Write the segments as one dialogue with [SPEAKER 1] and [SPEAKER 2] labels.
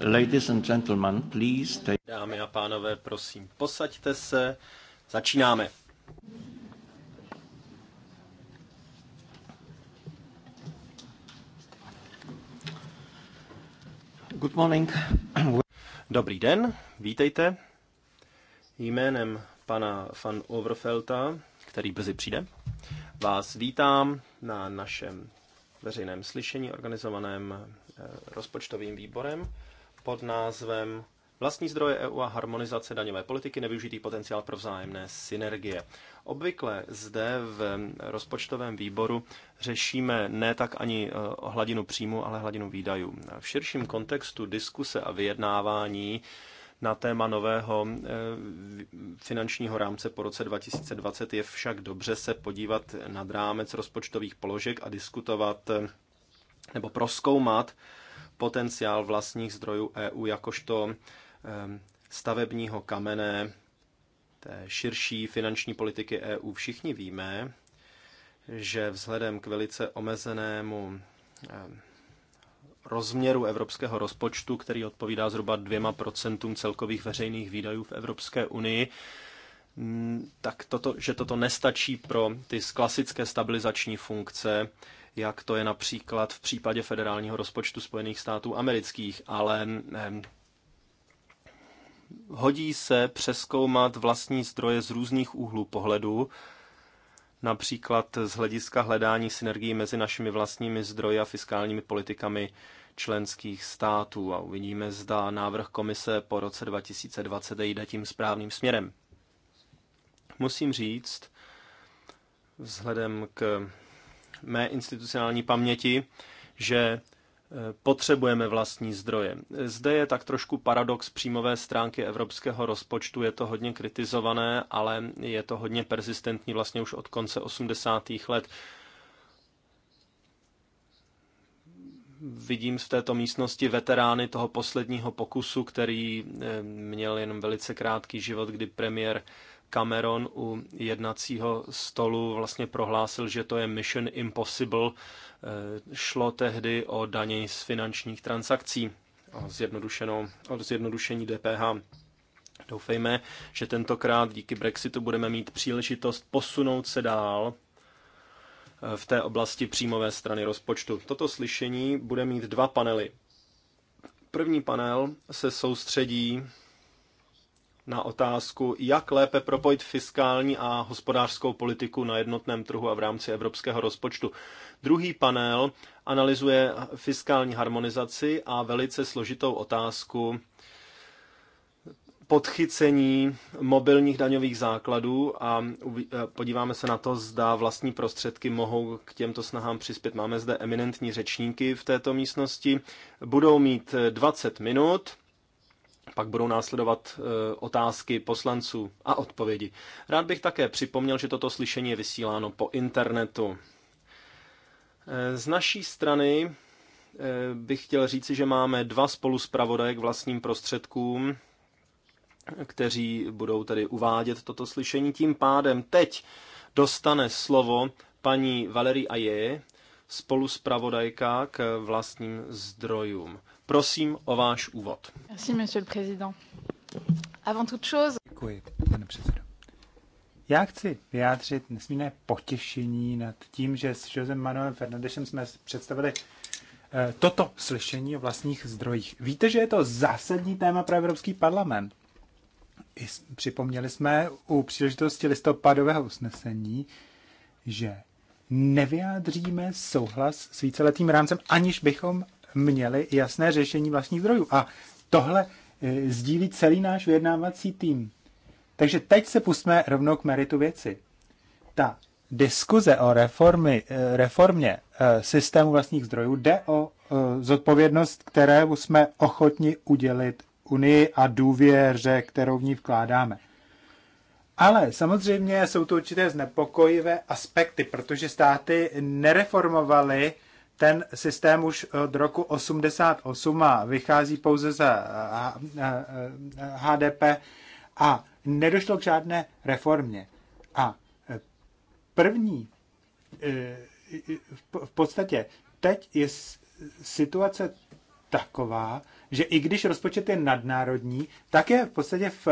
[SPEAKER 1] Ladies and gentlemen, please take... Dámy a pánové, prosím, posaďte se. Začínáme. Good morning. Dobrý den, vítejte. Jménem pana van Overfelta, který brzy přijde, vás vítám na našem veřejném slyšení organizovaném eh, rozpočtovým výborem pod názvem Vlastní zdroje EU a harmonizace daňové politiky, nevyužitý potenciál pro vzájemné synergie. Obvykle zde v rozpočtovém výboru řešíme ne tak ani e, hladinu příjmu, ale hladinu výdajů. V širším kontextu diskuse a vyjednávání na téma nového e, finančního rámce po roce 2020 je však dobře se podívat nad rámec rozpočtových položek a diskutovat e, nebo proskoumat, potenciál vlastních zdrojů EU jakožto stavebního kamene té širší finanční politiky EU. Všichni víme, že vzhledem k velice omezenému rozměru evropského rozpočtu, který odpovídá zhruba dvěma procentům celkových veřejných výdajů v Evropské unii, tak toto, že toto nestačí pro ty klasické stabilizační funkce, jak to je například v případě federálního rozpočtu Spojených států amerických, ale ne, hodí se přeskoumat vlastní zdroje z různých úhlů pohledu, například z hlediska hledání synergií mezi našimi vlastními zdroji a fiskálními politikami členských států a uvidíme, zda návrh komise po roce 2020 jde tím správným směrem. Musím říct, vzhledem k mé institucionální paměti, že eh, potřebujeme vlastní zdroje. Zde je tak trošku paradox příjmové stránky evropského rozpočtu, je to hodně kritizované, ale je to hodně persistentní vlastně už od konce 80. let. Vidím v této místnosti veterány toho posledního pokusu, který eh, měl jenom velice krátký život, kdy premiér Cameron u jednacího stolu vlastně prohlásil, že to je mission impossible. Eh, šlo tehdy o daně z finančních transakcí, o, zjednodušenou, o zjednodušení DPH. Doufejme, že tentokrát díky Brexitu budeme mít příležitost posunout se dál eh, v té oblasti příjmové strany rozpočtu. Toto slyšení bude mít dva panely. První panel se soustředí na otázku, jak lépe propojit fiskální a hospodářskou politiku na jednotném trhu a v rámci evropského rozpočtu. Druhý panel analyzuje fiskální harmonizaci a velice složitou otázku podchycení mobilních daňových základů a podíváme se na to, zda vlastní prostředky mohou k těmto snahám přispět. Máme zde eminentní řečníky v této místnosti. Budou mít 20 minut pak budou následovat e, otázky poslanců a odpovědi. Rád bych také připomněl, že toto slyšení je vysíláno po internetu. E, z naší strany e, bych chtěl říci, že máme dva spoluspravodaje k vlastním prostředkům, kteří budou tedy uvádět toto slyšení. Tím pádem teď dostane slovo paní Valerie Aje, spoluspravodajka k vlastním zdrojům. Prosím o váš
[SPEAKER 2] úvod. Merci, monsieur le président. Avant toute chose... Děkuji, pane předsedo. Já chci vyjádřit nesmírné potěšení nad tím, že s Josem Manuelem Fernandešem jsme představili eh, toto slyšení o vlastních zdrojích. Víte, že je to zásadní téma pro Evropský parlament. I připomněli jsme u příležitosti listopadového usnesení, že nevyjádříme souhlas s víceletým rámcem, aniž bychom měli jasné řešení vlastních zdrojů. A tohle eh, sdílí celý náš vyjednávací tým. Takže teď se pustíme rovnou k meritu věci. Ta diskuze o reformy, eh, reformě eh, systému vlastních zdrojů jde o zodpovědnost, kterou jsme ochotni udělit Unii a důvěře, kterou v ní vkládáme. Ale samozřejmě jsou to určité znepokojivé aspekty, protože státy nereformovaly ten systém už od roku 88 a vychází pouze za HDP eh, eh, a nedošlo k žádné reformě. A eh, první, v podstatě teď je situace taková, že i když rozpočet je nadnárodní, tak je v podstatě v,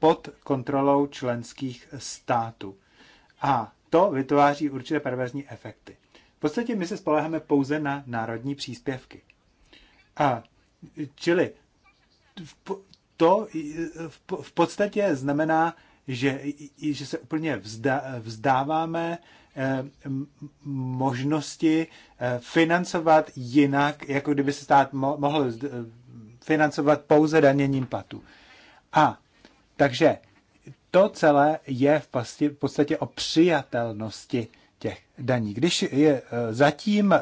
[SPEAKER 2] pod kontrolou členských států. A to vytváří určité perverzní efekty. V podstatě my se spoleháme pouze na národní příspěvky. A čili to v podstatě znamená, že, že se úplně vzda, vzdáváme eh, možnosti eh, financovat jinak, jako kdyby se stát mohl financovat pouze daněním platu. A takže to celé je v podstatě o přijatelnosti těch daní. Když je e, zatím e,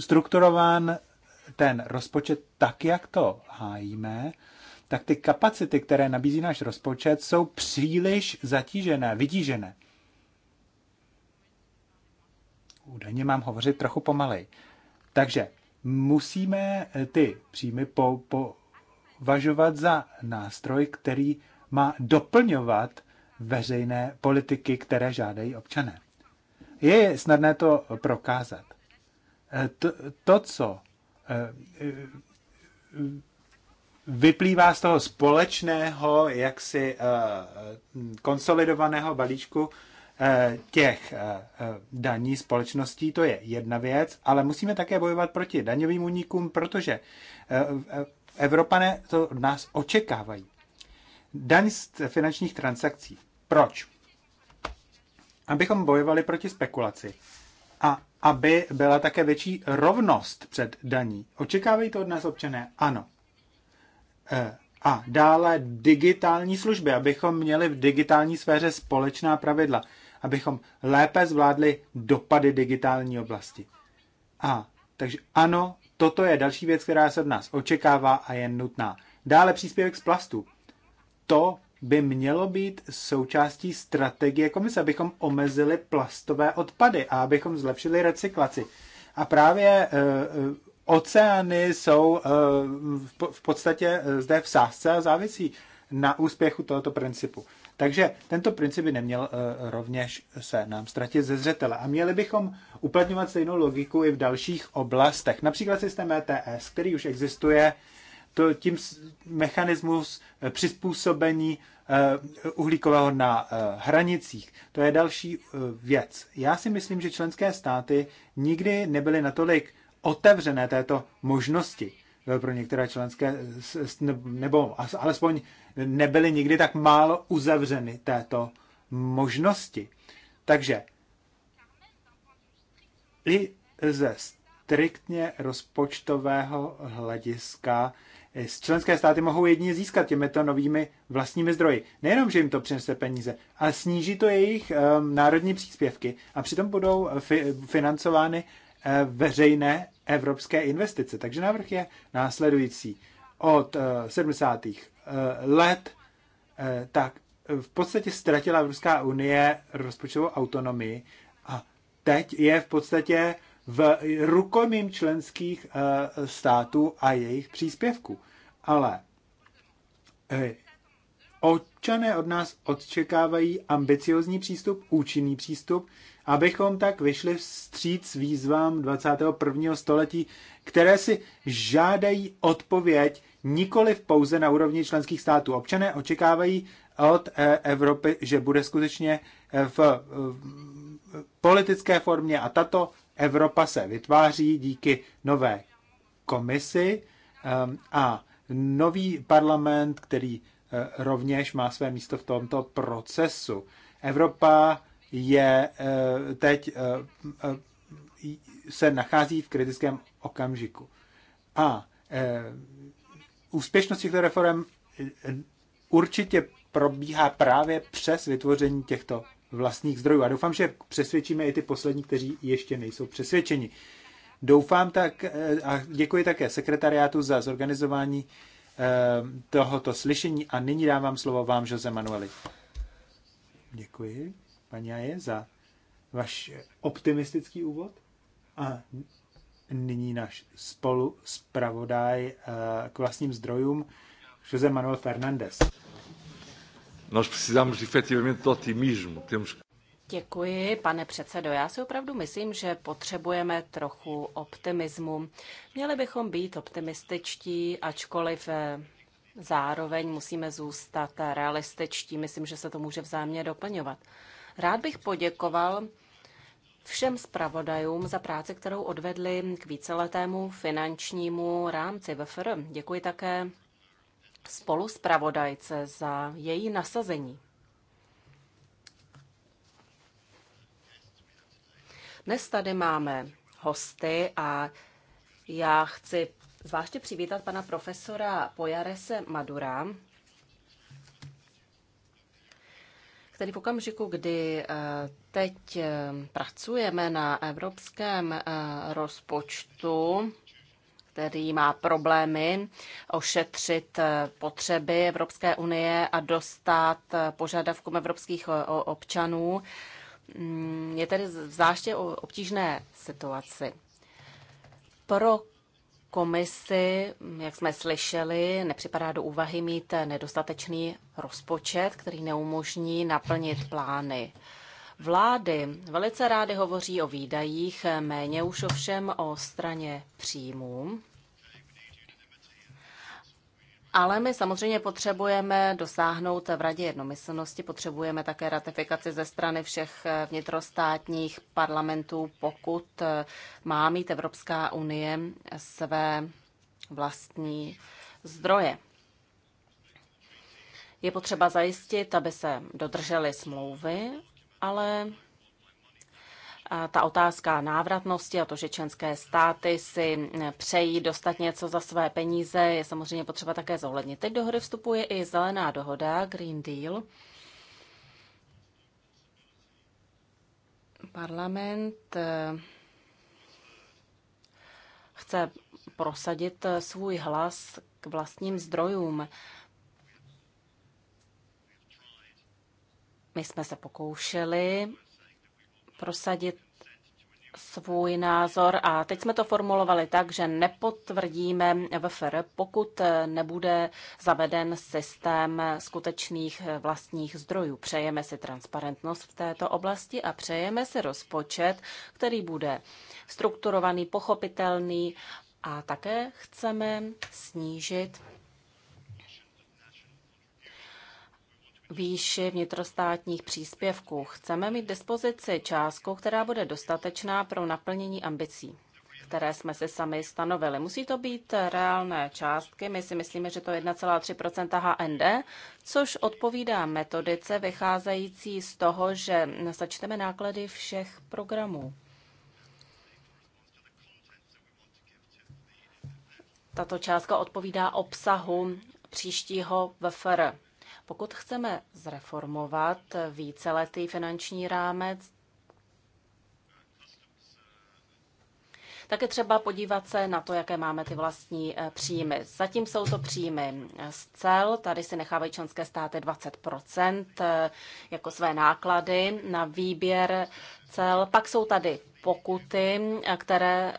[SPEAKER 2] strukturován ten rozpočet tak, jak to hájíme, tak ty kapacity, které nabízí náš rozpočet, jsou příliš zatížené, vytížené. Údajně mám hovořit trochu pomalej. Takže musíme e, ty příjmy po, považovat za nástroj, který má doplňovat veřejné politiky, které žádají občané. Je snadné to prokázat. Eh, to, to co eh, eh, vyplývá z toho společného, jaksi konsolidovaného balíčku těch daní společností, to je jedna věc, ale musíme také bojovat proti daňovým únikům, protože Evropané to od nás očekávají. Daň z finančních transakcí. Proč? abychom bojovali proti spekulaci a aby byla také větší rovnost před daní. Očekávají to od nás občané? Ano. E, a dále digitální služby, abychom měli v digitální sféře společná pravidla, abychom lépe zvládli dopady digitální oblasti. A takže ano, toto je další věc, která se od nás očekává a je nutná. Dále příspěvek z plastu. To by mělo být součástí strategie komise, abychom omezili plastové odpady a abychom zlepšili recyklaci. A právě eh, eh, oceány jsou eh, v podstatě zde v sázce a závisí na úspěchu tohoto principu. Takže tento princip by neměl rovněž se nám ztratit ze zřetele. A měli bychom uplatňovat stejnou logiku i v dalších oblastech. Například systém ETS, který už existuje to, tím mechanismus eh, přizpůsobení eh, uhlíkového na eh, hranicích. To je další věc. Já si myslím, že členské státy nikdy nebyly natolik otevřené této možnosti pro některé členské, nebo alespoň nebyly nikdy tak málo uzavřeny této možnosti. Takže i ze striktně rozpočtového hlediska členské státy mohou jedině získat těmito novými vlastními zdroji. Nejenom, že jim to přinese peníze, ale sníží to jejich um, národní příspěvky a přitom budou uh, fi- financovány uh, veřejné evropské investice. Takže návrh je následující. Od uh, 70. Uh, let uh, tak uh, v podstatě ztratila Evropská unie rozpočtovou autonomii a teď je v podstatě uh, v rukomím členských eh, států a jejich příspěvků. Ale eh, občané od nás odčekávají ambiciozní přístup, účinný přístup, abychom tak vyšli vstříc výzvám 21. století, které si žádají odpověď nikoli pouze na úrovni členských států. Občané očekávají od eh, Evropy, že bude skutečně v politické formě a tato Evropa se vytváří díky nové komisi um, a nový parlament, který uh, rovněž má své místo v tomto procesu. Evropa je uh, teď uh, se nachází v kritickém okamžiku. A úspěšnost těchto reform určitě probíhá právě přes vytvoření těchto vlastních zdrojů. A doufám, že přesvědčíme i ty poslední, kteří ještě nejsou přesvědčeni. Doufám tak eh, a děkuji také sekretariátu za zorganizování eh, tohoto slyšení a nyní dávám slovo vám, Jose Manueli. Děkuji, paní Aje, za váš optimistický úvod. A nyní náš spolu zpravodaj eh, k vlastním zdrojům, Jose Manuel Fernández.
[SPEAKER 3] Nós precisamos efetivamente de otimismo. Temos Děkuji, pane předsedo. Já si opravdu myslím, že potřebujeme trochu optimismu. Měli bychom být optimističtí, ačkoliv eh, zároveň musíme zůstat realističtí. Myslím, že se to může vzájemně doplňovat. Rád bych poděkoval všem zpravodajům za práci, kterou odvedli k víceletému finančnímu rámci VFR. Děkuji také spolu zpravodajce za její nasazení. Dnes tady máme hosty a já chci zvláště přivítat pana profesora Pojarese Madura, který v okamžiku, kdy eh, teď eh, pracujeme na evropském eh, rozpočtu, který má problémy ošetřit eh, potřeby Evropské unie a dostat eh, požadavkům evropských eh, občanů, mm, je tedy zvláště o obtížné situaci. Pro komisi, jak jsme slyšeli, nepřipadá do úvahy mít nedostatečný rozpočet, který neumožní naplnit plány. Vlády velice rády hovoří o výdajích, méně už ovšem o straně příjmů. Ale my samozřejmě potřebujeme dosáhnout v Radě jednomyslnosti, potřebujeme také ratifikaci ze strany všech vnitrostátních parlamentů, pokud má mít Evropská unie své vlastní zdroje. Je potřeba zajistit, aby se dodržely smlouvy ale ta otázka návratnosti a to, že členské státy si e, přejí dostat něco za své peníze, je samozřejmě potřeba také zohlednit. Teď do hry vstupuje i zelená dohoda, Green Deal. Parlament e, chce prosadit e, svůj hlas k vlastním zdrojům. My jsme se pokoušeli prosadit svůj názor a teď jsme to formulovali tak, že nepotvrdíme VFR, pokud nebude zaveden systém skutečných vlastních zdrojů. Přejeme si transparentnost v této oblasti a přejeme si rozpočet, který bude strukturovaný, pochopitelný a také chceme snížit výši vnitrostátních příspěvků. Chceme mít dispozici částku, která bude dostatečná pro naplnění ambicí které jsme si sami stanovili. Musí to být reálné částky. My si myslíme, že to je 1,3 HND, což odpovídá metodice vycházející z toho, že začteme náklady všech programů. Tato částka odpovídá obsahu příštího VFR. Pokud chceme zreformovat víceletý finanční rámec, Také třeba podívat se na to, jaké máme ty vlastní eh, příjmy. Zatím jsou to příjmy z cel, tady si nechávají členské státy 20 eh, jako své náklady na výběr cel. Pak jsou tady pokuty, eh, které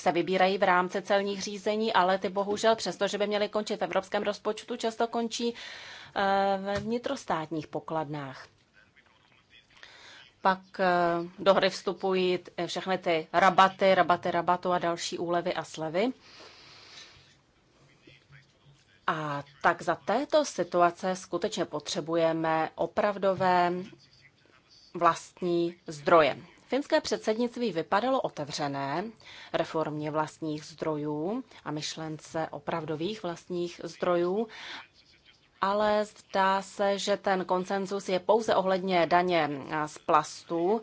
[SPEAKER 3] se vybírají v rámci celních řízení, ale ty bohužel přesto, že by měly končit v evropském rozpočtu, často končí eh, ve vnitrostátních pokladnách. Pak eh, do hry vstupují všechny ty rabaty, rabaty, rabatu a další úlevy a slevy. A tak za této situace skutečně potřebujeme opravdové vlastní zdroje. Finské předsednictví vypadalo otevřené reformě vlastních zdrojů a myšlence opravdových vlastních zdrojů, ale zdá se, že ten konsenzus je pouze ohledně daně z plastu,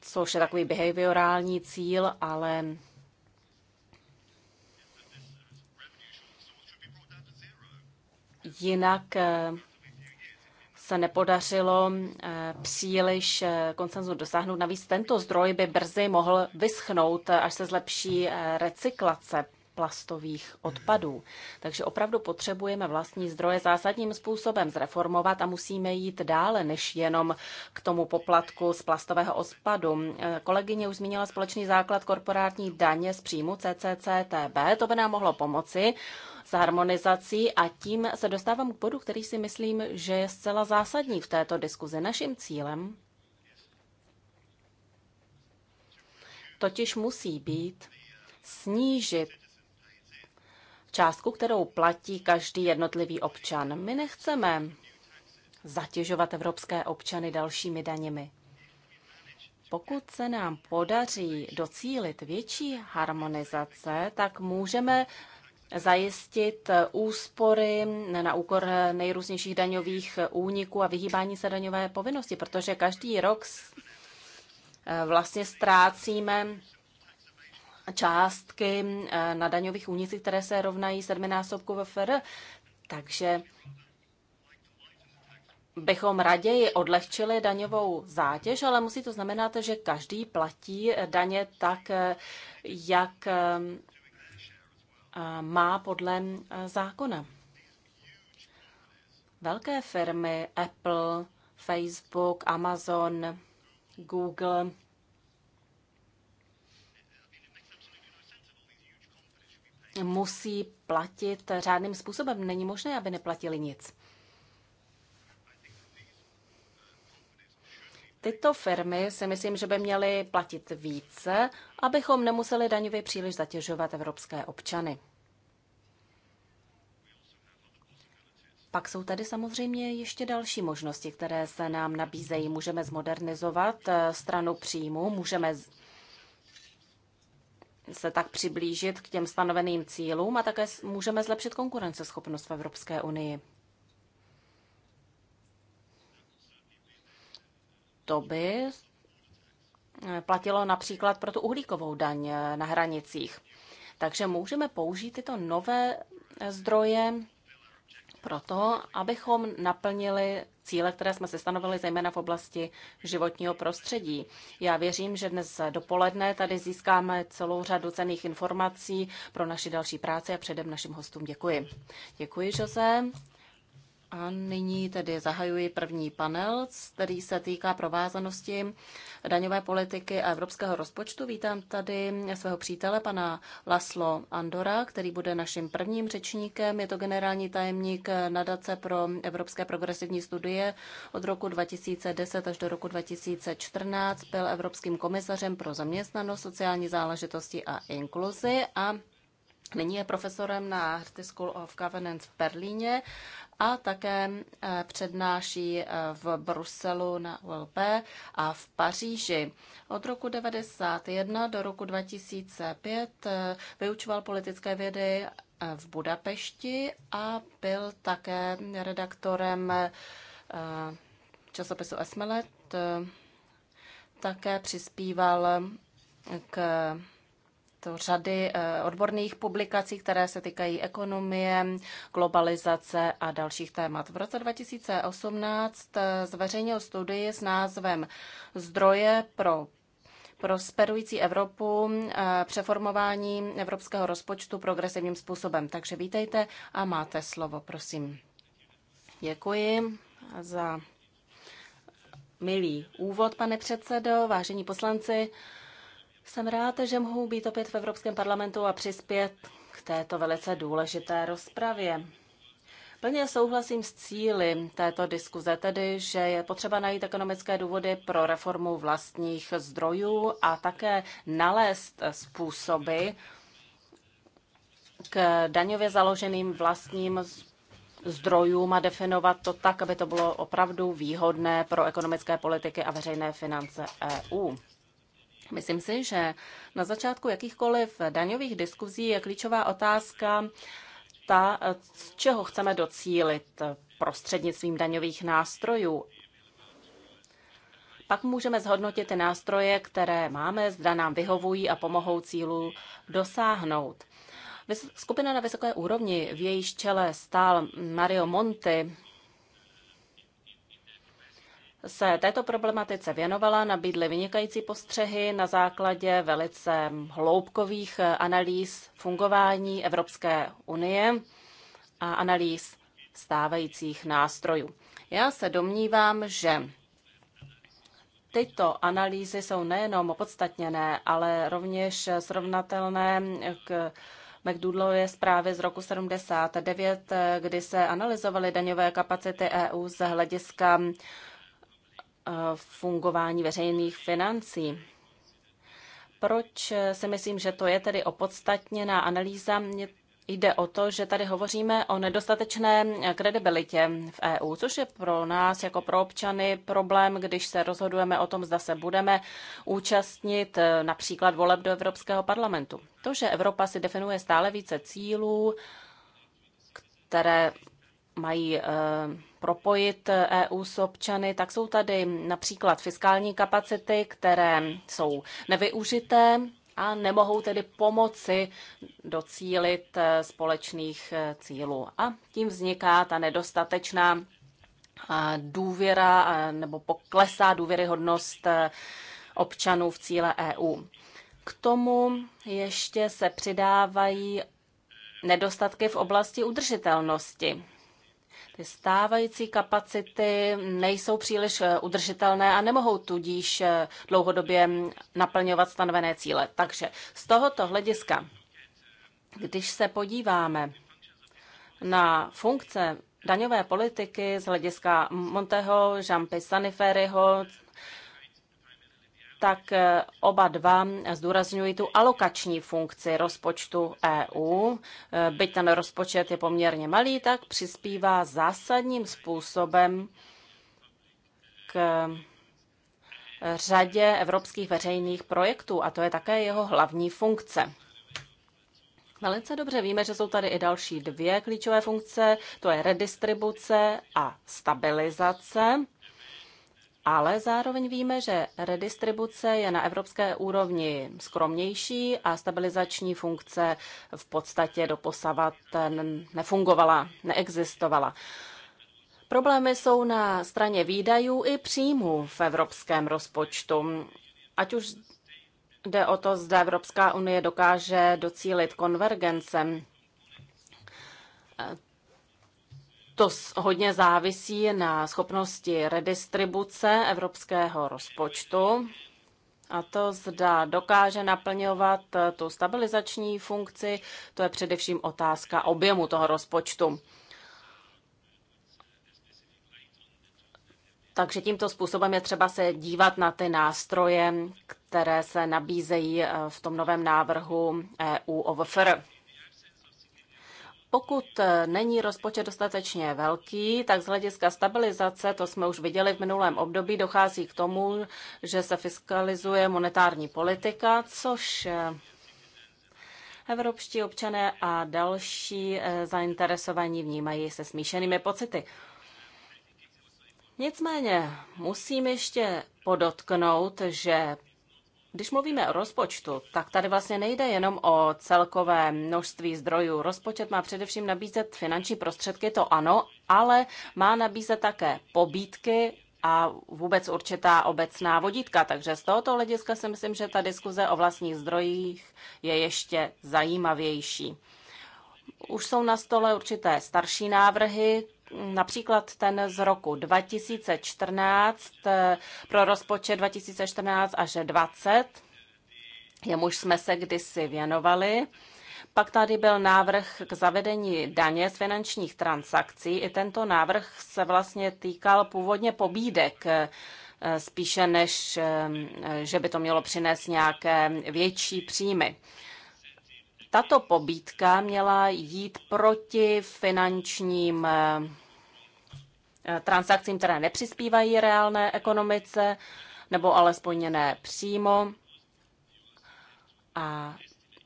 [SPEAKER 3] což je takový behaviorální cíl, ale jinak eh, se nepodařilo eh, příliš eh, konsenzu dosáhnout. Navíc tento zdroj by brzy mohl vyschnout, eh, až se zlepší recyklace plastových odpadů. Takže opravdu potřebujeme vlastní zdroje zásadním způsobem zreformovat a musíme jít dále než jenom k tomu poplatku z plastového odpadu. Kolegyně už zmínila společný základ korporátní daně z příjmu CCCTB. To by nám mohlo pomoci s harmonizací a tím se dostávám k bodu, který si myslím, že je zcela zásadní v této diskuzi. Naším cílem totiž musí být snížit částku, kterou platí každý jednotlivý občan. My nechceme zatěžovat evropské občany dalšími daněmi. Pokud se nám podaří docílit větší harmonizace, tak můžeme zajistit eh, úspory na úkor eh, nejrůznějších daňových eh, úniků a vyhýbání se daňové povinnosti, protože každý rok vlastně ztrácíme částky na daňových únicích, které se rovnají sedminásobku VFR. Takže bychom raději odlehčili daňovou zátěž, ale musí to znamenat, že každý platí daně tak, jak má podle eh, zákona. Velké firmy Apple, Facebook, Amazon, Google musí platit řádným způsobem. Není možné, aby neplatili nic. tyto firmy si myslím, že by měly platit více, abychom nemuseli daňově příliš zatěžovat evropské občany. Pak jsou tady samozřejmě ještě další možnosti, které se nám nabízejí. Můžeme zmodernizovat eh, stranu příjmu, můžeme se tak přiblížit k těm stanoveným cílům a také můžeme zlepšit konkurenceschopnost v Evropské unii. to by platilo například pro tu uhlíkovou daň na hranicích. Takže můžeme použít tyto nové zdroje pro to, abychom naplnili cíle, které jsme si stanovili, zejména v oblasti životního prostředí. Já věřím, že dnes dopoledne tady získáme celou řadu cených informací pro naši další práci a předem našim hostům děkuji. Děkuji, Jose. A nyní tedy zahajuji první panel, který se týká provázanosti daňové politiky a evropského rozpočtu. Vítám tady svého přítele, pana Laslo Andora, který bude naším prvním řečníkem. Je to generální tajemník nadace pro evropské progresivní studie od roku 2010 až do roku 2014. Byl evropským komisařem pro zaměstnanost, sociální záležitosti a inkluzi a Nyní je profesorem na Hrty School of Governance v Berlíně a také eh, přednáší eh, v Bruselu na ULP a v Paříži. Od roku 1991 do roku 2005 eh, vyučoval politické vědy v Budapešti a byl také redaktorem časopisu Esmelet. Také přispíval k to řady eh, odborných publikací, které se týkají ekonomie, globalizace a dalších témat. V roce 2018 eh, zveřejnil studii s názvem Zdroje pro prosperující Evropu eh, přeformování evropského rozpočtu progresivním způsobem. Takže vítejte a máte slovo, prosím. Děkuji za milý úvod, pane předsedo, vážení poslanci. Jsem ráda, že mohu být opět v Evropském parlamentu a přispět k této velice důležité rozpravě. Plně souhlasím s cíly této diskuze, tedy, že je potřeba najít ekonomické důvody pro reformu vlastních zdrojů a také nalézt způsoby k daňově založeným vlastním zdrojům a definovat to tak, aby to bylo opravdu výhodné pro ekonomické politiky a veřejné finance EU. Myslím si, že na začátku jakýchkoliv daňových diskuzí je klíčová otázka ta, z čeho chceme docílit prostřednictvím daňových nástrojů. Pak můžeme zhodnotit ty nástroje, které máme, zda nám vyhovují a pomohou cílu dosáhnout. Skupina na vysoké úrovni, v jejíž čele stál Mario Monti, se této problematice věnovala, nabídly vynikající postřehy na základě velice hloubkových analýz fungování Evropské unie a analýz stávajících nástrojů. Já se domnívám, že tyto analýzy jsou nejenom opodstatněné, ale rovněž srovnatelné k McDoodlově zprávy z roku 79, kdy se analyzovaly daňové kapacity EU z hlediska Eh, fungování veřejných financí. Proč si myslím, že to je tedy opodstatněná analýza? Mě Jde o to, že tady hovoříme o nedostatečné kredibilitě v EU, což je pro nás jako pro občany problém, když se rozhodujeme o tom, zda se budeme účastnit eh, například voleb do Evropského parlamentu. To, že Evropa si definuje stále více cílů, které mají eh, propojit eh, EU s občany, tak jsou tady například fiskální kapacity, které jsou nevyužité a nemohou tedy pomoci docílit eh, společných cílů. A tím vzniká ta nedostatečná důvěra nebo poklesá důvěryhodnost občanů v cíle EU. K tomu ještě se přidávají nedostatky v oblasti udržitelnosti. Ty stávající kapacity nejsou příliš eh, udržitelné a nemohou tudíž eh, dlouhodobě naplňovat stanovené cíle. Takže z tohoto hlediska, když se podíváme na funkce daňové politiky z hlediska Monteho, Jean-Pierre Saniferyho, tak eh, oba dva zdůrazňují tu alokační funkci rozpočtu EU. Eh, byť ten rozpočet je poměrně malý, tak přispívá zásadním způsobem k eh, řadě evropských veřejných projektů a to je také jeho hlavní funkce. Velice dobře víme, že jsou tady i další dvě klíčové funkce, to je redistribuce a stabilizace ale zároveň víme, že redistribuce je na evropské úrovni skromnější a stabilizační funkce v podstatě doposavat nefungovala, neexistovala. Problémy jsou na straně výdajů i příjmů v evropském rozpočtu. Ať už jde o to, zda Evropská unie dokáže docílit konvergence to hodně závisí na schopnosti redistribuce evropského rozpočtu a to zda dokáže naplňovat eh, tu stabilizační funkci, to je především otázka objemu toho rozpočtu. Takže tímto způsobem je třeba se dívat na ty nástroje, které se nabízejí eh, v tom novém návrhu EU OVFR pokud e, není rozpočet dostatečně velký, tak z hlediska stabilizace, to jsme už viděli v minulém období, dochází k tomu, že se fiskalizuje monetární politika, což e, evropští občané a další e, zainteresovaní vnímají se smíšenými pocity. Nicméně musím ještě podotknout, že když mluvíme o rozpočtu, tak tady vlastně nejde jenom o celkové množství zdrojů. Rozpočet má především nabízet finanční prostředky, to ano, ale má nabízet také pobídky a vůbec určitá obecná vodítka. Takže z tohoto hlediska si myslím, že ta diskuze o vlastních zdrojích je ještě zajímavější. Už jsou na stole určité starší návrhy, například ten z roku 2014 eh, pro rozpočet 2014 až 20, jemuž jsme se kdysi věnovali. Pak tady byl návrh k zavedení daně z finančních transakcí. I tento návrh se vlastně týkal původně pobídek, eh, spíše než eh, že by to mělo přinést nějaké větší příjmy. Tato pobídka měla jít proti finančním transakcím, které nepřispívají reálné ekonomice, nebo alespoň ne přímo. A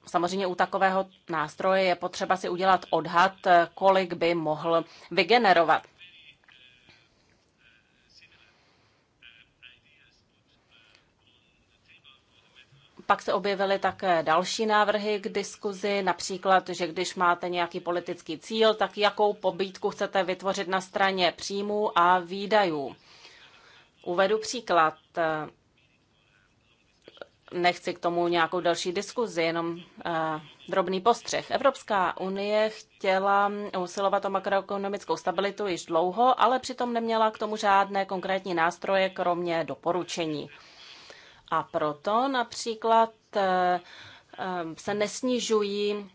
[SPEAKER 3] samozřejmě u takového nástroje je potřeba si udělat odhad, kolik by mohl vygenerovat. Pak se objevily také další návrhy k diskuzi, například, že když máte nějaký politický cíl, tak jakou pobídku chcete vytvořit na straně příjmů a výdajů. Uvedu příklad. Nechci k tomu nějakou další diskuzi, jenom eh, drobný postřeh. Evropská unie chtěla usilovat o makroekonomickou stabilitu již dlouho, ale přitom neměla k tomu žádné konkrétní nástroje, kromě doporučení. A proto například eh, eh, se nesnižují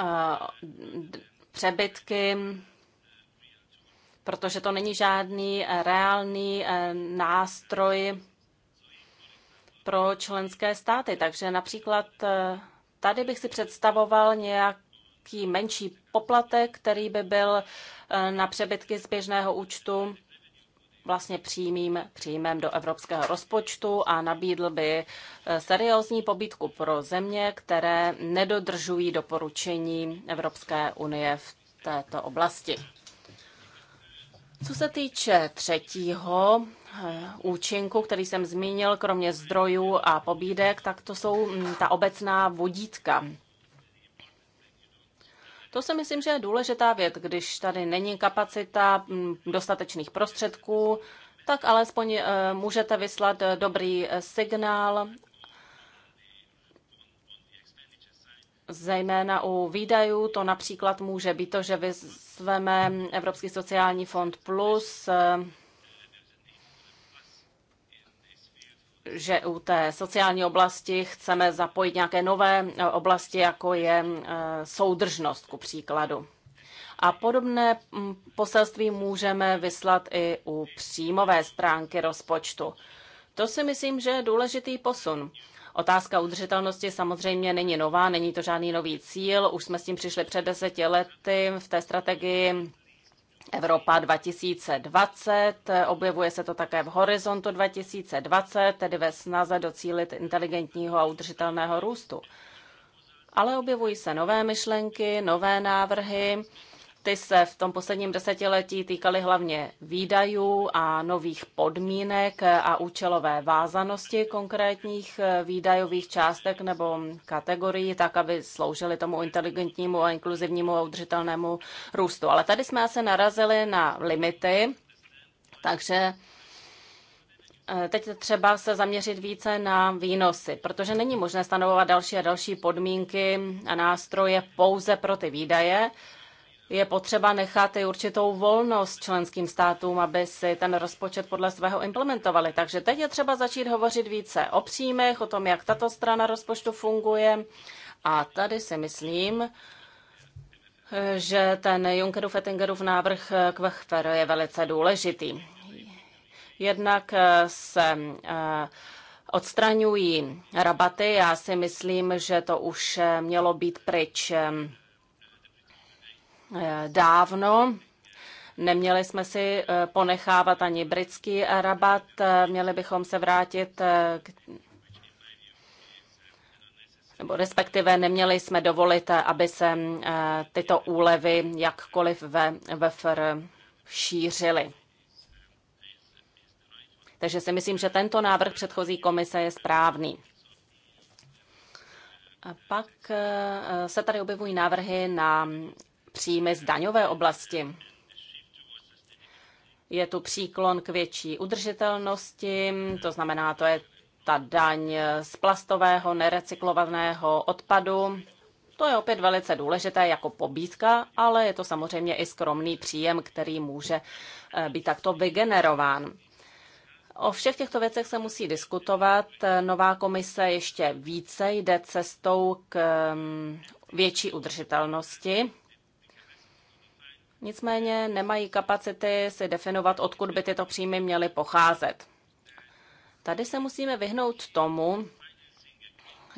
[SPEAKER 3] eh, přebytky, protože to není žádný reálný nástroj pro členské státy. Takže například tady bych si představoval nějak menší poplatek, který by byl na přebytky z běžného účtu vlastně přímým příjmem do evropského rozpočtu a nabídl by eh, seriózní pobídku pro země, které nedodržují doporučení Evropské unie v této oblasti. Co se týče třetího eh, účinku, který jsem zmínil, kromě zdrojů a pobídek, tak to jsou mm, ta obecná vodítka. To si myslím, že je důležitá věc, když tady není kapacita mm, dostatečných prostředků, tak alespoň eh, můžete vyslat eh, dobrý eh, signál, zejména u výdajů. To například může být to, že vyzveme Evropský sociální fond plus že u té sociální oblasti chceme zapojit nějaké nové eh, oblasti, jako je eh, soudržnost, ku příkladu. A podobné mm, poselství můžeme vyslat i u příjmové stránky rozpočtu. To si myslím, že je důležitý posun. Otázka udržitelnosti samozřejmě není nová, není to žádný nový cíl. Už jsme s tím přišli před deseti lety v té strategii Evropa 2020, objevuje se to také v horizontu 2020, tedy ve snaze docílit inteligentního a udržitelného růstu. Ale objevují se nové myšlenky, nové návrhy, ty se v tom posledním desetiletí týkaly hlavně výdajů a nových podmínek a účelové vázanosti konkrétních eh, výdajových částek nebo kategorií, tak aby sloužily tomu inteligentnímu a inkluzivnímu a udržitelnému růstu. Ale tady jsme se narazili na limity, takže eh, Teď třeba se zaměřit více na výnosy, protože není možné stanovovat další a další podmínky a nástroje pouze pro ty výdaje, je potřeba nechat i určitou volnost členským státům, aby si ten rozpočet podle svého implementovali. Takže teď je třeba začít hovořit více o příjmech, o tom, jak tato strana rozpočtu funguje. A tady si myslím, že ten Junckerův Ettingerův návrh Kvechfer je velice důležitý. Jednak eh, se eh, odstraňují rabaty. Já si myslím, že to už eh, mělo být pryč Eh, dávno. Neměli jsme si eh, ponechávat ani britský rabat, eh, měli bychom se vrátit k nebo respektive neměli jsme dovolit, aby se mm, tyto úlevy jakkoliv ve VFR šířily. Takže si myslím, že tento návrh předchozí komise je správný. A pak se tady objevují návrhy na příjmy z daňové oblasti. Je tu příklon k větší udržitelnosti, to znamená, to je ta daň z plastového nerecyklovaného odpadu. To je opět velice důležité jako pobídka, ale je to samozřejmě i skromný příjem, který může eh, být takto vygenerován. O všech těchto věcech se musí diskutovat. Nová komise ještě více jde cestou k mm, větší udržitelnosti nicméně nemají kapacity si definovat, odkud by tyto příjmy měly pocházet. Tady se musíme vyhnout tomu,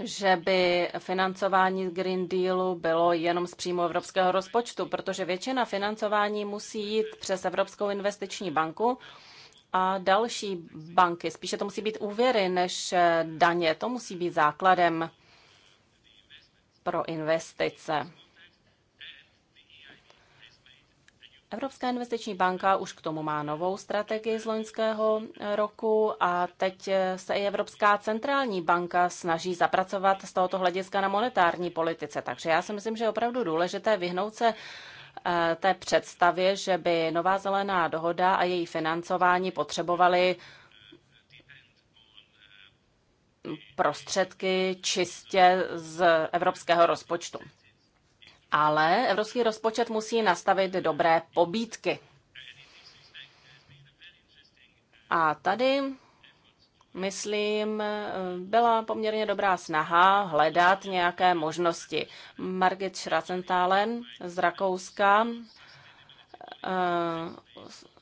[SPEAKER 3] že by financování Green Dealu bylo jenom z příjmu evropského rozpočtu, protože většina financování musí jít přes Evropskou investiční banku a další banky. Spíše to musí být úvěry než daně. To musí být základem pro investice. Evropská investiční banka už k tomu má novou strategii z loňského roku a teď se i Evropská centrální banka snaží zapracovat z tohoto hlediska na monetární politice. Takže já si myslím, že je opravdu důležité vyhnout se eh, té představě, že by Nová zelená dohoda a její financování potřebovaly prostředky čistě z evropského rozpočtu ale evropský rozpočet musí nastavit dobré pobídky. A tady, myslím, byla poměrně dobrá snaha hledat nějaké možnosti. Margit Schratzentalen z Rakouska eh,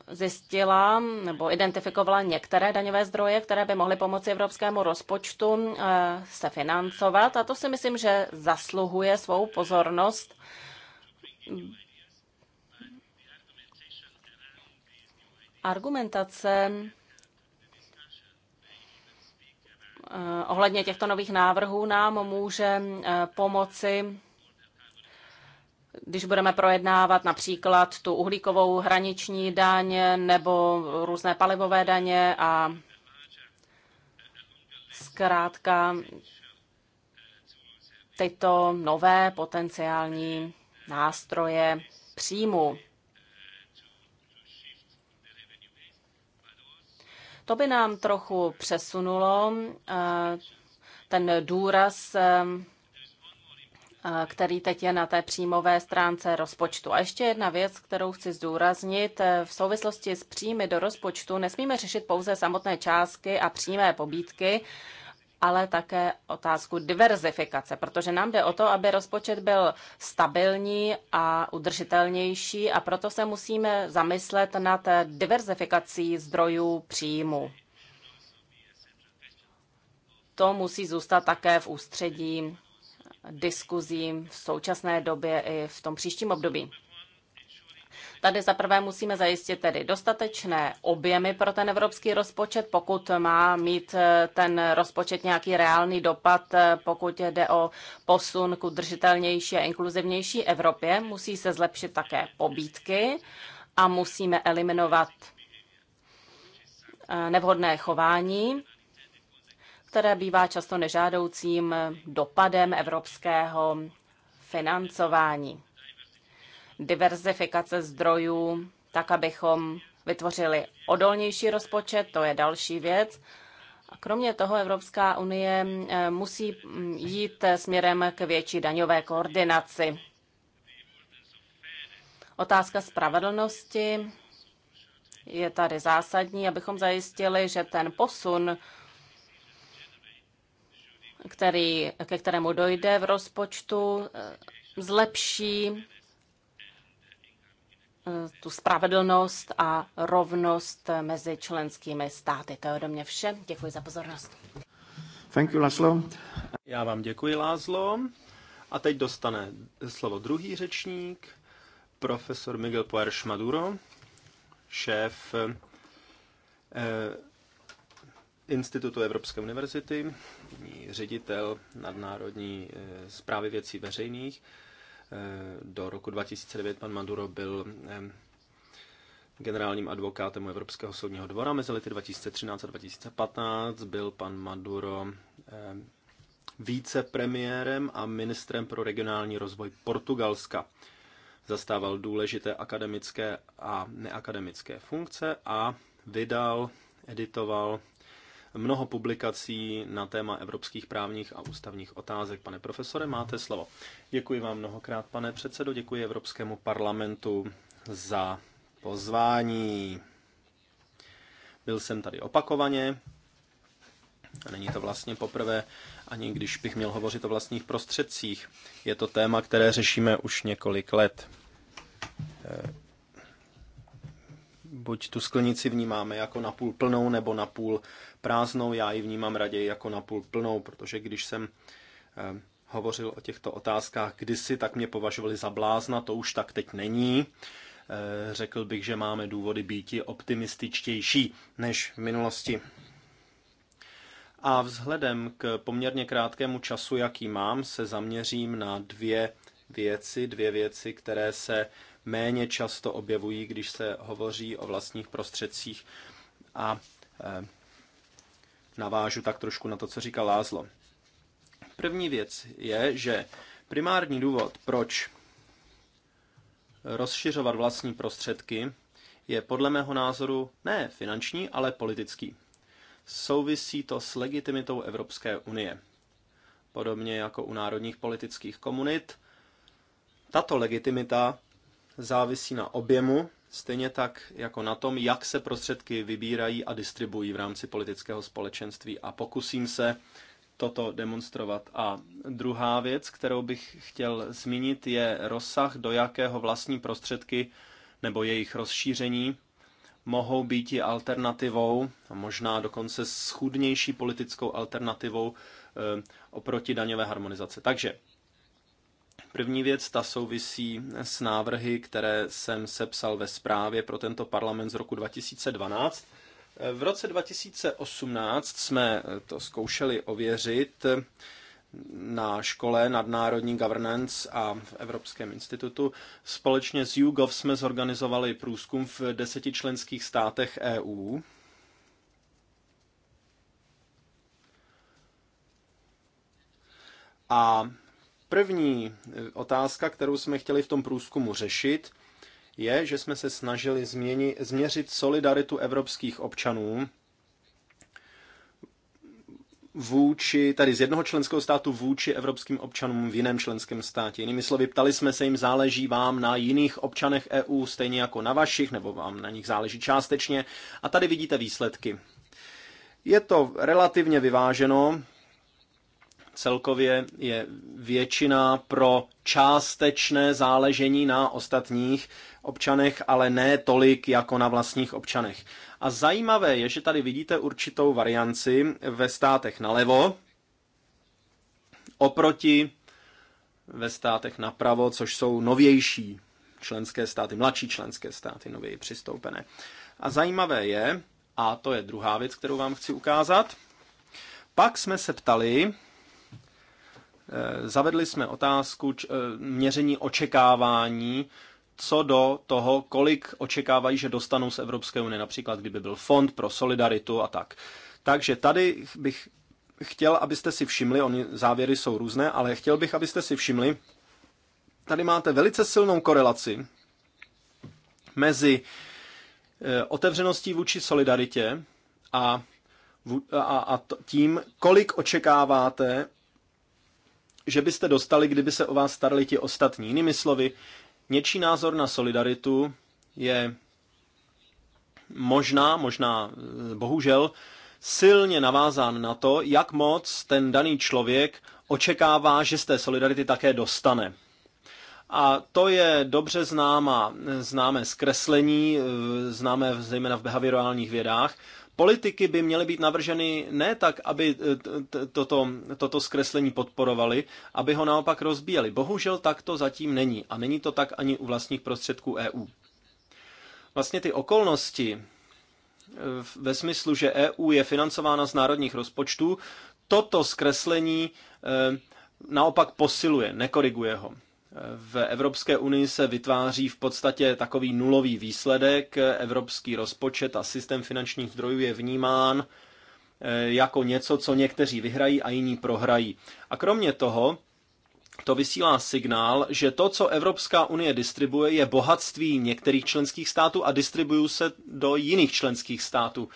[SPEAKER 3] zjistila nebo identifikovala některé daňové zdroje, které by mohly pomoci evropskému rozpočtu eh, se financovat. A to si myslím, že zasluhuje svou pozornost. Argumentace eh, ohledně těchto nových návrhů nám může eh, pomoci když budeme projednávat například tu uhlíkovou hraniční daň nebo různé palivové daně a zkrátka tyto nové potenciální nástroje příjmu. To by nám trochu přesunulo eh, ten důraz eh, který teď je na té příjmové stránce rozpočtu. A ještě jedna věc, kterou chci zdůraznit. E, v souvislosti s příjmy do rozpočtu nesmíme řešit pouze samotné částky a přímé pobídky, ale také otázku diverzifikace, protože nám jde o to, aby rozpočet byl stabilní a udržitelnější a proto se musíme zamyslet nad diverzifikací zdrojů příjmu. To musí zůstat také v ústředí diskuzím v současné době i v tom příštím období. Tady zaprvé musíme zajistit tedy dostatečné objemy pro ten evropský rozpočet, pokud má mít eh, ten rozpočet nějaký reálný dopad, eh, pokud jde o posun k udržitelnější a inkluzivnější Evropě, musí se zlepšit také pobídky a musíme eliminovat eh, nevhodné chování které bývá často nežádoucím dopadem evropského financování. Diverzifikace zdrojů, tak abychom vytvořili odolnější rozpočet, to je další věc. A kromě toho Evropská unie eh, musí jít směrem k větší daňové koordinaci. Otázka spravedlnosti je tady zásadní, abychom zajistili, že ten posun který, ke kterému dojde v rozpočtu, eh, zlepší eh, tu spravedlnost a rovnost mezi členskými státy. To je ode mě vše. Děkuji za pozornost.
[SPEAKER 1] Thank you, Laszlo. Já vám děkuji, Lázlo. A teď dostane slovo druhý řečník, profesor Miguel Poerš Maduro, šéf eh, Institutu Evropské univerzity, ředitel nadnárodní eh, zprávy věcí veřejných. Eh, do roku 2009 pan Maduro byl eh, generálním advokátem Evropského soudního dvora. Mezi lety 2013 a 2015 byl pan Maduro vicepremiérem a ministrem pro regionální rozvoj Portugalska. Zastával důležité akademické a neakademické funkce a vydal, editoval mnoho publikací na téma evropských právních a ústavních otázek. Pane profesore, máte slovo. Děkuji vám mnohokrát, pane předsedo, děkuji Evropskému parlamentu za pozvání. Byl jsem tady opakovaně, a není to vlastně poprvé, ani když bych měl hovořit o vlastních prostředcích. Je to téma, které řešíme už několik let buď tu sklenici vnímáme jako napůl plnou nebo napůl prázdnou. Já ji vnímám raději jako napůl plnou, protože když jsem eh, hovořil o těchto otázkách kdysi, tak mě považovali za blázna, to už tak teď není. Eh, řekl bych, že máme důvody být optimističtější než v minulosti. A vzhledem k poměrně krátkému času, jaký mám, se zaměřím na dvě věci, dvě věci, které se méně často objevují, když se hovoří o vlastních prostředcích. A eh, navážu tak trošku na to, co říkal Lázlo. První věc je, že primární důvod, proč rozšiřovat vlastní prostředky, je podle mého názoru ne finanční, ale politický. Souvisí to s legitimitou Evropské unie. Podobně jako u národních politických komunit, tato legitimita závisí na objemu, stejně tak jako na tom, jak se prostředky vybírají a distribuují v rámci politického společenství. A pokusím se toto demonstrovat. A druhá věc, kterou bych chtěl zmínit, je rozsah, do jakého vlastní prostředky nebo jejich rozšíření mohou být i alternativou, a možná dokonce schudnější politickou alternativou eh, oproti daňové harmonizaci. Takže První věc, ta souvisí s návrhy, které jsem sepsal ve zprávě pro tento parlament z roku 2012. V roce 2018 jsme to zkoušeli ověřit na škole nadnárodní governance a v Evropském institutu. Společně s YouGov jsme zorganizovali průzkum v deseti členských státech EU. A První eh, otázka, kterou jsme chtěli v tom průzkumu řešit, je, že jsme se snažili změni, změřit solidaritu evropských občanů vůči, tady z jednoho členského státu vůči evropským občanům v jiném členském státě. Jinými slovy, ptali jsme se jim, záleží vám na jiných občanech EU stejně jako na vašich, nebo vám na nich záleží částečně. A tady vidíte výsledky. Je to relativně vyváženo, Celkově je většina pro částečné záležení na ostatních občanech, ale ne tolik jako na vlastních občanech. A zajímavé je, že tady vidíte určitou varianci ve státech nalevo oproti ve státech napravo, což jsou novější členské státy, mladší členské státy, nověji přistoupené. A zajímavé je, a to je druhá věc, kterou vám chci ukázat, pak jsme se ptali, Eh, zavedli jsme otázku č, eh, měření očekávání, co do toho, kolik očekávají, že dostanou z Evropské unie, například kdyby byl fond pro solidaritu a tak. Takže tady bych chtěl, abyste si všimli, oni závěry jsou různé, ale chtěl bych, abyste si všimli, tady máte velice silnou korelaci mezi eh, otevřeností vůči solidaritě a, a, a tím, kolik očekáváte že byste dostali, kdyby se o vás starali ti ostatní. Jinými slovy, něčí názor na solidaritu je možná, možná eh, bohužel, silně navázán na to, jak moc ten daný člověk očekává, že z té solidarity také dostane. A to je dobře známa, známé zkreslení, eh, známé zejména v behaviorálních vědách, Politiky by měly být navrženy ne tak, aby eh, toto, toto zkreslení podporovali, aby ho naopak rozbíjeli. Bohužel tak to zatím není a není to tak ani u vlastních prostředků EU. Vlastně ty okolnosti eh, ve smyslu, že EU je financována z národních rozpočtů, toto zkreslení eh, naopak posiluje, nekoriguje ho. V Evropské unii se vytváří v podstatě takový nulový výsledek. Evropský rozpočet a systém finančních zdrojů je vnímán eh, jako něco, co někteří vyhrají a jiní prohrají. A kromě toho, to vysílá signál, že to, co Evropská unie distribuje, je bohatství některých členských států a distribuje se do jiných členských států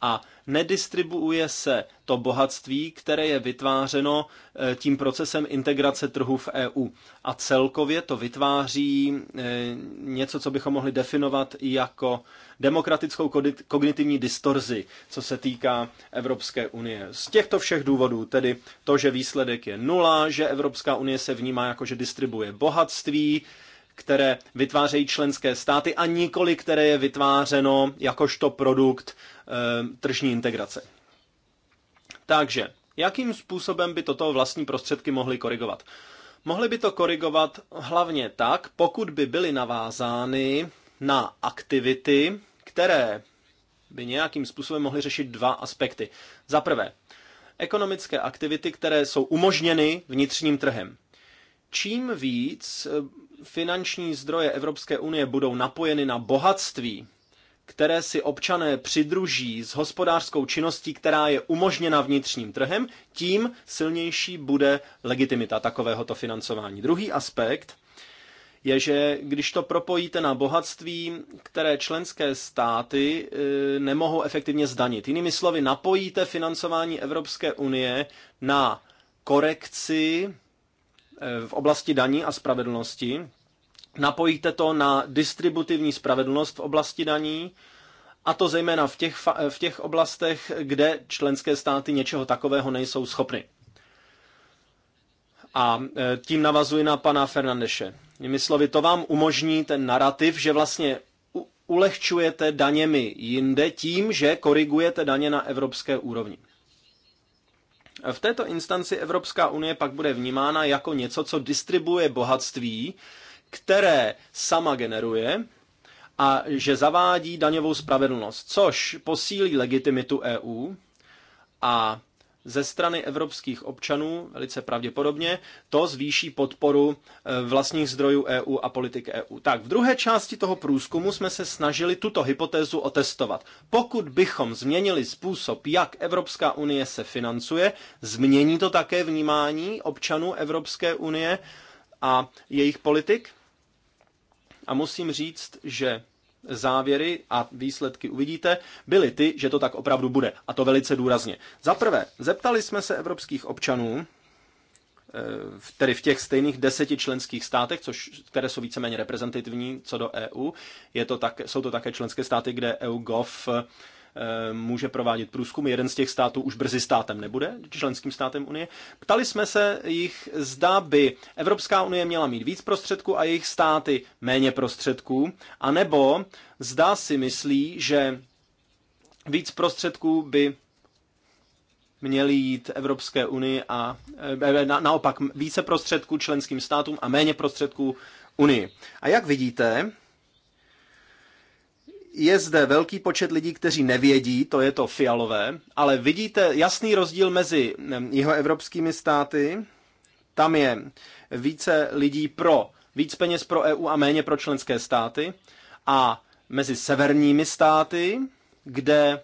[SPEAKER 1] a nedistribuuje se to bohatství, které je vytvářeno eh, tím procesem integrace trhu v EU. A celkově to vytváří eh, něco, co bychom mohli definovat jako demokratickou kognitivní distorzi, co se týká Evropské unie. Z těchto všech důvodů, tedy to, že výsledek je nula, že Evropská unie se vnímá jako, že distribuje bohatství, které vytvářejí členské státy a nikoli, které je vytvářeno jakožto produkt e, tržní integrace. Takže, jakým způsobem by toto vlastní prostředky mohly korigovat? Mohly by to korigovat hlavně tak, pokud by byly navázány na aktivity, které by nějakým způsobem mohly řešit dva aspekty. Za prvé, ekonomické aktivity, které jsou umožněny vnitřním trhem. Čím víc finanční zdroje Evropské unie budou napojeny na bohatství, které si občané přidruží s hospodářskou činností, která je umožněna vnitřním trhem, tím silnější bude legitimita takovéhoto financování. Druhý aspekt je, že když to propojíte na bohatství, které členské státy e, nemohou efektivně zdanit. Jinými slovy, napojíte financování Evropské unie na korekci Eh, v oblasti daní a spravedlnosti, napojíte to na distributivní spravedlnost v oblasti daní, a to zejména v těch, eh, v těch oblastech, kde členské státy něčeho takového nejsou schopny. A eh, tím navazuji na pana Fernandeše. Mými slovy, to vám umožní ten narrativ, že vlastně ulehčujete daněmi jinde tím, že korigujete daně na evropské úrovni. V této instanci Evropská unie pak bude vnímána jako něco, co distribuje bohatství, které sama generuje a že zavádí daňovou spravedlnost, což posílí legitimitu EU a ze strany evropských občanů, velice pravděpodobně, to zvýší podporu e, vlastních zdrojů EU a politik EU. Tak, v druhé části toho průzkumu jsme se snažili tuto hypotézu otestovat. Pokud bychom změnili způsob, jak Evropská unie se financuje, změní to také vnímání občanů Evropské unie a jejich politik? A musím říct, že závěry a výsledky uvidíte, byly ty, že to tak opravdu bude. A to velice důrazně. Za prvé, zeptali jsme se evropských občanů, eh, tedy v těch stejných deseti členských státech, což, které jsou víceméně reprezentativní co do EU. Je to tak, jsou to také členské státy, kde EUGOV eh, Eh, může provádět průzkum. Jeden z těch států už brzy státem nebude, členským státem Unie. Ptali jsme se jich, zda by Evropská unie měla mít víc prostředků a jejich státy méně prostředků, anebo zda si myslí, že víc prostředků by měly jít Evropské unii a eh, na, naopak více prostředků členským státům a méně prostředků unii. A jak vidíte, je zde velký počet lidí, kteří nevědí, to je to fialové, ale vidíte jasný rozdíl mezi jeho evropskými státy. Tam je více lidí pro, víc peněz pro EU a méně pro členské státy. A mezi severními státy, kde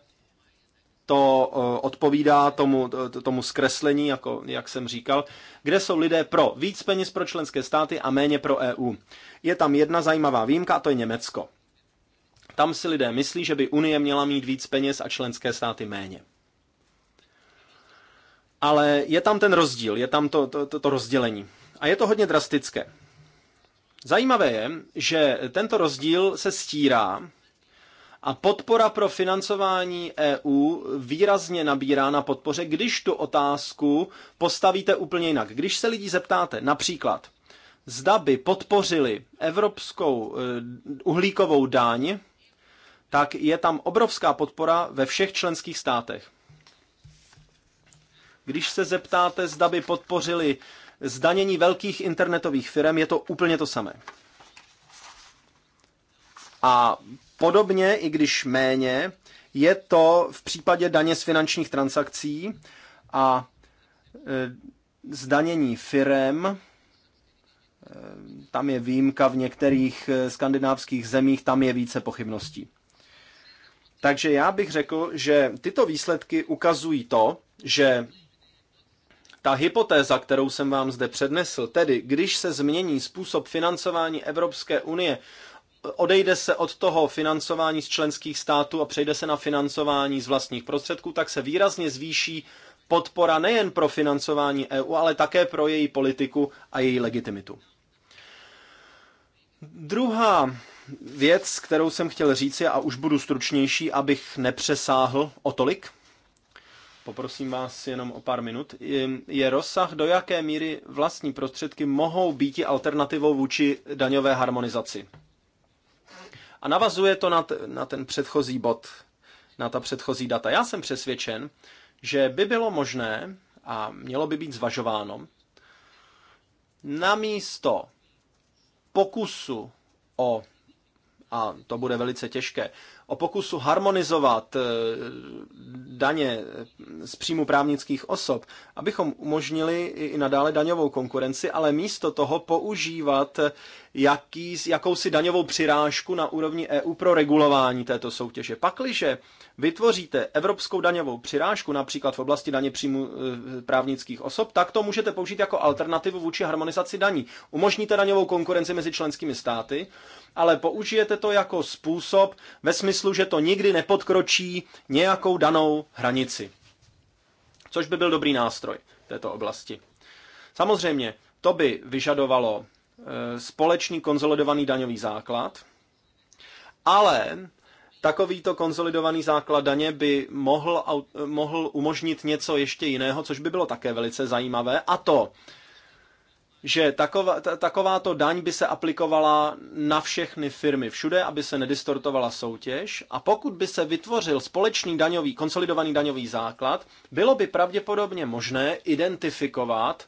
[SPEAKER 1] to odpovídá tomu, tomu zkreslení, jako, jak jsem říkal, kde jsou lidé pro víc peněz pro členské státy a méně pro EU. Je tam jedna zajímavá výjimka a to je Německo. Tam si lidé myslí, že by Unie měla mít víc peněz a členské státy méně. Ale je tam ten rozdíl, je tam to, to, to, to rozdělení. A je to hodně drastické. Zajímavé je, že tento rozdíl se stírá a podpora pro financování EU výrazně nabírá na podpoře, když tu otázku postavíte úplně jinak. Když se lidí zeptáte například, zda by podpořili evropskou eh, uhlíkovou daň tak je tam obrovská podpora ve všech členských státech. Když se zeptáte, zda by podpořili zdanění velkých internetových firm, je to úplně to samé. A podobně, i když méně, je to v případě daně z finančních transakcí a e, zdanění firem. E, tam je výjimka v některých e, skandinávských zemích, tam je více pochybností. Takže já bych řekl, že tyto výsledky ukazují to, že ta hypotéza, kterou jsem vám zde přednesl, tedy když se změní způsob financování Evropské unie, odejde se od toho financování z členských států a přejde se na financování z vlastních prostředků, tak se výrazně zvýší podpora nejen pro financování EU, ale také pro její politiku a její legitimitu. Druhá věc, kterou jsem chtěl říci, a už budu stručnější, abych nepřesáhl o tolik, poprosím vás jenom o pár minut, je rozsah, do jaké míry vlastní prostředky mohou být alternativou vůči daňové harmonizaci. A navazuje to na, na ten předchozí bod, na ta předchozí data. Já jsem přesvědčen, že by bylo možné a mělo by být zvažováno, namísto pokusu o a to bude velice těžké o pokusu harmonizovat eh, daně eh, z příjmu právnických osob, abychom umožnili i nadále daňovou konkurenci, ale místo toho používat eh, jaký, jakousi daňovou přirážku na úrovni EU pro regulování této soutěže. Pakliže vytvoříte evropskou daňovou přirážku, například v oblasti daně příjmu právnických osob, tak to můžete použít jako alternativu vůči harmonizaci daní. Umožníte daňovou konkurenci mezi členskými státy, ale použijete to jako způsob ve smyslu smyslu, že to nikdy nepodkročí nějakou danou hranici. Což by byl dobrý nástroj této oblasti. Samozřejmě, to by vyžadovalo e, společný konsolidovaný daňový základ, ale takovýto konsolidovaný základ daně by mohl, e, mohl umožnit něco ještě jiného, což by bylo také velice zajímavé, a to že taková, takováto daň by se aplikovala na všechny firmy všude, aby se nedistortovala soutěž a pokud by se vytvořil společný daňový, konsolidovaný daňový základ, bylo by pravděpodobně možné identifikovat,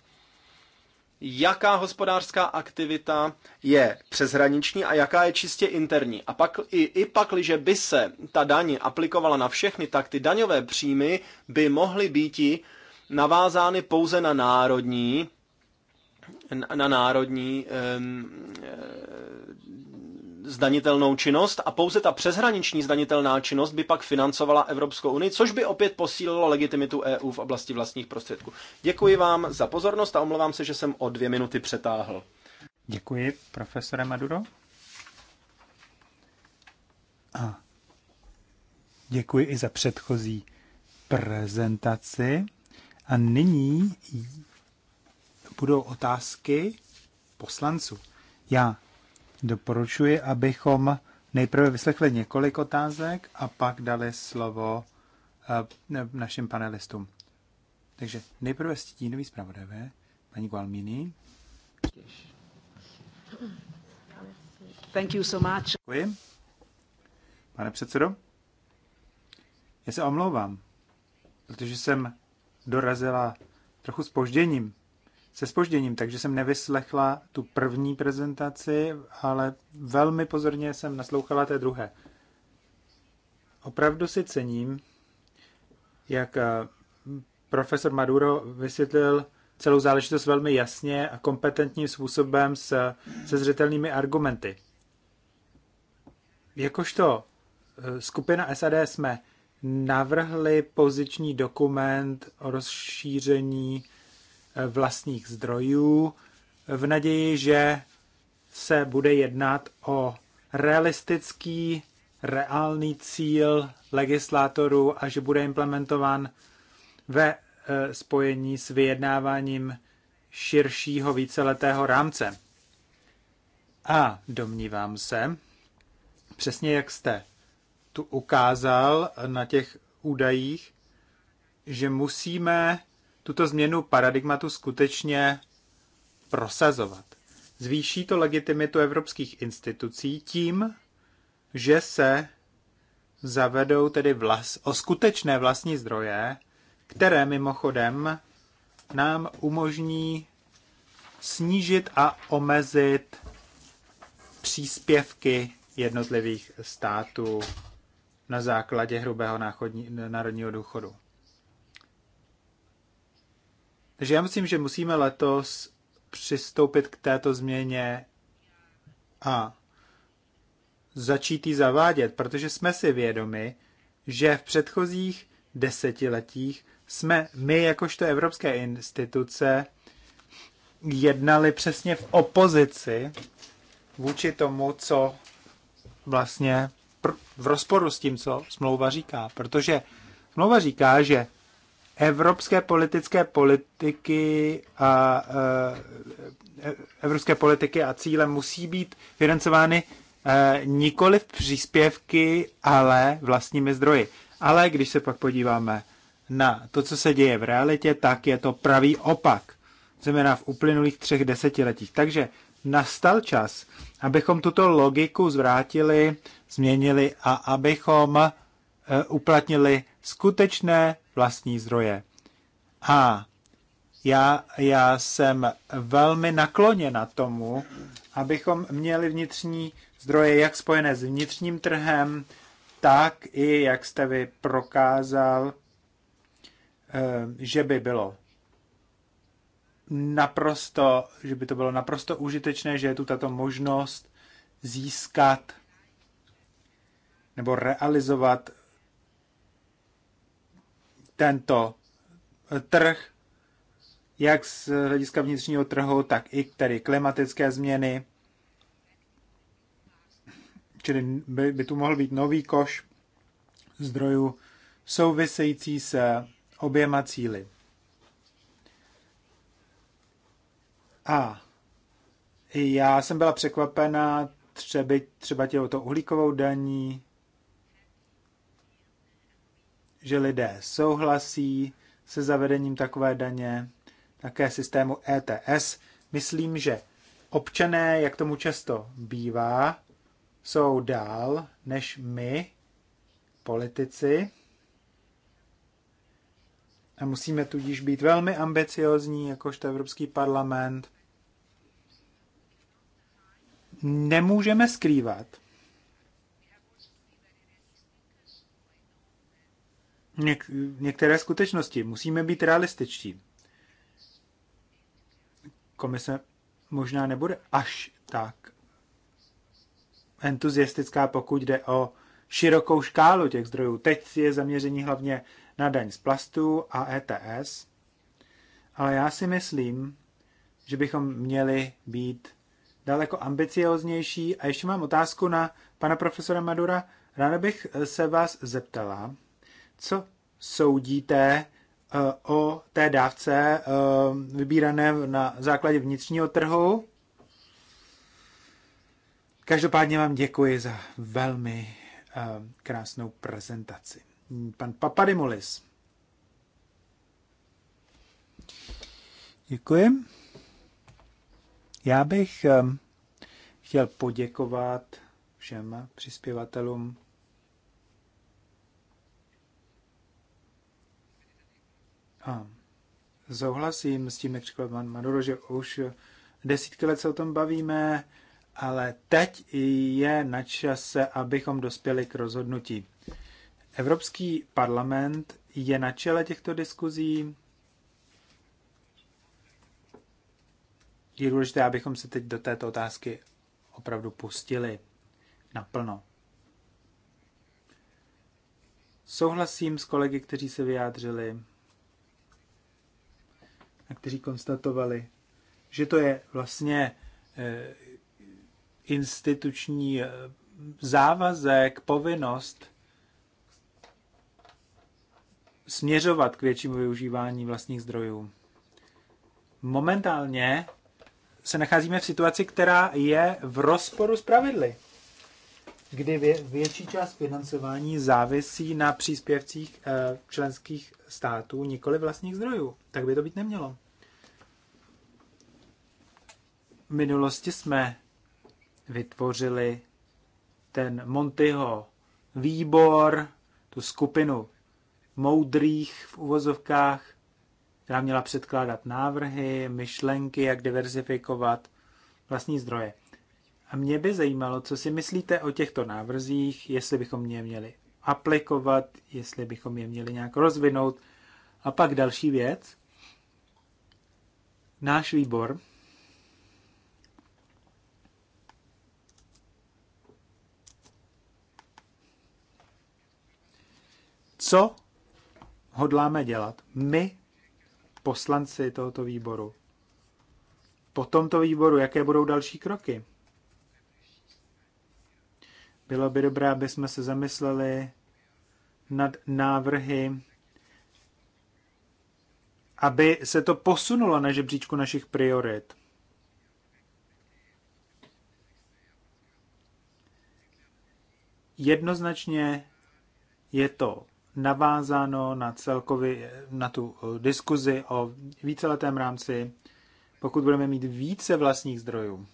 [SPEAKER 1] jaká hospodářská aktivita je přeshraniční a jaká je čistě interní. A pak, i, i pakliže by se ta daň aplikovala na všechny, tak ty daňové příjmy by mohly být navázány pouze na národní na národní eh, zdanitelnou činnost a pouze ta přeshraniční zdanitelná činnost by pak financovala Evropskou unii, což by opět posílilo legitimitu EU v oblasti vlastních prostředků. Děkuji vám za pozornost a omlouvám se, že jsem o dvě minuty přetáhl.
[SPEAKER 2] Děkuji, profesore Maduro. A děkuji i za předchozí prezentaci. A nyní budou otázky poslanců. Já doporučuji, abychom nejprve vyslechli několik otázek a pak dali slovo eh, našim panelistům. Takže nejprve stínový zpravodajové, paní Gualmini.
[SPEAKER 3] Thank you so much. Děkuji.
[SPEAKER 2] Pane předsedo, já se omlouvám, protože jsem dorazila trochu spožděním se spožděním, takže jsem nevyslechla tu první prezentaci, ale velmi pozorně jsem naslouchala té druhé. Opravdu si cením, jak eh, profesor Maduro vysvětlil celou záležitost velmi jasně a kompetentním způsobem se, se zřetelnými argumenty. Jakožto eh, skupina SAD jsme navrhli poziční dokument o rozšíření vlastních zdrojů v naději, že se bude jednat o realistický, reálný cíl legislátorů a že bude implementován ve e, spojení s vyjednáváním širšího víceletého rámce. A domnívám se, přesně jak jste tu ukázal na těch údajích, že musíme tuto změnu paradigmatu skutečně prosazovat. Zvýší to legitimitu evropských institucí tím, že se zavedou tedy vlas, o skutečné vlastní zdroje, které mimochodem nám umožní snížit a omezit příspěvky jednotlivých států na základě hrubého národního důchodu. Takže já myslím, že musíme letos přistoupit k této změně a začít ji zavádět, protože jsme si vědomi, že v předchozích desetiletích jsme my, jakožto evropské instituce, jednali přesně v opozici vůči tomu, co vlastně v rozporu s tím, co smlouva říká. Protože smlouva říká, že evropské politické politiky a e, e, evropské politiky a cíle musí být financovány e, nikoli v příspěvky, ale vlastními zdroji. Ale když se pak podíváme na to, co se děje v realitě, tak je to pravý opak. Znamená v uplynulých třech desetiletích. Takže nastal čas, abychom tuto logiku zvrátili, změnili a abychom Eh, uplatnili skutečné vlastní zdroje. A já, já jsem velmi nakloněna tomu, abychom měli vnitřní zdroje jak spojené s vnitřním trhem, tak i, jak jste vy prokázal, eh, že by bylo naprosto, že by to bylo naprosto užitečné, že je tu tato možnost získat nebo realizovat tento trh, jak z hlediska vnitřního trhu, tak i tedy klimatické změny. Čili by, by tu mohl být nový koš zdrojů související s oběma cíly. A já jsem byla překvapena, třeba, třeba těhoto uhlíkovou daní, že lidé souhlasí se zavedením takové daně, také systému ETS. Myslím, že občané, jak tomu často bývá, jsou dál než my, politici. A musíme tudíž být velmi ambiciozní, jakožto Evropský parlament. Nemůžeme skrývat, něk- některé skutečnosti. Musíme být realističtí. Komise možná nebude až tak entuziastická, pokud jde o širokou škálu těch zdrojů. Teď je zaměření hlavně na daň z plastů a ETS, ale já si myslím, že bychom měli být daleko ambicioznější. A ještě mám otázku na pana profesora Madura. Ráda bych se vás zeptala, co soudíte eh, o té dávce eh, vybírané na základě vnitřního trhu. Každopádně vám děkuji za velmi eh, krásnou prezentaci. Pan Papadimulis. Děkuji. Já bych chtěl poděkovat všem přispěvatelům Zohlasím souhlasím s tím, jak říkal pan Maduro, že už desítky let se o tom bavíme, ale teď je na čase, abychom dospěli k rozhodnutí. Evropský parlament je na čele těchto diskuzí. Je důležité, abychom se teď do této otázky opravdu pustili naplno. Souhlasím s kolegy, kteří se vyjádřili a kteří konstatovali, že to je vlastně eh, instituční eh, závazek, povinnost směřovat k většímu využívání vlastních zdrojů. Momentálně se nacházíme v situaci, která je v rozporu s pravidly, kdy větší část financování závisí na příspěvcích eh, členských států, nikoli vlastních zdrojů. Tak by to být nemělo. minulosti jsme vytvořili ten Montyho výbor, tu skupinu moudrých v uvozovkách, která měla předkládat návrhy, myšlenky, jak diverzifikovat vlastní zdroje. A mě by zajímalo, co si myslíte o těchto návrzích, jestli bychom je měli aplikovat, jestli bychom je měli nějak rozvinout. A pak další věc. Náš výbor co hodláme dělat my, poslanci tohoto výboru, po tomto výboru, jaké budou další kroky. Bylo by dobré, aby jsme se zamysleli nad návrhy, aby se to posunulo na žebříčku našich priorit. Jednoznačně je to navázáno na celkově na tu eh, diskuzi o víceletém rámci, pokud budeme mít více vlastních zdrojů,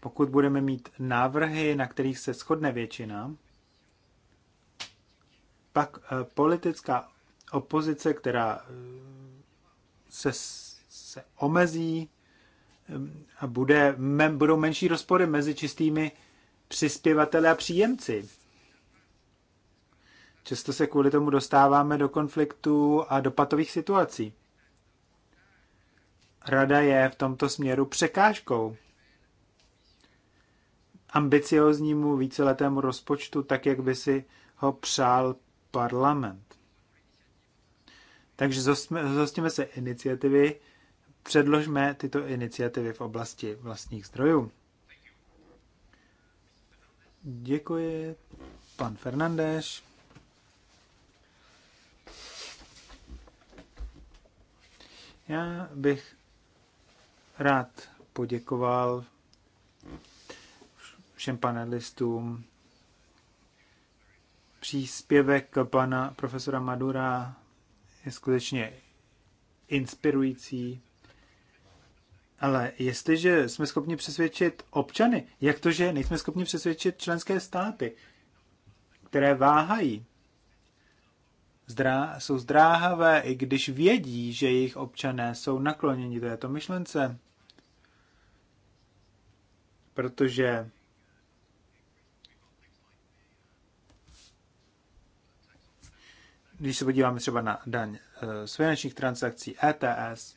[SPEAKER 2] pokud budeme mít návrhy, na kterých se shodne většina, pak eh, politická opozice, která eh, se, se omezí a bude, budou menší rozpory mezi čistými přispěvateli a příjemci Často se kvůli tomu dostáváme do konfliktů a do patových situací. Rada je v tomto směru překážkou ambicioznímu víceletému rozpočtu, tak jak by si ho přál parlament. Takže zostíme se iniciativy, předložme tyto iniciativy v oblasti vlastních zdrojů. Děkuji, pan Fernandez. Já bych rád poděkoval všem panelistům. Příspěvek pana profesora Madura je skutečně inspirující. Ale jestliže jsme schopni přesvědčit občany, jak to, že nejsme schopni přesvědčit členské státy, které váhají, zdrá, jsou zdráhavé, i když vědí, že jejich občané jsou nakloněni této myšlence. Protože když se podíváme třeba na daň eh, z finančních transakcí ETS,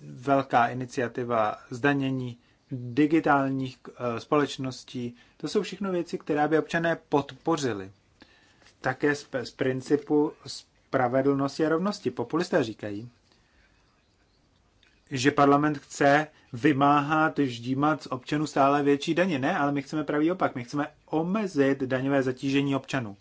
[SPEAKER 2] velká iniciativa zdanění digitálních eh, společností, to jsou všechno věci, které by občané podpořili také z, z principu spravedlnosti a rovnosti. Populisté říkají, že parlament chce vymáhat, ždímat z občanů stále větší daně. Ne, ale my chceme pravý opak. My chceme omezit daňové zatížení občanů.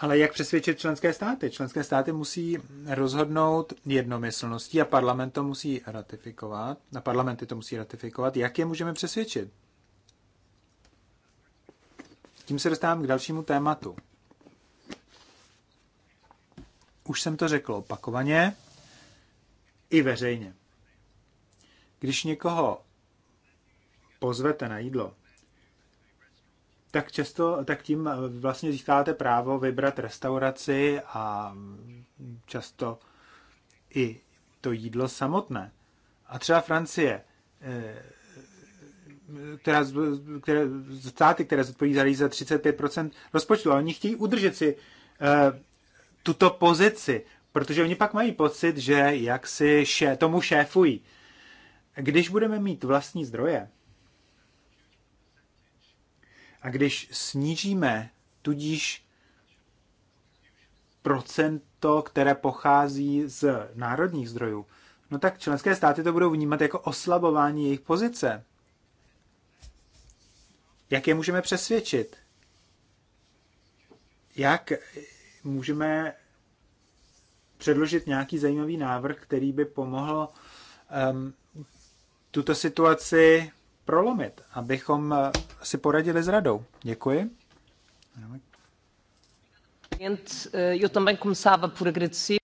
[SPEAKER 2] Ale jak přesvědčit členské státy? Členské státy musí rozhodnout jednomyslností a parlament to musí ratifikovat. A parlamenty to musí ratifikovat. Jak je můžeme přesvědčit? Tím se dostávám k dalšímu tématu. Už jsem to řekl opakovaně i veřejně. Když někoho pozvete na jídlo, tak často, tak tím vlastně získáte právo vybrat restauraci a často i to jídlo samotné. A třeba Francie eh, která, které, státy, které zodpovídají za 35% rozpočtu, a oni chtějí udržet si e, tuto pozici, protože oni pak mají pocit, že jak si šé, tomu šéfují. Když budeme mít vlastní zdroje a když snížíme tudíž procento, které pochází z národních zdrojů, no tak členské státy to budou vnímat jako oslabování jejich pozice. Jak je můžeme přesvědčit? Jak můžeme předložit nějaký zajímavý návrh, který by pomohl um, tuto situaci prolomit, abychom eh, si poradili s radou. Děkuji.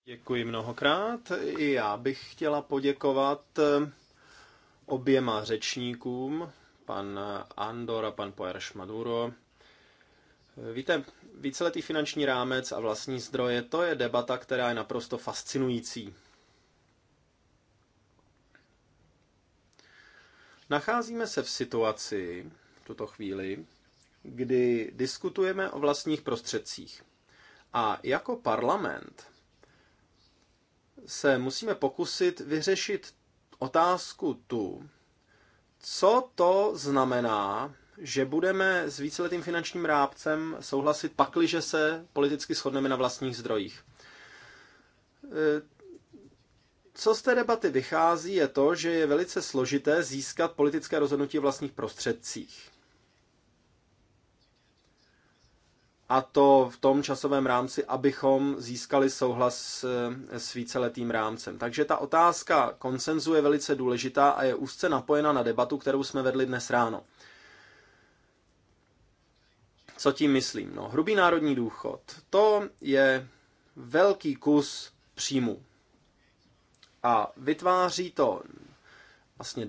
[SPEAKER 3] Děkuji
[SPEAKER 1] mnohokrát. I já bych chtěla poděkovat eh, oběma řečníkům pan Andor a pan Poerš Maduro. Víte, víceletý finanční rámec a vlastní zdroje, to je debata, která je naprosto fascinující. Nacházíme se v situaci, v tuto chvíli, kdy diskutujeme o vlastních prostředcích. A jako parlament se musíme pokusit vyřešit otázku tu, co to znamená, že budeme s víceletým finančním rábcem souhlasit, pakliže se politicky shodneme na vlastních zdrojích? E, co z té debaty vychází, je to, že je velice složité získat politické rozhodnutí o vlastních prostředcích. a to v tom časovém rámci, abychom získali souhlas s, eh, s víceletým rámcem. Takže ta otázka konsenzu je velice důležitá a je úzce napojena na debatu, kterou jsme vedli dnes ráno. Co tím myslím? No, hrubý národní důchod. To je velký kus příjmu. A vytváří to vlastně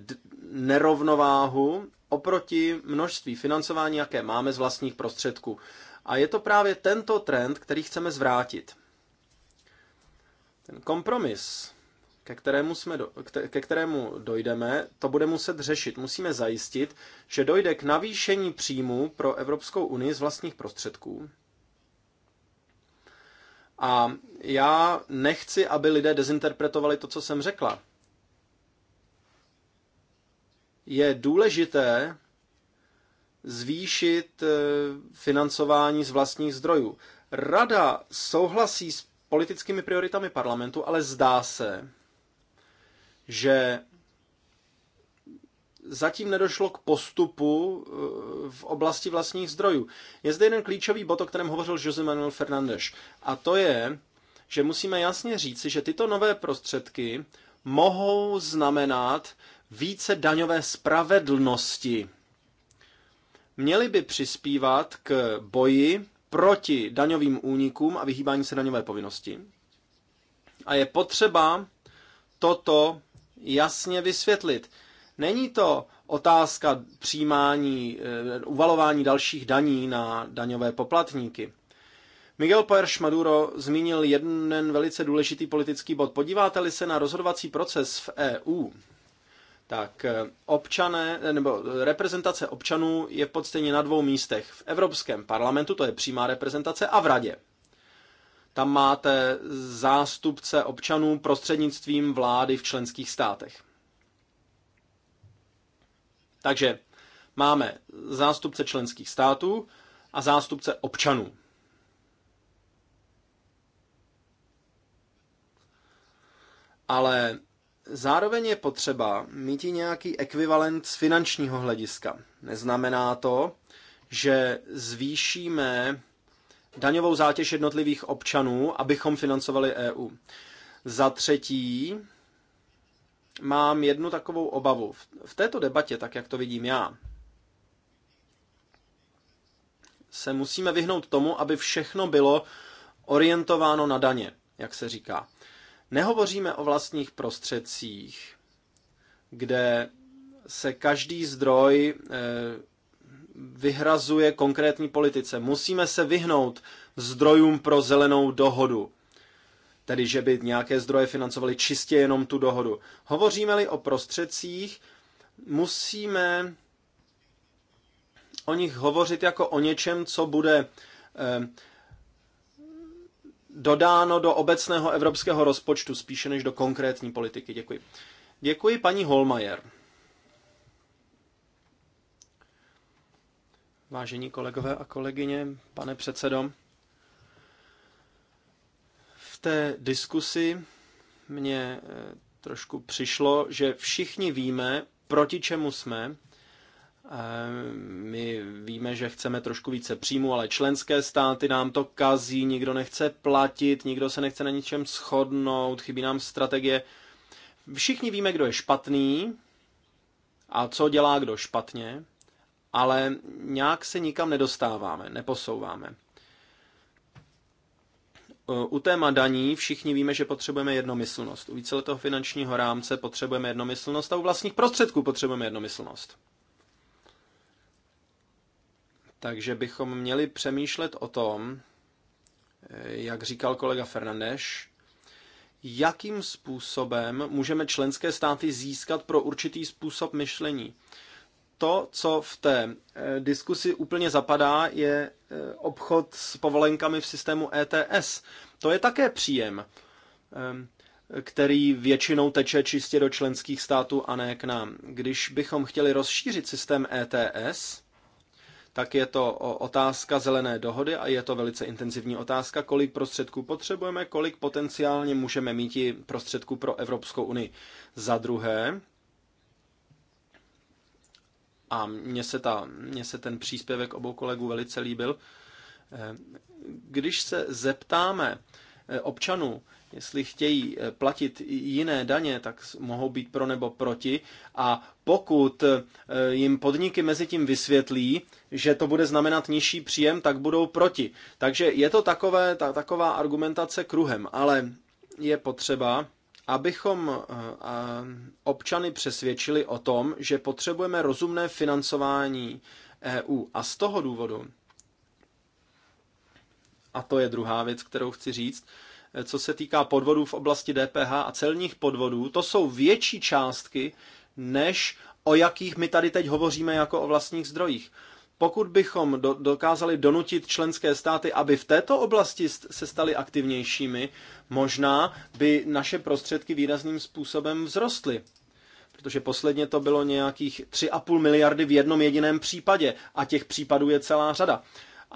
[SPEAKER 1] nerovnováhu oproti množství financování, jaké máme z vlastních prostředků. A je to právě tento trend, který chceme zvrátit. Ten kompromis, ke kterému, jsme do, ke kterému dojdeme, to bude muset řešit. Musíme zajistit, že dojde k navýšení příjmů pro Evropskou unii z vlastních prostředků. A já nechci, aby lidé dezinterpretovali to, co jsem řekla. Je důležité zvýšit eh, financování z vlastních zdrojů. Rada souhlasí s politickými prioritami parlamentu, ale zdá se, že zatím nedošlo k postupu eh, v oblasti vlastních zdrojů. Je zde jeden klíčový bod, o kterém hovořil José Manuel Fernández, a to je, že musíme jasně říci, že tyto nové prostředky mohou znamenat více daňové spravedlnosti měly by přispívat k boji proti daňovým únikům a vyhýbání se daňové povinnosti. A je potřeba toto jasně vysvětlit. Není to otázka přijímání, eh, uvalování dalších daní na daňové poplatníky. Miguel Poerš Maduro zmínil jeden velice důležitý politický bod. Podíváte-li se na rozhodovací proces v EU, tak eh, občané, eh, nebo reprezentace občanů je podstatně na dvou místech. V Evropském parlamentu, to je přímá reprezentace, a v radě. Tam máte zástupce občanů prostřednictvím vlády v členských státech. Takže máme zástupce členských států a zástupce občanů. Ale Zároveň je potřeba mít i nějaký ekvivalent z finančního hlediska. Neznamená to, že zvýšíme daňovou zátěž jednotlivých občanů, abychom financovali EU. Za třetí, mám jednu takovou obavu. V této debatě, tak jak to vidím já, se musíme vyhnout tomu, aby všechno bylo orientováno na daně, jak se říká. Nehovoříme o vlastních prostředcích, kde se každý zdroj eh, vyhrazuje konkrétní politice. Musíme se vyhnout zdrojům pro zelenou dohodu. Tedy, že by nějaké zdroje financovaly čistě jenom tu dohodu. Hovoříme-li o prostředcích, musíme o nich hovořit jako o něčem, co bude eh, dodáno do obecného evropského rozpočtu, spíše než do konkrétní politiky. Děkuji. Děkuji paní Holmajer. Vážení kolegové a kolegyně, pane předsedo, v té diskusi mě eh, trošku přišlo, že všichni víme, proti čemu jsme my víme, že chceme trošku více příjmu, ale členské státy nám to kazí, nikdo nechce platit, nikdo se nechce na ničem shodnout, chybí nám strategie. Všichni víme, kdo je špatný a co dělá kdo špatně, ale nějak se nikam nedostáváme, neposouváme. U téma daní všichni víme, že potřebujeme jednomyslnost. U víceletého finančního rámce potřebujeme jednomyslnost a u vlastních prostředků potřebujeme jednomyslnost. Takže bychom měli přemýšlet o tom, eh, jak říkal kolega Fernandeš, jakým způsobem můžeme členské státy získat pro určitý způsob myšlení. To, co v té eh, diskusi úplně zapadá, je eh, obchod s povolenkami v systému ETS. To je také příjem, ehm, který většinou teče čistě do členských států a ne k nám. Když bychom chtěli rozšířit systém ETS, tak je to otázka zelené dohody a je to velice intenzivní otázka, kolik prostředků potřebujeme, kolik potenciálně můžeme mít i prostředků pro Evropskou unii. Za druhé, a mně se, ta, mně se ten příspěvek obou kolegů velice líbil, eh, když se zeptáme eh, občanů, Jestli chtějí eh, platit jiné daně, tak mohou být pro nebo proti. A pokud eh, jim podniky mezi tím vysvětlí, že to bude znamenat nižší příjem, tak budou proti. Takže je to takové, ta, taková argumentace kruhem, ale je potřeba, abychom eh, občany přesvědčili o tom, že potřebujeme rozumné financování EU. A z toho důvodu, a to je druhá věc, kterou chci říct, co se týká podvodů v oblasti DPH a celních podvodů, to jsou větší částky, než o jakých my tady teď hovoříme jako o vlastních zdrojích. Pokud bychom do, dokázali donutit členské státy, aby v této oblasti se staly aktivnějšími, možná by naše prostředky výrazným způsobem vzrostly protože posledně to bylo nějakých 3,5 miliardy v jednom jediném případě a těch případů je celá řada.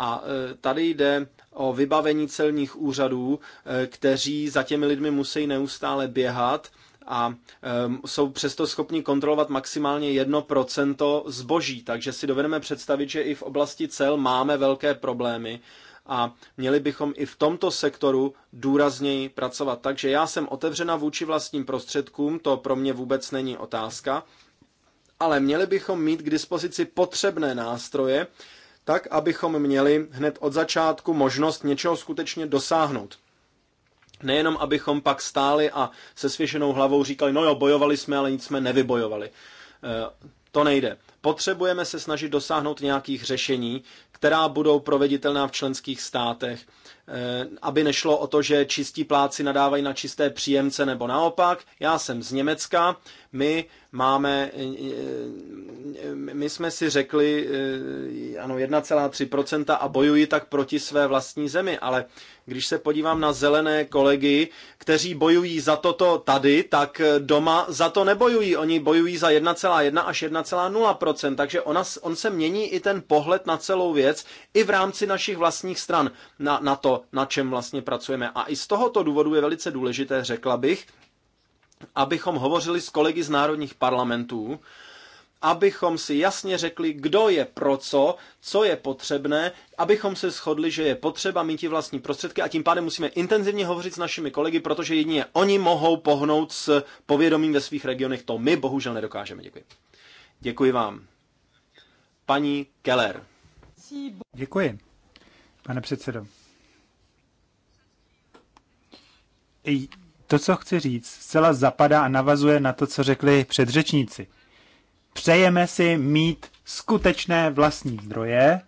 [SPEAKER 1] A e, tady jde o vybavení celních úřadů, e, kteří za těmi lidmi musí neustále běhat a e, jsou přesto schopni kontrolovat maximálně 1% zboží. Takže si dovedeme představit, že i v oblasti cel máme velké problémy a měli bychom i v tomto sektoru důrazněji pracovat. Takže já jsem otevřena vůči vlastním prostředkům, to pro mě vůbec není otázka, ale měli bychom mít k dispozici potřebné nástroje, tak abychom měli hned od začátku možnost něčeho skutečně dosáhnout. Nejenom abychom pak stáli a se svěšenou hlavou říkali, no jo, bojovali jsme, ale nic jsme nevybojovali. Eh, to nejde. Potřebujeme se snažit dosáhnout nějakých řešení, která budou proveditelná v členských státech, eh, aby nešlo o to, že čistí pláci nadávají na čisté příjemce nebo naopak. Já jsem z Německa, my máme, eh, my jsme si řekli, eh, ano, 1,3% a bojují tak proti své vlastní zemi, ale když se podívám na zelené kolegy, kteří bojují za toto tady, tak doma za to nebojují. Oni bojují za 1,1 až 1,0%. 100%, takže ona, on se mění i ten pohled na celou věc, i v rámci našich vlastních stran na, na to, na čem vlastně pracujeme. A i z tohoto důvodu je velice důležité, řekla bych, abychom hovořili s kolegy z národních parlamentů, abychom si jasně řekli, kdo je pro co, co je potřebné, abychom se shodli, že je potřeba mít vlastní prostředky a tím pádem musíme intenzivně hovořit s našimi kolegy, protože jedině oni mohou pohnout s povědomím ve svých regionech. To my bohužel nedokážeme. Děkuji. Děkuji vám. Paní Keller.
[SPEAKER 2] Děkuji, pane předsedo. To, co chci říct, zcela zapadá a navazuje na to, co řekli předřečníci. Přejeme si mít skutečné vlastní zdroje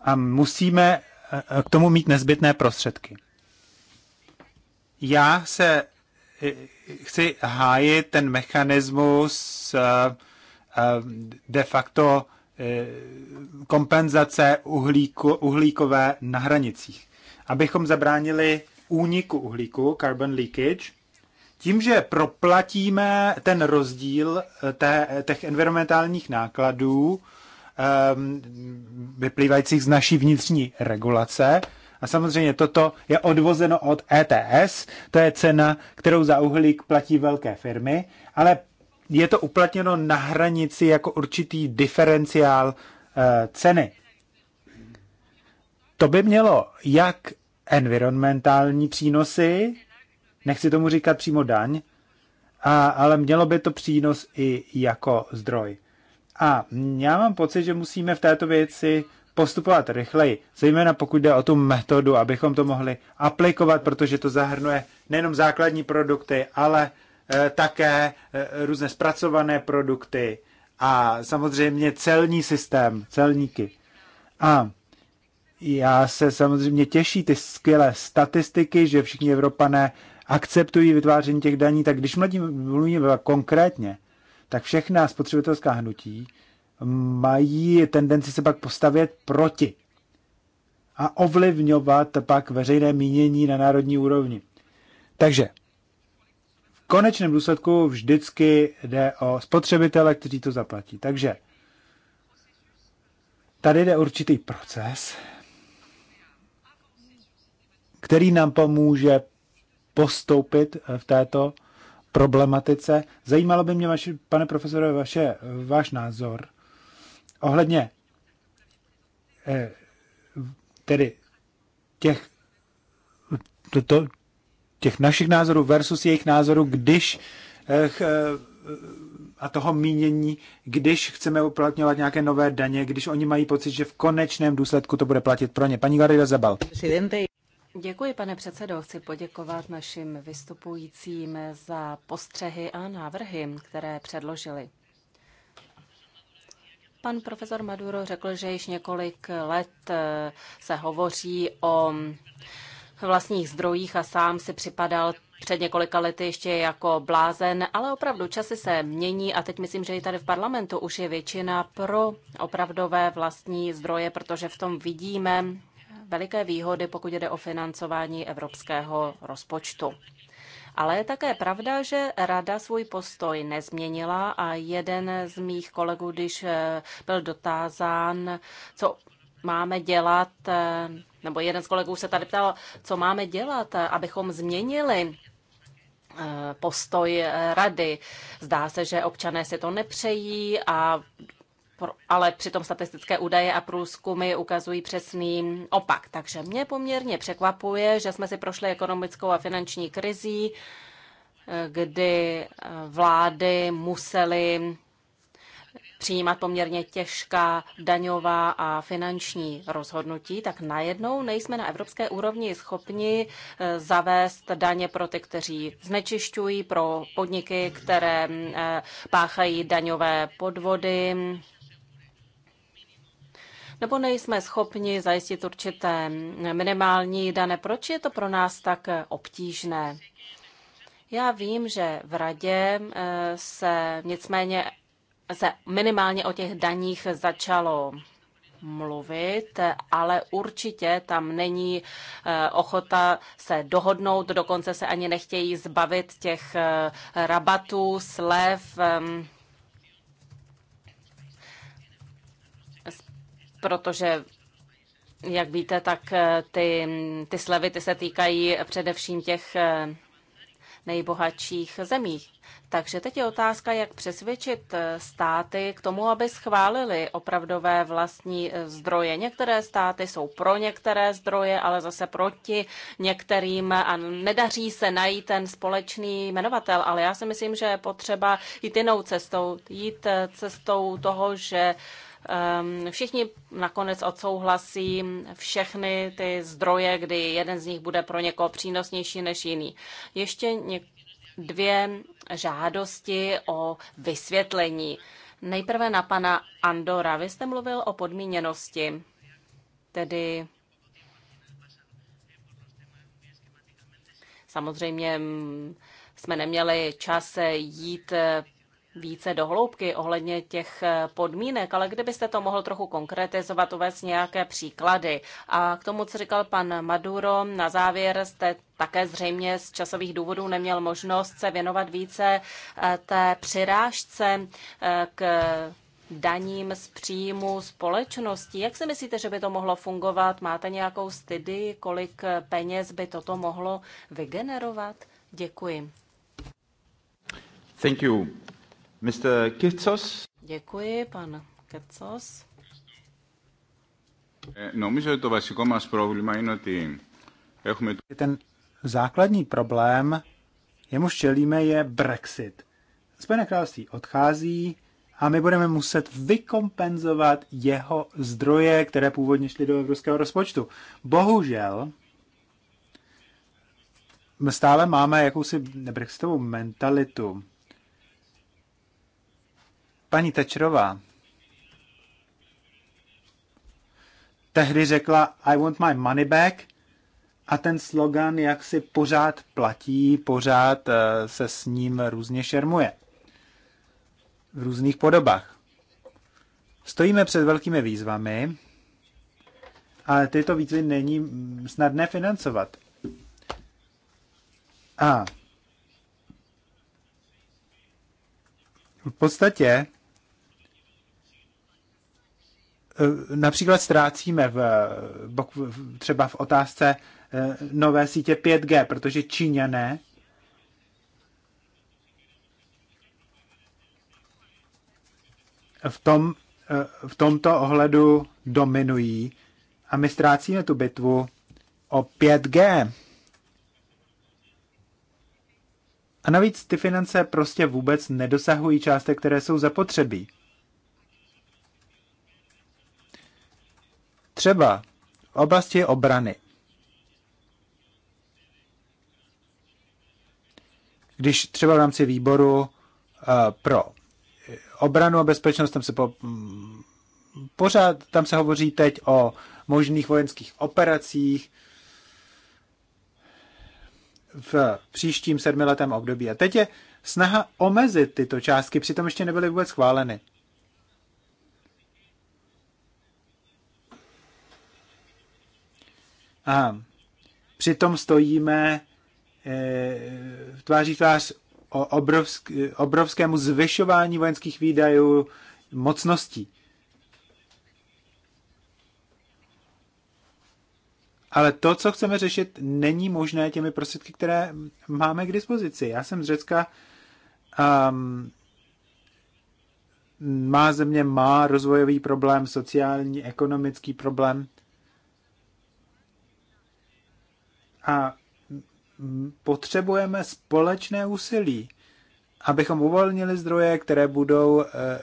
[SPEAKER 2] a musíme eh, k tomu mít nezbytné prostředky. Já se eh, chci hájit ten mechanismus eh, de facto e, kompenzace uhlíku, uhlíkové na hranicích. Abychom zabránili úniku uhlíku, carbon leakage, tím, že proplatíme ten rozdíl e, té, těch environmentálních nákladů um, vyplývajících z naší vnitřní regulace, a samozřejmě toto je odvozeno od ETS, to je cena, kterou za uhlík platí velké firmy, ale je to uplatněno na hranici jako určitý diferenciál eh, ceny. To by mělo jak environmentální přínosy, nechci tomu říkat přímo daň, a, ale mělo by to přínos i jako zdroj. A já mám pocit, že musíme v této věci postupovat rychleji, zejména pokud jde o tu metodu, abychom to mohli aplikovat, protože to zahrnuje nejenom základní produkty, ale Eh, také eh, různé zpracované produkty a samozřejmě celní systém, celníky. A já se samozřejmě těší ty skvělé statistiky, že všichni Evropané akceptují vytváření těch daní, tak když mluvíme konkrétně, tak všechna spotřebitelská hnutí mají tendenci se pak postavit proti a ovlivňovat pak veřejné mínění na národní úrovni. Takže konečném důsledku vždycky jde o spotřebitele, kteří to zaplatí. Takže tady jde určitý proces, který nám pomůže postoupit eh, v této problematice. Zajímalo by mě, vaši, pane profesore, vaše, váš názor ohledně eh, tedy těch to, to, těch našich názorů versus jejich názorů, když eh, eh, a toho mínění, když chceme uplatňovat nějaké nové daně, když oni mají pocit, že v konečném důsledku to bude platit pro ně. Paní Garida Zabal.
[SPEAKER 3] Děkuji, pane předsedo. Chci poděkovat našim vystupujícím za postřehy a návrhy, které předložili. Pan profesor Maduro řekl, že již několik let eh, se hovoří o vlastních zdrojích a sám si připadal před několika lety ještě jako blázen, ale opravdu časy se mění a teď myslím, že i tady v parlamentu už je většina pro opravdové vlastní zdroje, protože v tom vidíme veliké výhody, pokud jde o financování evropského rozpočtu. Ale je také pravda, že rada svůj postoj nezměnila a jeden z mých kolegů, když eh, byl dotázán, co máme dělat eh, nebo jeden z kolegů se tady ptal, co máme dělat, abychom změnili eh, postoj eh, rady. Zdá se, že občané si to nepřejí, a, ale přitom statistické údaje a průzkumy ukazují přesný opak. Takže mě poměrně překvapuje, že jsme si prošli ekonomickou a finanční krizí, eh, kdy vlády musely přijímat poměrně těžká daňová a finanční rozhodnutí, tak najednou nejsme na evropské úrovni schopni eh, zavést daně pro ty, kteří znečišťují, pro podniky, které mm, eh, páchají daňové podvody, nebo nejsme schopni zajistit určité mm, minimální daně. Proč je to pro nás tak obtížné? Já vím, že v radě eh, se nicméně se minimálně o těch daních začalo mluvit, ale určitě tam není eh, ochota se dohodnout, dokonce se ani nechtějí zbavit těch eh, rabatů, slev, ehm, protože jak víte, tak eh, ty, ty slevy ty se týkají především těch nejbohatších zemích. Takže teď je otázka, jak přesvědčit eh, státy k tomu, aby schválili opravdové vlastní eh, zdroje. Některé státy jsou pro některé zdroje, ale zase proti některým a nedaří se najít ten společný jmenovatel. Ale já si myslím, že je potřeba jít jinou cestou, jít eh, cestou toho, že ehm, Všichni nakonec odsouhlasí všechny ty zdroje, kdy jeden z nich bude pro někoho přínosnější než jiný. Ještě něk- dvě žádosti o vysvětlení. Nejprve na pana Andora. Vy jste mluvil o podmíněnosti, tedy samozřejmě mm, jsme neměli čas jít více dohloubky ohledně těch eh, podmínek, ale kdybyste to mohl trochu konkretizovat, uvést nějaké příklady. A k tomu, co říkal pan Maduro, na závěr jste také zřejmě z časových důvodů neměl možnost se věnovat více eh, té přirážce eh, k daním z příjmu společnosti. Jak si myslíte, že by to mohlo fungovat? Máte nějakou studii, kolik peněz by toto mohlo vygenerovat? Děkuji.
[SPEAKER 2] Thank you. Mr. Kirtsos.
[SPEAKER 3] Děkuji, pan Kirtsos.
[SPEAKER 2] Νομίζω ότι το βασικό μας πρόβλημα είναι ότι έχουμε... Ten základní problém, jemuž čelíme, je Brexit. Spojené království odchází a my budeme muset vykompenzovat jeho zdroje, které původně šly do evropského rozpočtu. Bohužel, stále máme jakousi brexitovou mentalitu. Paní Tečrová tehdy řekla I want my money back a ten slogan jak si pořád platí, pořád eh, se s ním různě šermuje. V různých podobách. Stojíme před velkými výzvami, ale tyto výzvy není snadné financovat. A v podstatě Eh, například ztrácíme eh, v, třeba v otázce eh, nové sítě 5G, protože Číňané v, tom, v tomto ohledu dominují a my ztrácíme tu bitvu o 5G. A navíc ty finance prostě vůbec nedosahují částek, které jsou zapotřebí. Třeba v oblasti obrany. Když třeba v rámci výboru eh, pro obranu a bezpečnost, tam se po, mm, pořád, tam se hovoří teď o možných vojenských operacích v příštím sedmiletém období. A teď je snaha omezit tyto částky, přitom ještě nebyly vůbec schváleny. A přitom stojíme v eh, tváří tvář o obrovsk, obrovskému zvyšování vojenských výdajů mocností. Ale to, co chceme řešit, není možné těmi prostředky, které máme k dispozici. Já jsem z Řecka. Um, má země má rozvojový problém, sociální, ekonomický problém. A potřebujeme společné úsilí, abychom uvolnili zdroje, které budou, eh,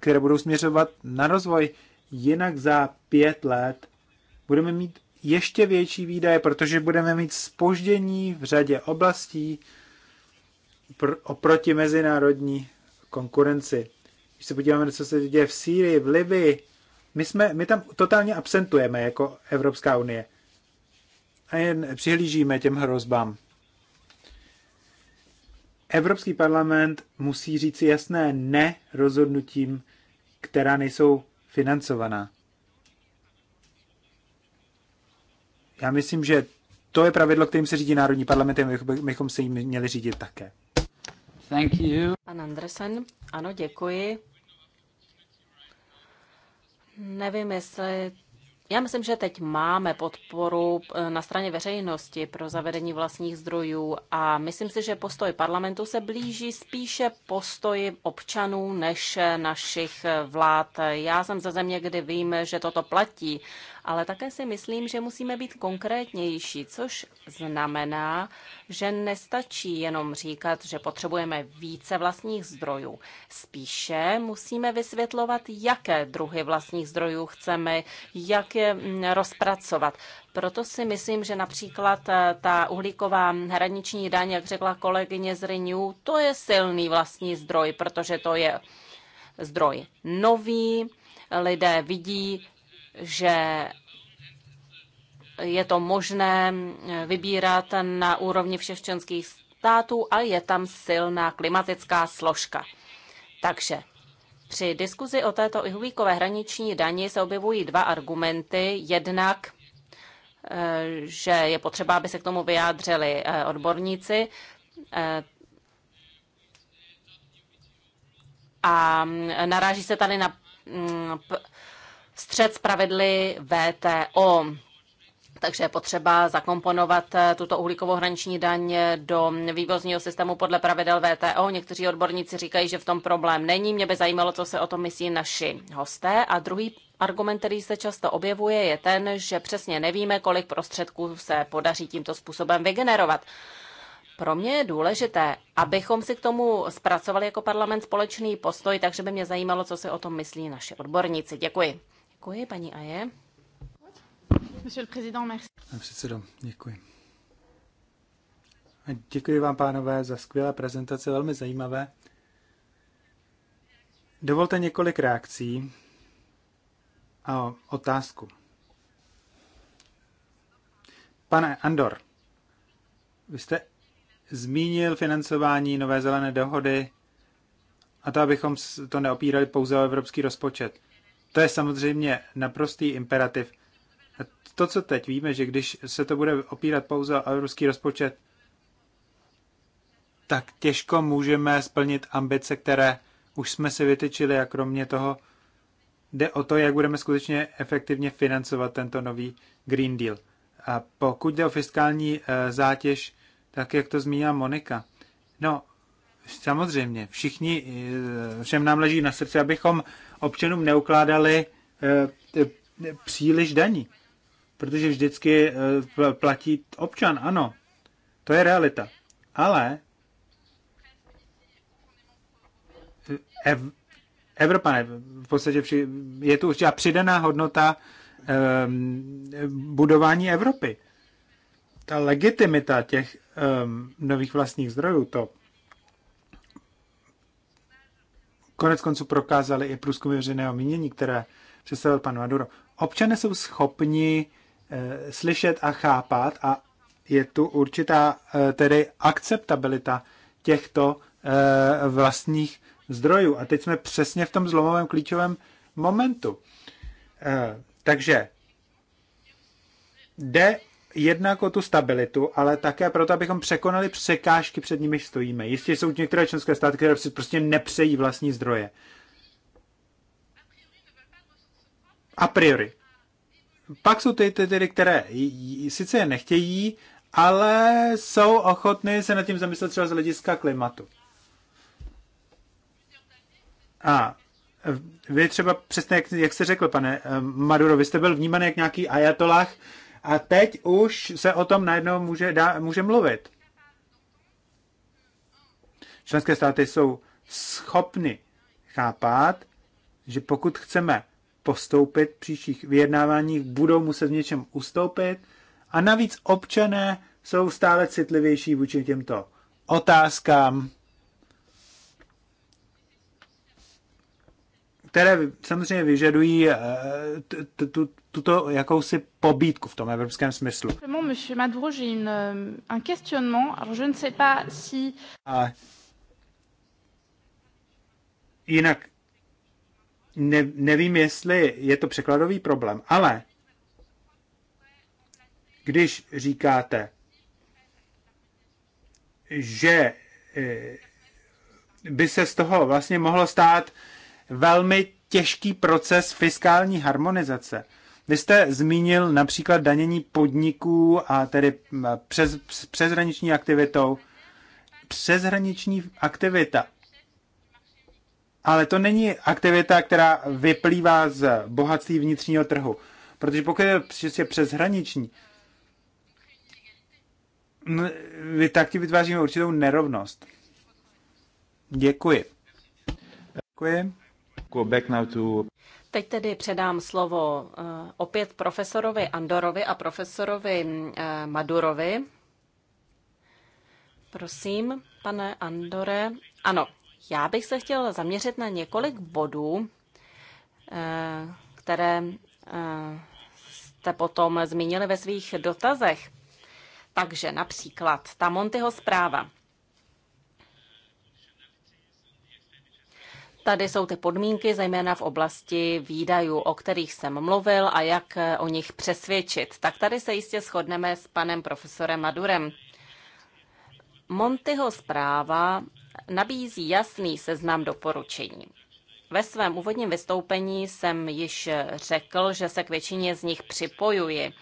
[SPEAKER 2] které budou směřovat na rozvoj. Jinak za pět let budeme mít ještě větší výdaje, protože budeme mít spoždění v řadě oblastí oproti mezinárodní konkurenci. Když se podíváme, co se děje v Sýrii, v Libii, my, jsme, my tam totálně absentujeme jako Evropská unie a jen přihlížíme těm hrozbám. Evropský parlament musí říci jasné ne rozhodnutím, která nejsou financovaná. Já myslím, že to je pravidlo, kterým se řídí Národní parlament a bychom se jim měli řídit také.
[SPEAKER 3] Thank you. Pan Andersen, ano, děkuji. Nevím, jestli já myslím, že teď máme podporu eh, na straně veřejnosti pro zavedení vlastních zdrojů a myslím si, že postoj parlamentu se blíží spíše postoji občanů než našich eh, vlád. Já jsem ze země, kdy vím, že toto platí ale také si myslím, že musíme být konkrétnější, což znamená, že nestačí jenom říkat, že potřebujeme více vlastních zdrojů. Spíše musíme vysvětlovat, jaké druhy vlastních zdrojů chceme, jak je mm, rozpracovat. Proto si myslím, že například eh, ta uhlíková hraniční daň, jak řekla kolegyně z Renew, to je silný vlastní zdroj, protože to je zdroj nový, lidé vidí, že je to možné vybírat na úrovni všech členských států a je tam silná klimatická složka. Takže při diskuzi o této ihlíkové hraniční dani se objevují dva argumenty. Jednak, eh, že je potřeba, aby se k tomu vyjádřili eh, odborníci, eh, a naráží se tady na mm, střed spravedli VTO. Takže je potřeba zakomponovat eh, tuto uhlíkovou hraniční daň eh, do vývozního systému podle pravidel VTO. Někteří odborníci říkají, že v tom problém není. Mě by zajímalo, co se o tom myslí naši hosté. A druhý argument, který se často objevuje, je ten, že přesně nevíme, kolik prostředků se podaří tímto způsobem vygenerovat. Pro mě je důležité, abychom si k tomu zpracovali jako parlament společný postoj, takže by mě zajímalo, co si o tom myslí naši odborníci. Děkuji. Děkuji, paní Aje.
[SPEAKER 1] Monsieur le Président, merci.
[SPEAKER 2] Pane předsedo, děkuji. A děkuji vám, pánové, za skvělé prezentace, velmi zajímavé. Dovolte několik reakcí a otázku. Pane Andor, vy jste zmínil financování Nové zelené dohody a to, abychom to neopírali pouze o evropský rozpočet. To je samozřejmě naprostý imperativ. A to, co teď víme, že když se to bude opírat pouze o evropský rozpočet, tak těžko můžeme splnit ambice, které už jsme si vytyčili a kromě toho jde o to, jak budeme skutečně efektivně financovat tento nový Green Deal. A pokud jde o fiskální eh, zátěž, tak jak to zmínila Monika, no samozřejmě, všichni, eh, všem nám leží na srdci, abychom občanům neukládali eh, příliš daní, protože vždycky eh, platí občan, ano, to je realita. Ale eh, Evropa, v podstatě je tu určitá přidaná hodnota budování Evropy. Ta legitimita těch nových vlastních zdrojů, to konec konců prokázali i průzkumy veřejného mínění, které představil pan Maduro. Občané jsou schopni e, slyšet a chápat a je tu určitá e, tedy akceptabilita těchto e, vlastních zdrojů. A teď jsme přesně v tom zlomovém klíčovém momentu. E, takže jde jednak o tu stabilitu, ale také proto, abychom překonali překážky, před nimi stojíme. Jistě jsou některé členské státy, které si prostě nepřejí vlastní zdroje. A priori. Pak jsou ty, ty, ty které sice je nechtějí, ale jsou ochotny se nad tím zamyslet třeba z hlediska klimatu. A vy třeba přesně, jak, jak jste řekl, pane eh, Maduro, vy jste byl vnímán jak nějaký ajatolách, a teď už se o tom najednou může, dá, může mluvit. Členské státy jsou schopny chápat, že pokud chceme postoupit v příštích vyjednáváních, budou muset v něčem ustoupit. A navíc občané jsou stále citlivější vůči těmto otázkám které samozřejmě vyžadují eh, tuto jakousi pobídku v tom evropském smyslu.
[SPEAKER 3] Monsieur Maduro,
[SPEAKER 2] euh, jinak ne, nevím, jestli je to překladový problém, ale když říkáte, že eh, by se z toho vlastně mohlo stát velmi těžký proces fiskální harmonizace. Vy jste zmínil například danění podniků a tedy přes, přeshraniční aktivitou. Přeshraniční aktivita. Ale to není aktivita, která vyplývá z bohatství vnitřního trhu. Protože pokud je přesně přeshraniční, vy tak ti vytváříme určitou nerovnost. Děkuji. Děkuji go back now to...
[SPEAKER 3] Teď tedy předám slovo eh, opět profesorovi Andorovi a profesorovi eh, Madurovi. Prosím, pane Andore. Ano, já bych se chtěl zaměřit na několik bodů, eh, které jste potom zmínili ve svých dotazech. Takže například ta Montyho zpráva. tady jsou ty podmínky, zejména v oblasti výdajů, o kterých jsem mluvil a jak eh, o nich přesvědčit. Tak tady se jistě shodneme s panem profesorem Madurem. Montyho zpráva nabízí jasný seznam doporučení. Ve svém úvodním vystoupení jsem již řekl, že se k většině z nich připojuji.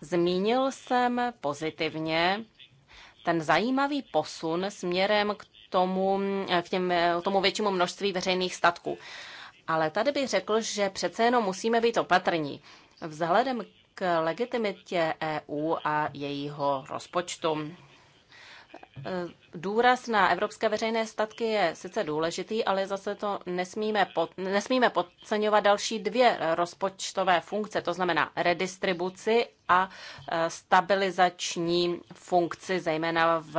[SPEAKER 3] Zmínil jsem pozitivně ten zajímavý posun směrem k tomu, eh, k, těm, k eh, tomu většímu množství veřejných statků. Ale tady bych řekl, že přece jenom musíme být opatrní. Vzhledem k legitimitě EU a jejího rozpočtu. Eh, důraz na evropské veřejné statky je sice důležitý, ale zase to nesmíme, pod, nesmíme podceňovat další dvě rozpočtové funkce, to znamená redistribuci a stabilizační funkci, zejména v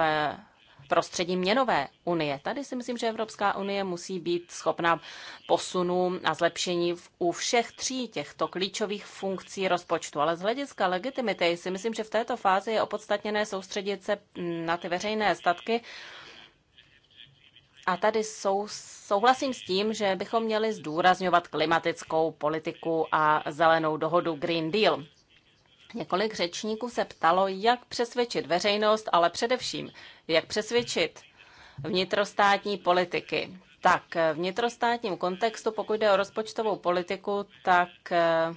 [SPEAKER 3] prostředí měnové unie. Tady si myslím, že Evropská unie musí být schopná posunu a zlepšení u všech tří těchto klíčových funkcí rozpočtu. Ale z hlediska legitimity si myslím, že v této fázi je opodstatněné soustředit se na ty veřejné statky, a tady sou, souhlasím s tím, že bychom měli zdůrazňovat klimatickou politiku a zelenou dohodu Green Deal. Několik řečníků se ptalo, jak přesvědčit veřejnost, ale především, jak přesvědčit vnitrostátní politiky. Tak eh, v vnitrostátním kontextu, pokud jde o rozpočtovou politiku, tak eh,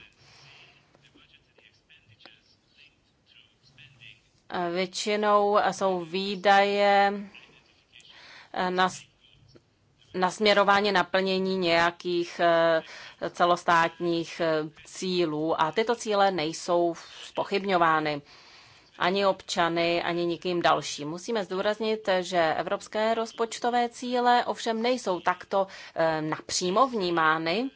[SPEAKER 3] většinou jsou výdaje eh, na nasměrování naplnění nějakých eh, celostátních eh, cílů a tyto cíle nejsou spochybňovány ani občany, ani nikým dalším. Musíme zdůraznit, že evropské rozpočtové cíle ovšem nejsou takto eh, napřímo vnímány,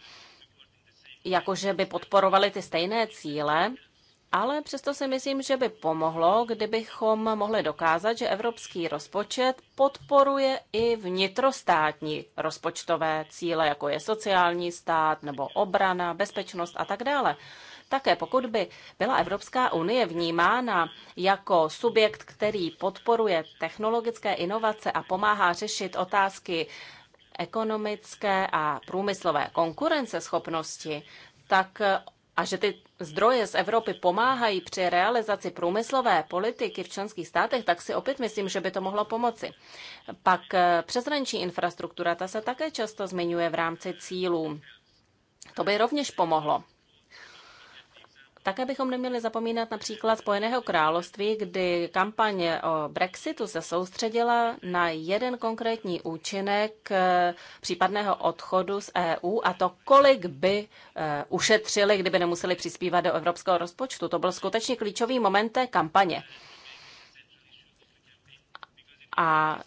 [SPEAKER 3] jakože by podporovaly ty stejné cíle, ale přesto si myslím, že by pomohlo, kdybychom mohli dokázat, že evropský rozpočet podporuje i vnitrostátní rozpočtové cíle, jako je sociální stát nebo obrana, bezpečnost a tak dále. Také pokud by byla Evropská unie vnímána jako subjekt, který podporuje technologické inovace a pomáhá řešit otázky ekonomické a průmyslové konkurenceschopnosti, tak a že ty zdroje z Evropy pomáhají při realizaci průmyslové politiky v členských státech, tak si opět myslím, že by to mohlo pomoci. Pak eh, přeshraniční infrastruktura, ta se také často zmiňuje v rámci cílů. To by rovněž pomohlo. Také bychom neměli zapomínat například Spojeného království, kdy kampaně o Brexitu se soustředila na jeden konkrétní účinek eh, případného odchodu z EU a to, kolik by eh, ušetřili, kdyby nemuseli přispívat do evropského rozpočtu. To byl skutečně klíčový moment té kampaně. A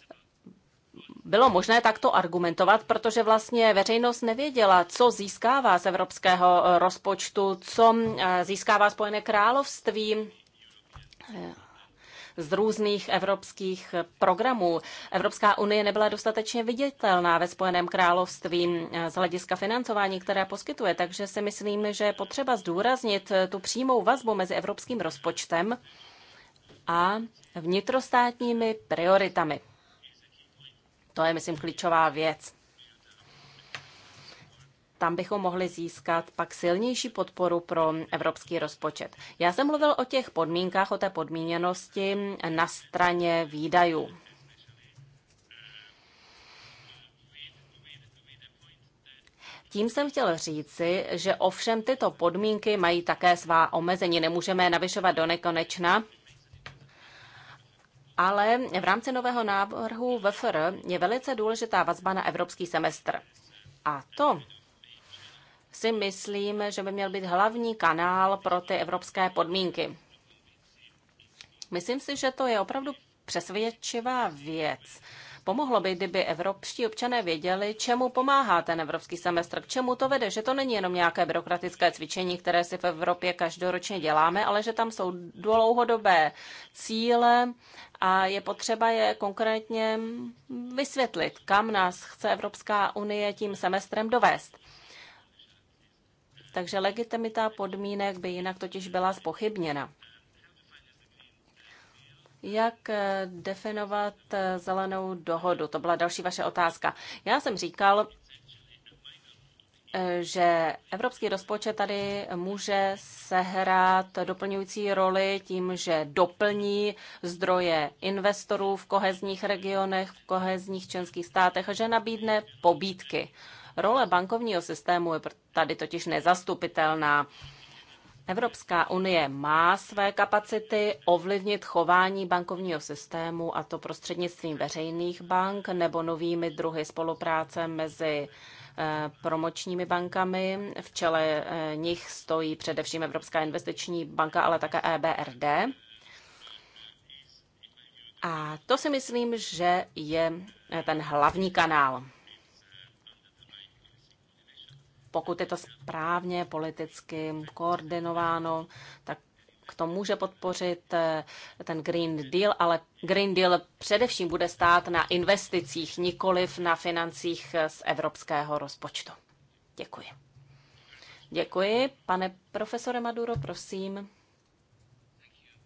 [SPEAKER 3] bylo možné takto argumentovat, protože vlastně veřejnost nevěděla, co získává z evropského eh, rozpočtu, co eh, získává Spojené království eh, z různých evropských programů. Evropská unie nebyla dostatečně viditelná ve Spojeném království z hlediska financování, které poskytuje, takže si myslím, že je potřeba zdůraznit tu přímou vazbu mezi evropským rozpočtem a vnitrostátními prioritami. To je, myslím, klíčová věc. Tam bychom mohli získat pak silnější podporu pro evropský rozpočet. Já jsem mluvil o těch podmínkách, o té podmíněnosti na straně výdajů. Tím jsem chtěl říci, že ovšem tyto podmínky mají také svá omezení. Nemůžeme navyšovat do nekonečna ale v rámci nového návrhu VFR je velice důležitá vazba na evropský semestr. A to si myslím, že by měl být hlavní kanál pro ty evropské podmínky. Myslím si, že to je opravdu přesvědčivá věc. Pomohlo by, kdyby evropští občané věděli, čemu pomáhá ten evropský semestr, k čemu to vede, že to není jenom nějaké byrokratické cvičení, které si v Evropě každoročně děláme, ale že tam jsou dlouhodobé cíle a je potřeba je konkrétně vysvětlit, kam nás chce Evropská unie tím semestrem dovést. Takže legitimita podmínek by jinak totiž byla spochybněna jak eh, definovat eh, zelenou dohodu? To byla další vaše otázka. Já jsem říkal, eh, že evropský rozpočet tady může sehrát doplňující roli tím, že doplní zdroje investorů v kohezních regionech, v kohezních členských státech a že nabídne pobídky. Role bankovního systému je tady totiž nezastupitelná. Evropská unie má své kapacity ovlivnit chování bankovního systému a to prostřednictvím veřejných bank nebo novými druhy spolupráce mezi eh, promočními bankami. V čele eh, nich stojí především Evropská investiční banka, ale také EBRD. A to si myslím, že je eh, ten hlavní kanál pokud je to správně politicky koordinováno, tak to může podpořit eh, ten Green Deal, ale Green Deal především bude stát na investicích, nikoliv na financích z evropského rozpočtu. Děkuji. Děkuji. Pane profesore Maduro, prosím.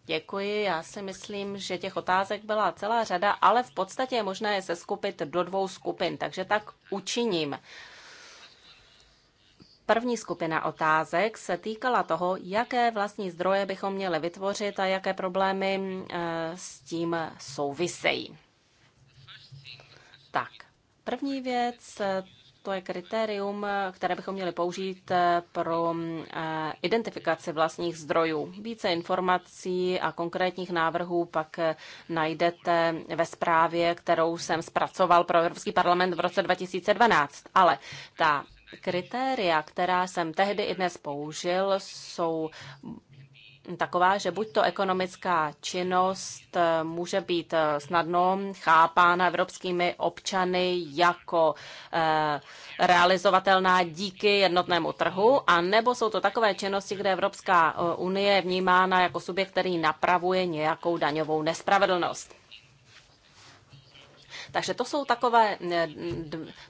[SPEAKER 3] Děkuji. Já si myslím, že těch otázek byla celá řada, ale v podstatě je možné je seskupit do dvou skupin, takže tak učiním. První skupina otázek se týkala toho, jaké vlastní zdroje bychom měli vytvořit a jaké problémy eh, s tím souvisejí. Tak, první věc, to je kritérium, které bychom měli použít eh, pro eh, identifikaci vlastních zdrojů. Více informací a konkrétních návrhů pak najdete ve zprávě, kterou jsem zpracoval pro Evropský parlament v roce 2012. Ale ta kritéria, která jsem tehdy i dnes použil, jsou taková, že buď to ekonomická činnost eh, může být eh, snadno chápána evropskými občany jako eh, realizovatelná díky jednotnému trhu, a nebo jsou to takové činnosti, kde Evropská unie je vnímána jako subjekt, který napravuje nějakou daňovou nespravedlnost. Takže to jsou takové, eh,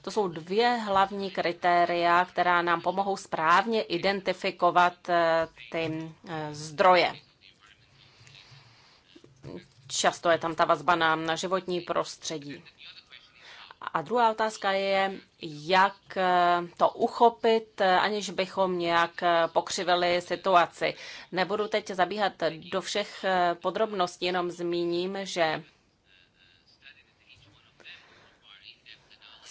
[SPEAKER 3] to jsou dvě hlavní kritéria, která nám pomohou správně identifikovat eh, ty eh, zdroje. Často je tam ta vazba na, na životní prostředí. A druhá otázka je, jak to uchopit, aniž bychom nějak pokřivili situaci. Nebudu teď zabíhat do všech podrobností, jenom zmíním, že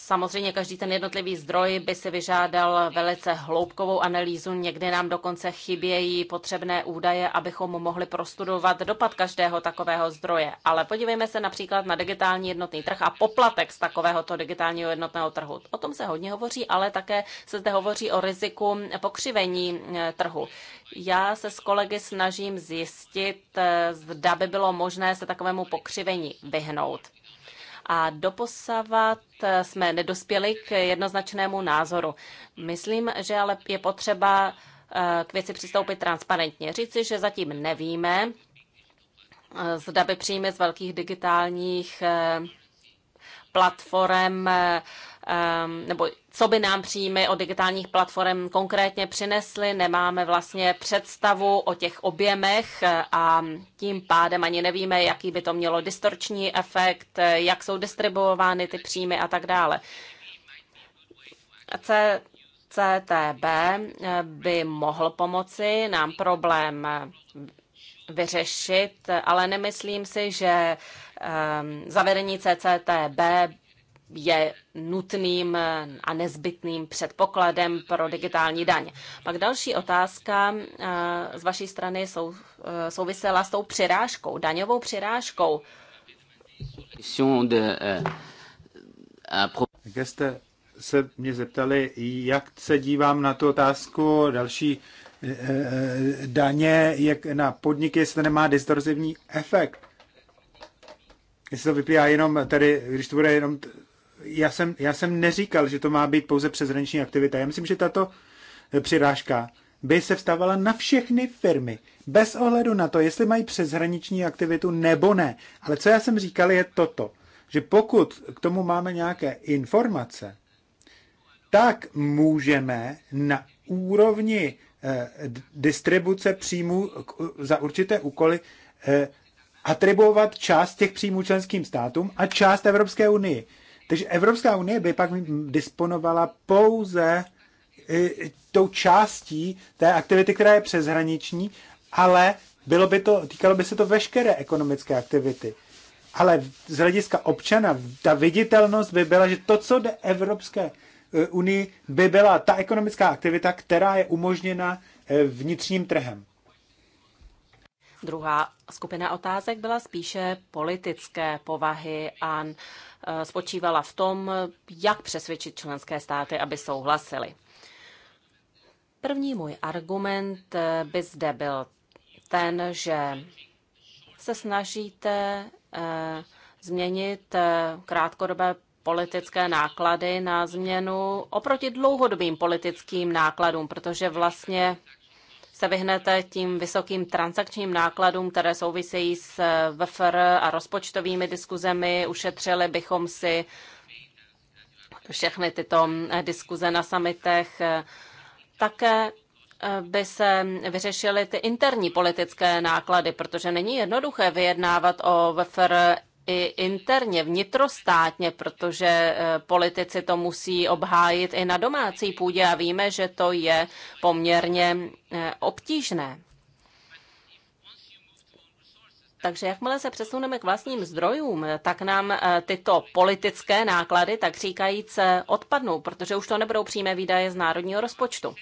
[SPEAKER 3] Samozřejmě každý ten jednotlivý zdroj by si vyžádal velice hloubkovou analýzu, někdy nám dokonce chybějí potřebné údaje, abychom mohli prostudovat dopad každého takového zdroje. Ale podívejme se například na digitální jednotný trh a poplatek z takovéhoto digitálního jednotného trhu. O tom se hodně hovoří, ale také se zde hovoří o riziku pokřivení eh, trhu. Já se s kolegy snažím zjistit, eh, zda by bylo možné se takovému pokřivení vyhnout a doposavat eh, jsme nedospěli k jednoznačnému názoru. Myslím, že ale je potřeba eh, k věci přistoupit transparentně. Říci, že zatím nevíme, eh, zda by příjmy z velkých digitálních platform nebo co by nám příjmy od digitálních platform konkrétně přinesly, nemáme vlastně představu o těch objemech a tím pádem ani nevíme, jaký by to mělo distorční efekt, jak jsou distribuovány ty příjmy a tak dále. C CTB by mohl pomoci nám problém vyřešit, ale nemyslím si, že ehm, zavedení CCTB je nutným a nezbytným předpokladem pro digitální daň. Pak další otázka eh, z vaší strany sou, eh, souvisela s tou přirážkou, daňovou přirážkou.
[SPEAKER 2] Jak eh, jste se mě zeptali, jak se dívám na tu otázku další daně, jak na podniky, jestli to nemá distorzivní efekt. Jestli to vyplývá jenom tady, když to bude jenom já jsem, já jsem neříkal, že to má být pouze přezhraniční aktivita. Já myslím, že tato eh, přirážka by se vstávala na všechny firmy, bez ohledu na to, jestli mají přeshraniční aktivitu nebo ne. Ale co já jsem říkal, je toto, že pokud k tomu máme nějaké informace, tak můžeme na úrovni eh, distribuce příjmů za určité úkoly eh, atribuovat část těch příjmů členským státům a část Evropské unii. Takže Evropská unie by pak disponovala pouze eh, tou částí té aktivity, která je přeshraniční, ale bylo by to, týkalo by se to veškeré ekonomické aktivity. Ale z hlediska občana ta viditelnost by byla, že to, co jde Evropské eh, unii, by byla ta ekonomická aktivita, která je umožněna eh, vnitřním trhem.
[SPEAKER 3] Druhá skupina otázek byla spíše politické povahy a e, spočívala v tom, jak přesvědčit členské státy, aby souhlasili. První můj argument e, by zde byl ten, že se snažíte e, změnit krátkodobé politické náklady na změnu oproti dlouhodobým politickým nákladům, protože vlastně se vyhnete tím vysokým transakčním nákladům, které souvisejí s eh, VFR a rozpočtovými diskuzemi. Ušetřili bychom si všechny tyto eh, diskuze na samitech. Také eh, by se vyřešily ty interní politické náklady, protože není jednoduché vyjednávat o VFR i interně, vnitrostátně, protože eh, politici to musí obhájit i na domácí půdě a víme, že to je poměrně eh, obtížné. Takže jakmile se přesuneme k vlastním zdrojům, tak nám eh, tyto politické náklady, tak říkajíc, odpadnou, protože už to nebudou přímé výdaje z národního rozpočtu.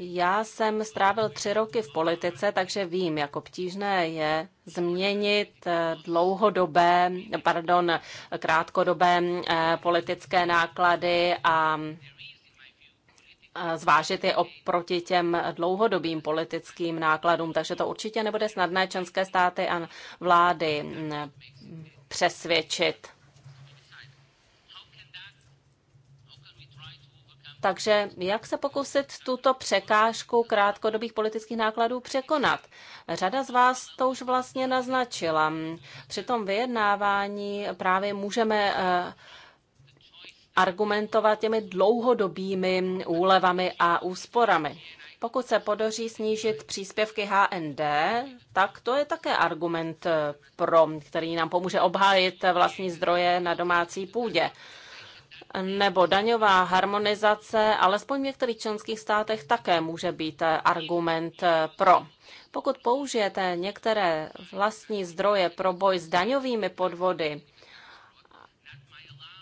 [SPEAKER 3] Já jsem strávil tři roky v politice, takže vím, jak obtížné je změnit eh, dlouhodobé, pardon, krátkodobé eh, politické náklady a eh, zvážit je oproti těm dlouhodobým politickým nákladům. Takže to určitě nebude snadné členské státy a vlády mm, přesvědčit. Takže jak se pokusit tuto překážku krátkodobých politických nákladů překonat? Řada z vás to už vlastně naznačila. Při tom vyjednávání právě můžeme eh, argumentovat těmi dlouhodobými úlevami a úsporami. Pokud se podaří snížit příspěvky HND, tak to je také argument eh, pro, který nám pomůže obhájit vlastní zdroje na domácí půdě nebo daňová harmonizace, alespoň v některých členských státech také může být eh, argument eh, pro. Pokud použijete některé vlastní zdroje pro boj s daňovými podvody,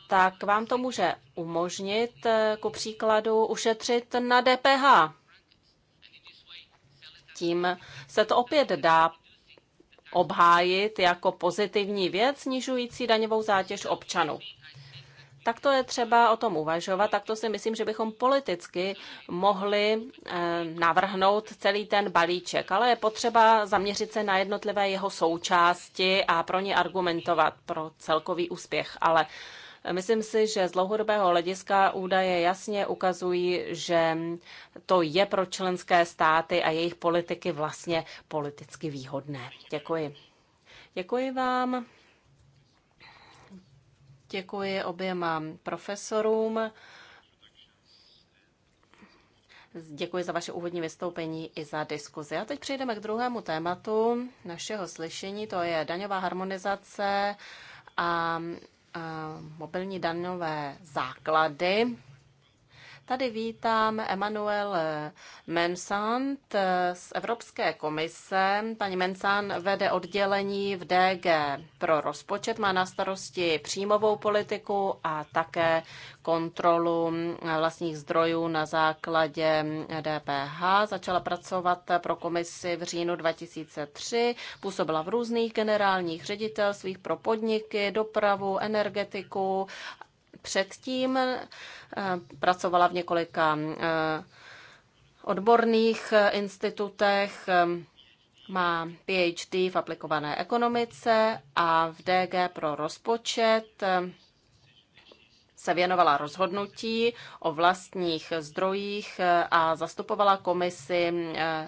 [SPEAKER 3] tak vám to může umožnit, eh, ku příkladu, ušetřit na DPH. Tím se to opět dá obhájit jako pozitivní věc snižující daňovou zátěž občanů. Tak to je třeba o tom uvažovat, tak to si myslím, že bychom politicky mohli eh, navrhnout celý ten balíček, ale je potřeba zaměřit se na jednotlivé jeho součásti a pro ně argumentovat pro celkový úspěch. Ale eh, Myslím si, že z dlouhodobého hlediska údaje jasně ukazují, že to je pro členské státy a jejich politiky vlastně politicky výhodné. Děkuji. Děkuji vám. Děkuji oběma profesorům. Děkuji za vaše úvodní vystoupení i za diskuzi. A teď přejdeme k druhému tématu našeho slyšení, to je daňová harmonizace a, a mobilní daňové základy. Tady vítám Emanuel eh, Mensant eh, z Evropské komise. Paní Mensant vede oddělení v DG pro rozpočet, má na starosti příjmovou politiku a také kontrolu eh, vlastních zdrojů na základě DPH. Začala pracovat pro komisi v říjnu 2003, působila v různých generálních ředitelstvích pro podniky, dopravu, energetiku předtím. Eh, pracovala v několika eh, odborných eh, institutech, má PhD v aplikované ekonomice a v DG pro rozpočet se věnovala rozhodnutí o vlastních zdrojích a zastupovala komisi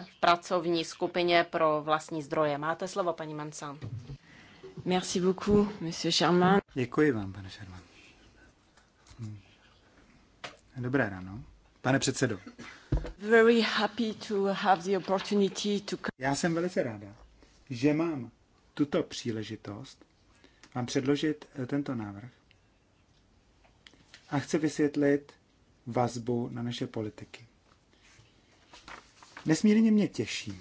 [SPEAKER 3] v pracovní skupině pro vlastní zdroje. Máte slovo, paní Mansan. Merci beaucoup, monsieur Sherman. Děkuji vám, pane Sherman.
[SPEAKER 2] Dobré ráno. Pane předsedo.
[SPEAKER 3] Very happy to have the opportunity to... Já jsem velice ráda,
[SPEAKER 2] že mám tuto příležitost vám předložit eh, tento návrh a chci vysvětlit vazbu na naše politiky. Nesmírně mě těší.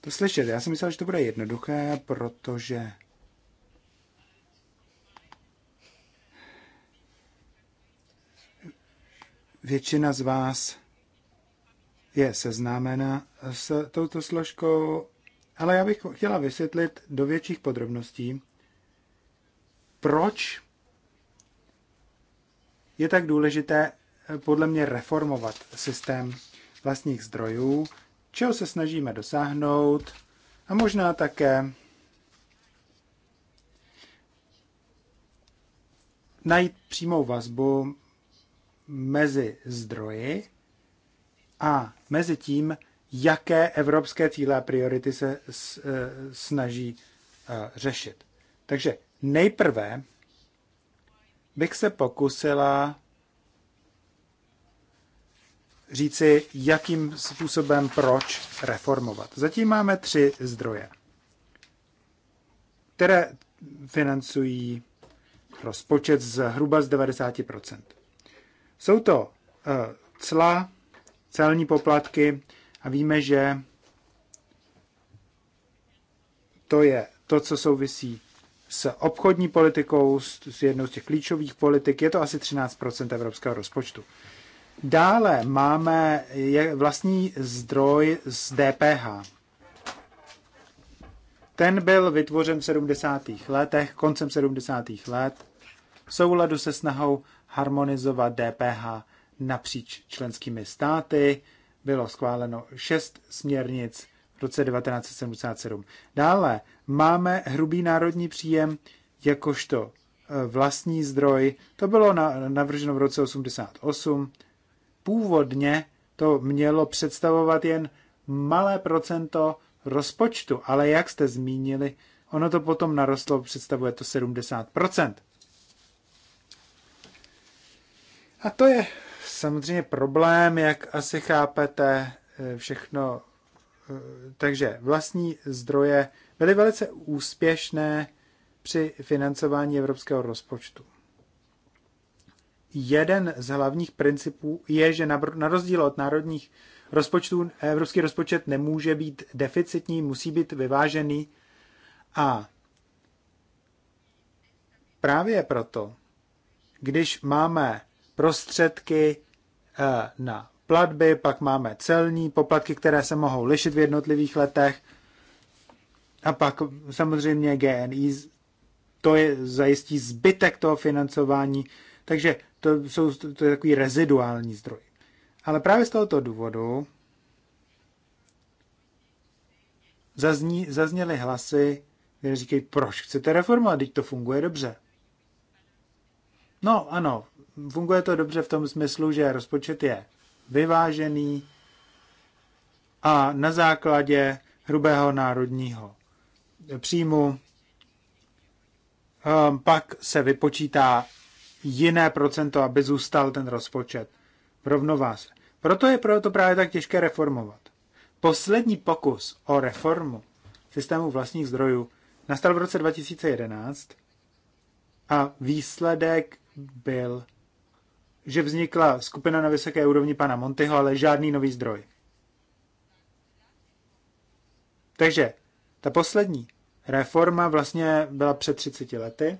[SPEAKER 2] To slyšet, já jsem myslel, že to bude jednoduché, protože Většina z vás je seznámena s touto složkou, ale já bych chtěla vysvětlit do větších podrobností, proč je tak důležité eh, podle mě reformovat systém vlastních zdrojů, čeho se snažíme dosáhnout a možná také najít přímou vazbu mezi zdroji a mezi tím, jaké evropské cíle a priority se eh, snaží eh, řešit. Takže nejprve bych se pokusila říci, jakým způsobem proč reformovat. Zatím máme tři zdroje, které financují rozpočet zhruba z 90%. Jsou to eh, cla, celní poplatky a víme, že to je to, co souvisí s obchodní politikou, s jednou z těch klíčových politik, je to asi 13 evropského rozpočtu. Dále máme vlastní zdroj z DPH. Ten byl vytvořen v 70. letech, koncem 70. let, v souladu se snahou harmonizovat DPH napříč členskými státy. Bylo schváleno šest směrnic v roce 1977. Dále máme hrubý národní příjem jakožto e, vlastní zdroj. To bylo navrženo v roce 1988. Původně to mělo představovat jen malé procento rozpočtu, ale jak jste zmínili, ono to potom narostlo, představuje to 70%. A to je samozřejmě problém, jak asi chápete eh, všechno. Eh, takže vlastní zdroje byly velice úspěšné při financování evropského rozpočtu. Jeden z hlavních principů je, že na rozdíl od národních rozpočtů evropský rozpočet nemůže být deficitní, musí být vyvážený a právě proto, když máme prostředky eh, na platby, pak máme celní poplatky, které se mohou lišit v jednotlivých letech a pak samozřejmě GNI, to je, zajistí zbytek toho financování, takže to jsou to je takový reziduální zdroj. Ale právě z tohoto důvodu zazní, zazněly hlasy, které říkají, proč chcete reformovat, teď to funguje dobře. No ano, funguje to dobře v tom smyslu, že rozpočet je vyvážený a na základě hrubého národního příjmu ehm, pak se vypočítá jiné procento, aby zůstal ten rozpočet v rovnováze. Proto je proto právě tak těžké reformovat. Poslední pokus o reformu systému vlastních zdrojů nastal v roce 2011 a výsledek byl, že vznikla skupina na vysoké úrovni pana Montyho, ale žádný nový zdroj. Takže ta poslední reforma vlastně byla před 30 lety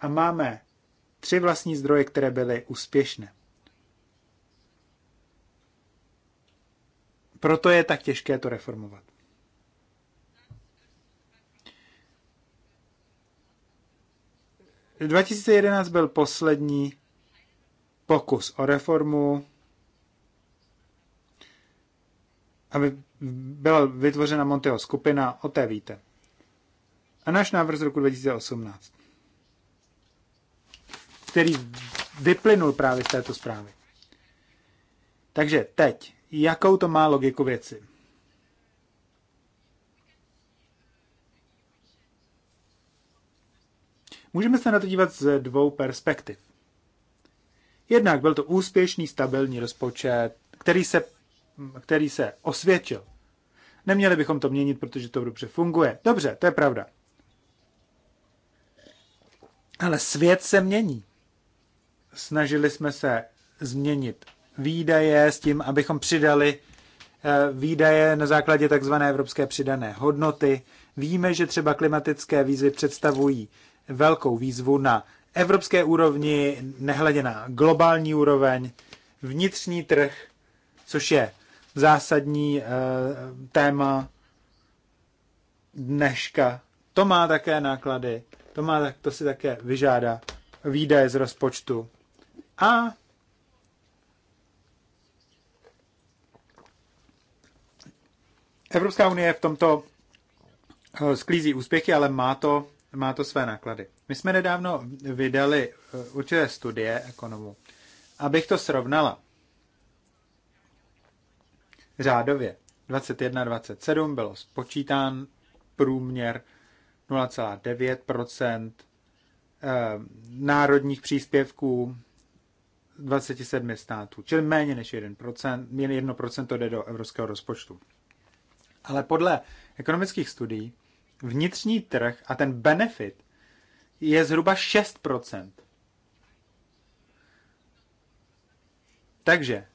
[SPEAKER 2] a máme tři vlastní zdroje, které byly úspěšné. Proto je tak těžké to reformovat. 2011 byl poslední pokus o reformu, aby byla vytvořena Monteho skupina, o té víte. A náš návrh z roku 2018, který vyplynul právě z této zprávy. Takže teď, jakou to má logiku věci? Můžeme se na to dívat ze dvou perspektiv. Jednak byl to úspěšný stabilní rozpočet, který se, který se osvědčil. Neměli bychom to měnit, protože to dobře funguje. Dobře, to je pravda. Ale svět se mění. Snažili jsme se změnit výdaje s tím, abychom přidali eh, výdaje na základě takzvané evropské přidané hodnoty. Víme, že třeba klimatické výzvy představují velkou výzvu na evropské úrovni, nehledě na globální úroveň, vnitřní trh, což je zásadní e, téma dneška. To má také náklady, to, má, to si také vyžádá výdaje z rozpočtu. A Evropská unie v tomto eh, sklízí úspěchy, ale má to má to své náklady. My jsme nedávno vydali eh, určité studie ekonomů. Abych to srovnala, řádově 21-27 bylo spočítán průměr 0,9 eh, národních příspěvků 27 států, čili méně než 1%, jen 1% to jde do evropského rozpočtu. Ale podle ekonomických studií vnitřní trh a ten benefit je zhruba 6%. Takže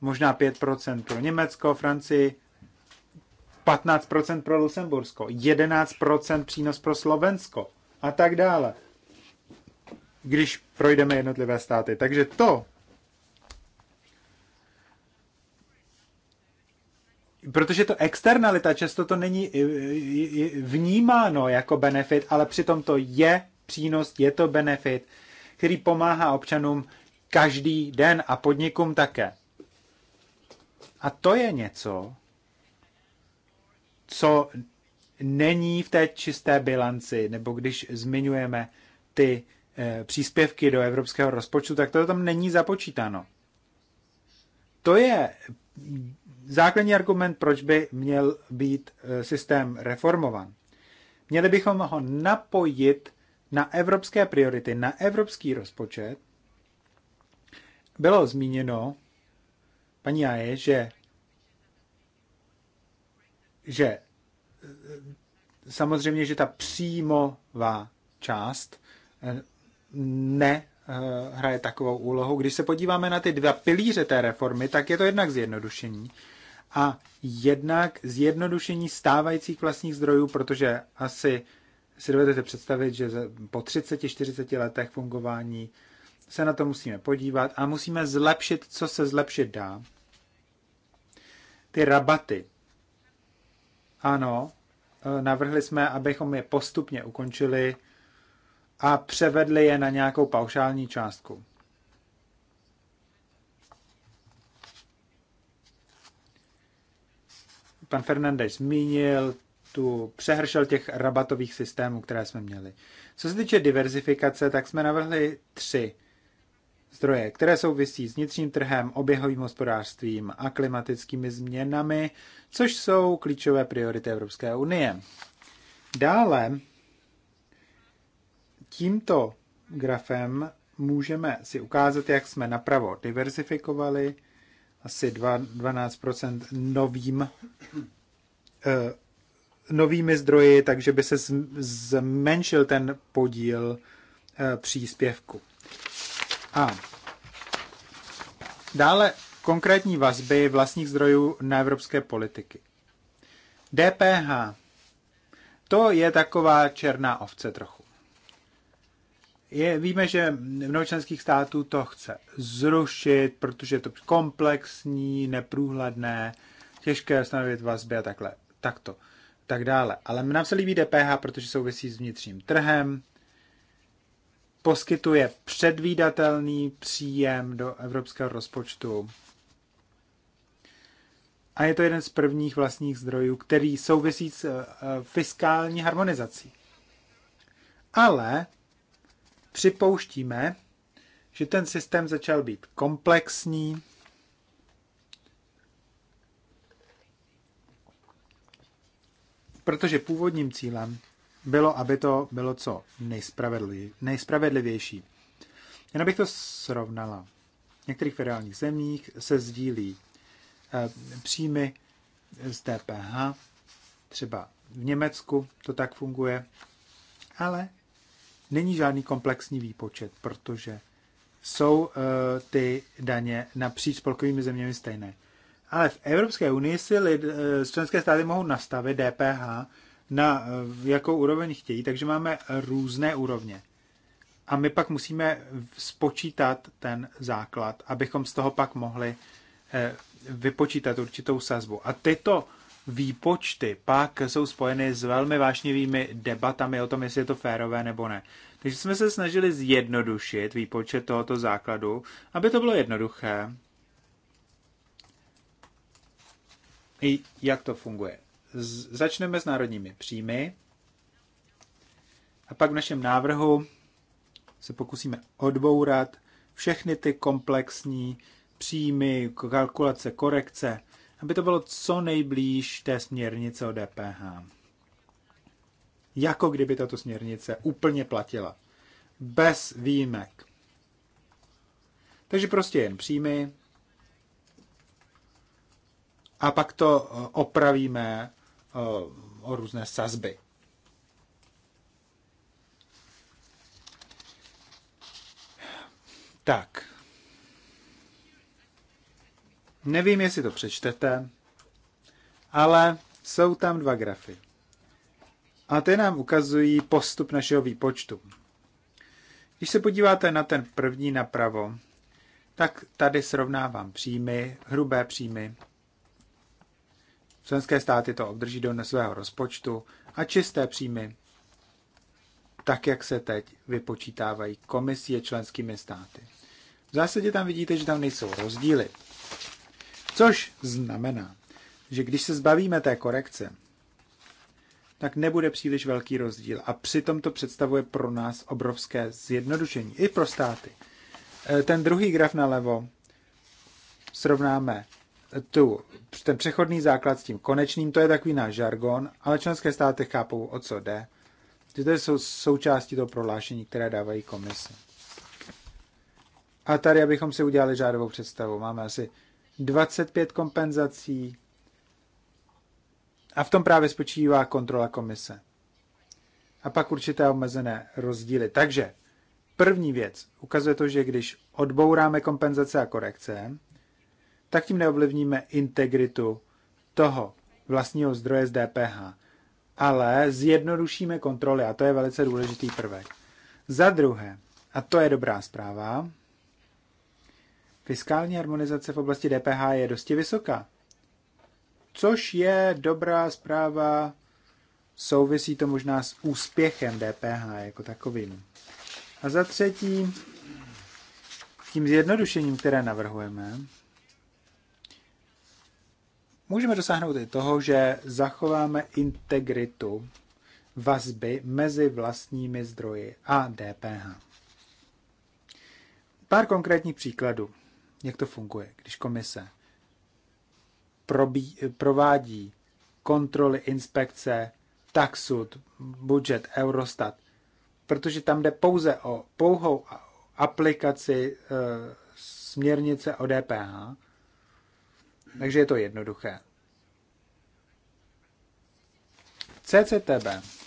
[SPEAKER 2] možná 5% pro Německo, Francii, 15% pro Lucembursko, 11% přínos pro Slovensko a tak dále, když projdeme jednotlivé státy. Takže to protože to externalita často to není eh, eh, eh, vnímáno jako benefit, ale přitom to je přínos, je to benefit, který pomáhá občanům každý den a podnikům také. A to je něco, co není v té čisté bilanci, nebo když zmiňujeme ty e, příspěvky do evropského rozpočtu, tak to tam není započítáno. To je základní argument, proč by měl být e, systém reformovan. Měli bychom ho napojit na evropské priority, na evropský rozpočet. Bylo zmíněno, paní Aje, že, že e, samozřejmě, že ta přímová část e, ne hraje takovou úlohu. Když se podíváme na ty dva pilíře té reformy, tak je to jednak zjednodušení, a jednak zjednodušení stávajících vlastních zdrojů, protože asi si dovedete představit, že po 30-40 letech fungování se na to musíme podívat a musíme zlepšit, co se zlepšit dá. Ty rabaty. Ano, e, navrhli jsme, abychom je postupně ukončili a převedli je na nějakou paušální částku. pan Fernandez zmínil, tu přehršel těch rabatových systémů, které jsme měli. Co se týče diverzifikace, tak jsme navrhli tři zdroje, které souvisí s vnitřním trhem, oběhovým hospodářstvím a klimatickými změnami, což jsou klíčové priority Evropské unie. Dále tímto grafem můžeme si ukázat, jak jsme napravo diverzifikovali asi 12 novým, eh, novými zdroji, takže by se zmenšil ten podíl eh, příspěvku. A dále konkrétní vazby vlastních zdrojů na evropské politiky. DPH. To je taková černá ovce trochu je, víme, že mnoho členských států to chce zrušit, protože je to komplexní, neprůhledné, těžké stanovit vazby a takhle, takto, tak dále. Ale nám se líbí DPH, protože souvisí s vnitřním trhem, poskytuje předvídatelný příjem do evropského rozpočtu a je to jeden z prvních vlastních zdrojů, který souvisí s eh, fiskální harmonizací. Ale připouštíme, že ten systém začal být komplexní, protože původním cílem bylo, aby to bylo co nejspravedlivější. Jen abych to srovnala. V některých federálních zemích se sdílí eh, příjmy z DPH, třeba v Německu to tak funguje, ale není žádný komplexní výpočet, protože jsou eh, ty daně napříč spolkovými zeměmi stejné. Ale v Evropské unii si lid, eh, členské státy mohou nastavit DPH na eh, jakou úroveň chtějí, takže máme různé úrovně. A my pak musíme spočítat ten základ, abychom z toho pak mohli vypočítat určitou sazbu. A tyto výpočty pak jsou spojeny s velmi vášnivými debatami o tom, jestli je to férové nebo ne. Takže jsme se snažili zjednodušit výpočet tohoto základu, aby to bylo jednoduché. I jak to funguje? Z- začneme s národními příjmy a pak v našem návrhu se pokusíme odbourat všechny ty komplexní příjmy, kalkulace, korekce, aby to bylo co nejblíž té směrnice o DPH. Jako kdyby tato směrnice úplně platila. Bez výjimek. Takže prostě jen příjmy a pak to eh, opravíme eh, o různé sazby. Tak. Nevím, jestli to přečtete, ale jsou tam dva grafy. A ty nám ukazují postup našeho výpočtu. Když se podíváte na ten první napravo, tak tady srovnávám příjmy, hrubé příjmy. Členské státy to obdrží do svého rozpočtu a čisté příjmy, tak jak se teď vypočítávají komisie členskými státy. V zásadě tam vidíte, že tam nejsou rozdíly. Což znamená, že když se zbavíme té korekce, tak nebude příliš velký rozdíl. A přitom to představuje pro nás obrovské zjednodušení, i pro státy. E, ten druhý graf nalevo srovnáme tu, ten přechodný základ s tím konečným, to je takový náš žargon, ale členské státy chápou, o co jde. Tyto jsou součástí toho prohlášení, které dávají komise. A tady, abychom si udělali řádovou představu, máme asi 25 kompenzací. A v tom právě spočívá kontrola komise. A pak určité omezené rozdíly. Takže první věc ukazuje to, že když odbouráme kompenzace a korekce, tak tím neovlivníme integritu toho vlastního zdroje z DPH, ale zjednodušíme kontroly a to je velice důležitý prvek. Za druhé, a to je dobrá zpráva, fiskální harmonizace v oblasti DPH je dosti vysoká. Což je dobrá zpráva, souvisí to možná s úspěchem DPH jako takovým. A za třetí, tím zjednodušením, které navrhujeme, můžeme dosáhnout i toho, že zachováme integritu vazby mezi vlastními zdroji a DPH. Pár konkrétních příkladů jak to funguje, když komise probí, provádí kontroly, inspekce, taxud, budget, Eurostat, protože tam jde pouze o pouhou aplikaci e, směrnice o DPH, takže je to jednoduché. CCTB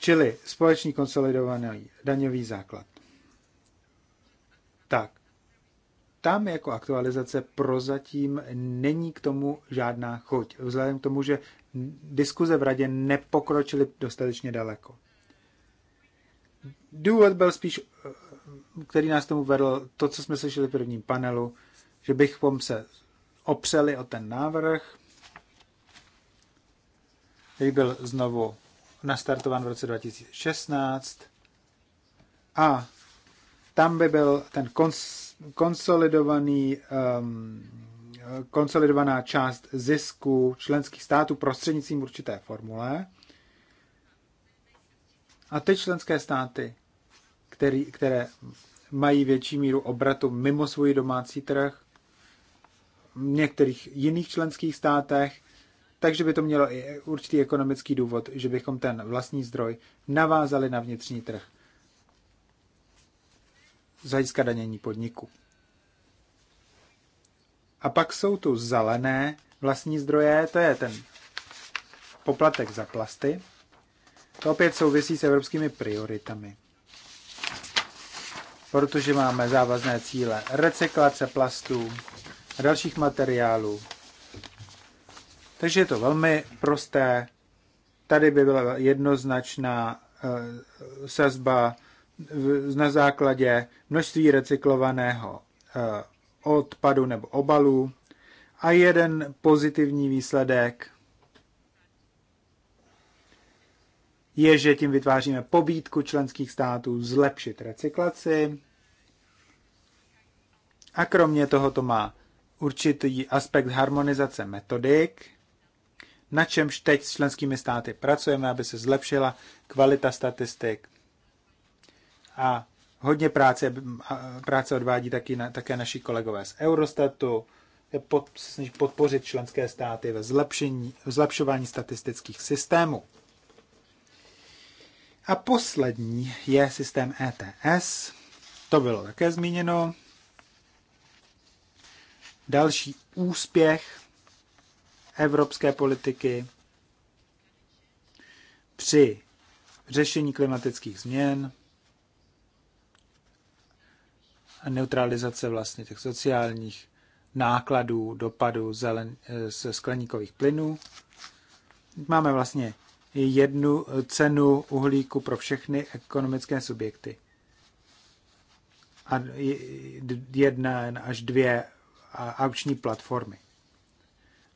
[SPEAKER 2] Čili společný konsolidovaný daňový základ. Tak, tam jako aktualizace prozatím není k tomu žádná chuť, vzhledem k tomu, že diskuze v radě nepokročily dostatečně daleko. Důvod byl spíš, který nás tomu vedl, to, co jsme slyšeli v prvním panelu, že bychom se opřeli o ten návrh, který byl znovu nastartován v roce 2016 a tam by byl ten kons, konsolidovaný, um, konsolidovaná část zisku členských států prostřednictvím určité formule. A ty členské státy, který, které mají větší míru obratu mimo svůj domácí trh, v některých jiných členských státech, takže by to mělo i určitý ekonomický důvod, že bychom ten vlastní zdroj navázali na vnitřní trh z hlediska danění podniku. A pak jsou tu zelené vlastní zdroje, to je ten poplatek za plasty. To opět souvisí s evropskými prioritami. Protože máme závazné cíle recyklace plastů dalších materiálů, takže je to velmi prosté. Tady by byla jednoznačná eh, sazba na základě množství recyklovaného eh, odpadu nebo obalů a jeden pozitivní výsledek je, že tím vytváříme pobídku členských států zlepšit recyklaci. A kromě toho to má určitý aspekt harmonizace metodik, na čemž teď s členskými státy pracujeme, aby se zlepšila kvalita statistik. A hodně práce, práce odvádí taky, na, také naši kolegové z Eurostatu, pod, podpořit členské státy ve zlepšení, v zlepšování statistických systémů. A poslední je systém ETS. To bylo také zmíněno. Další úspěch evropské politiky při řešení klimatických změn a neutralizace vlastně těch sociálních nákladů, dopadů zelen, eh, ze skleníkových plynů. Máme vlastně jednu cenu uhlíku pro všechny ekonomické subjekty. A jedna až dvě aukční platformy.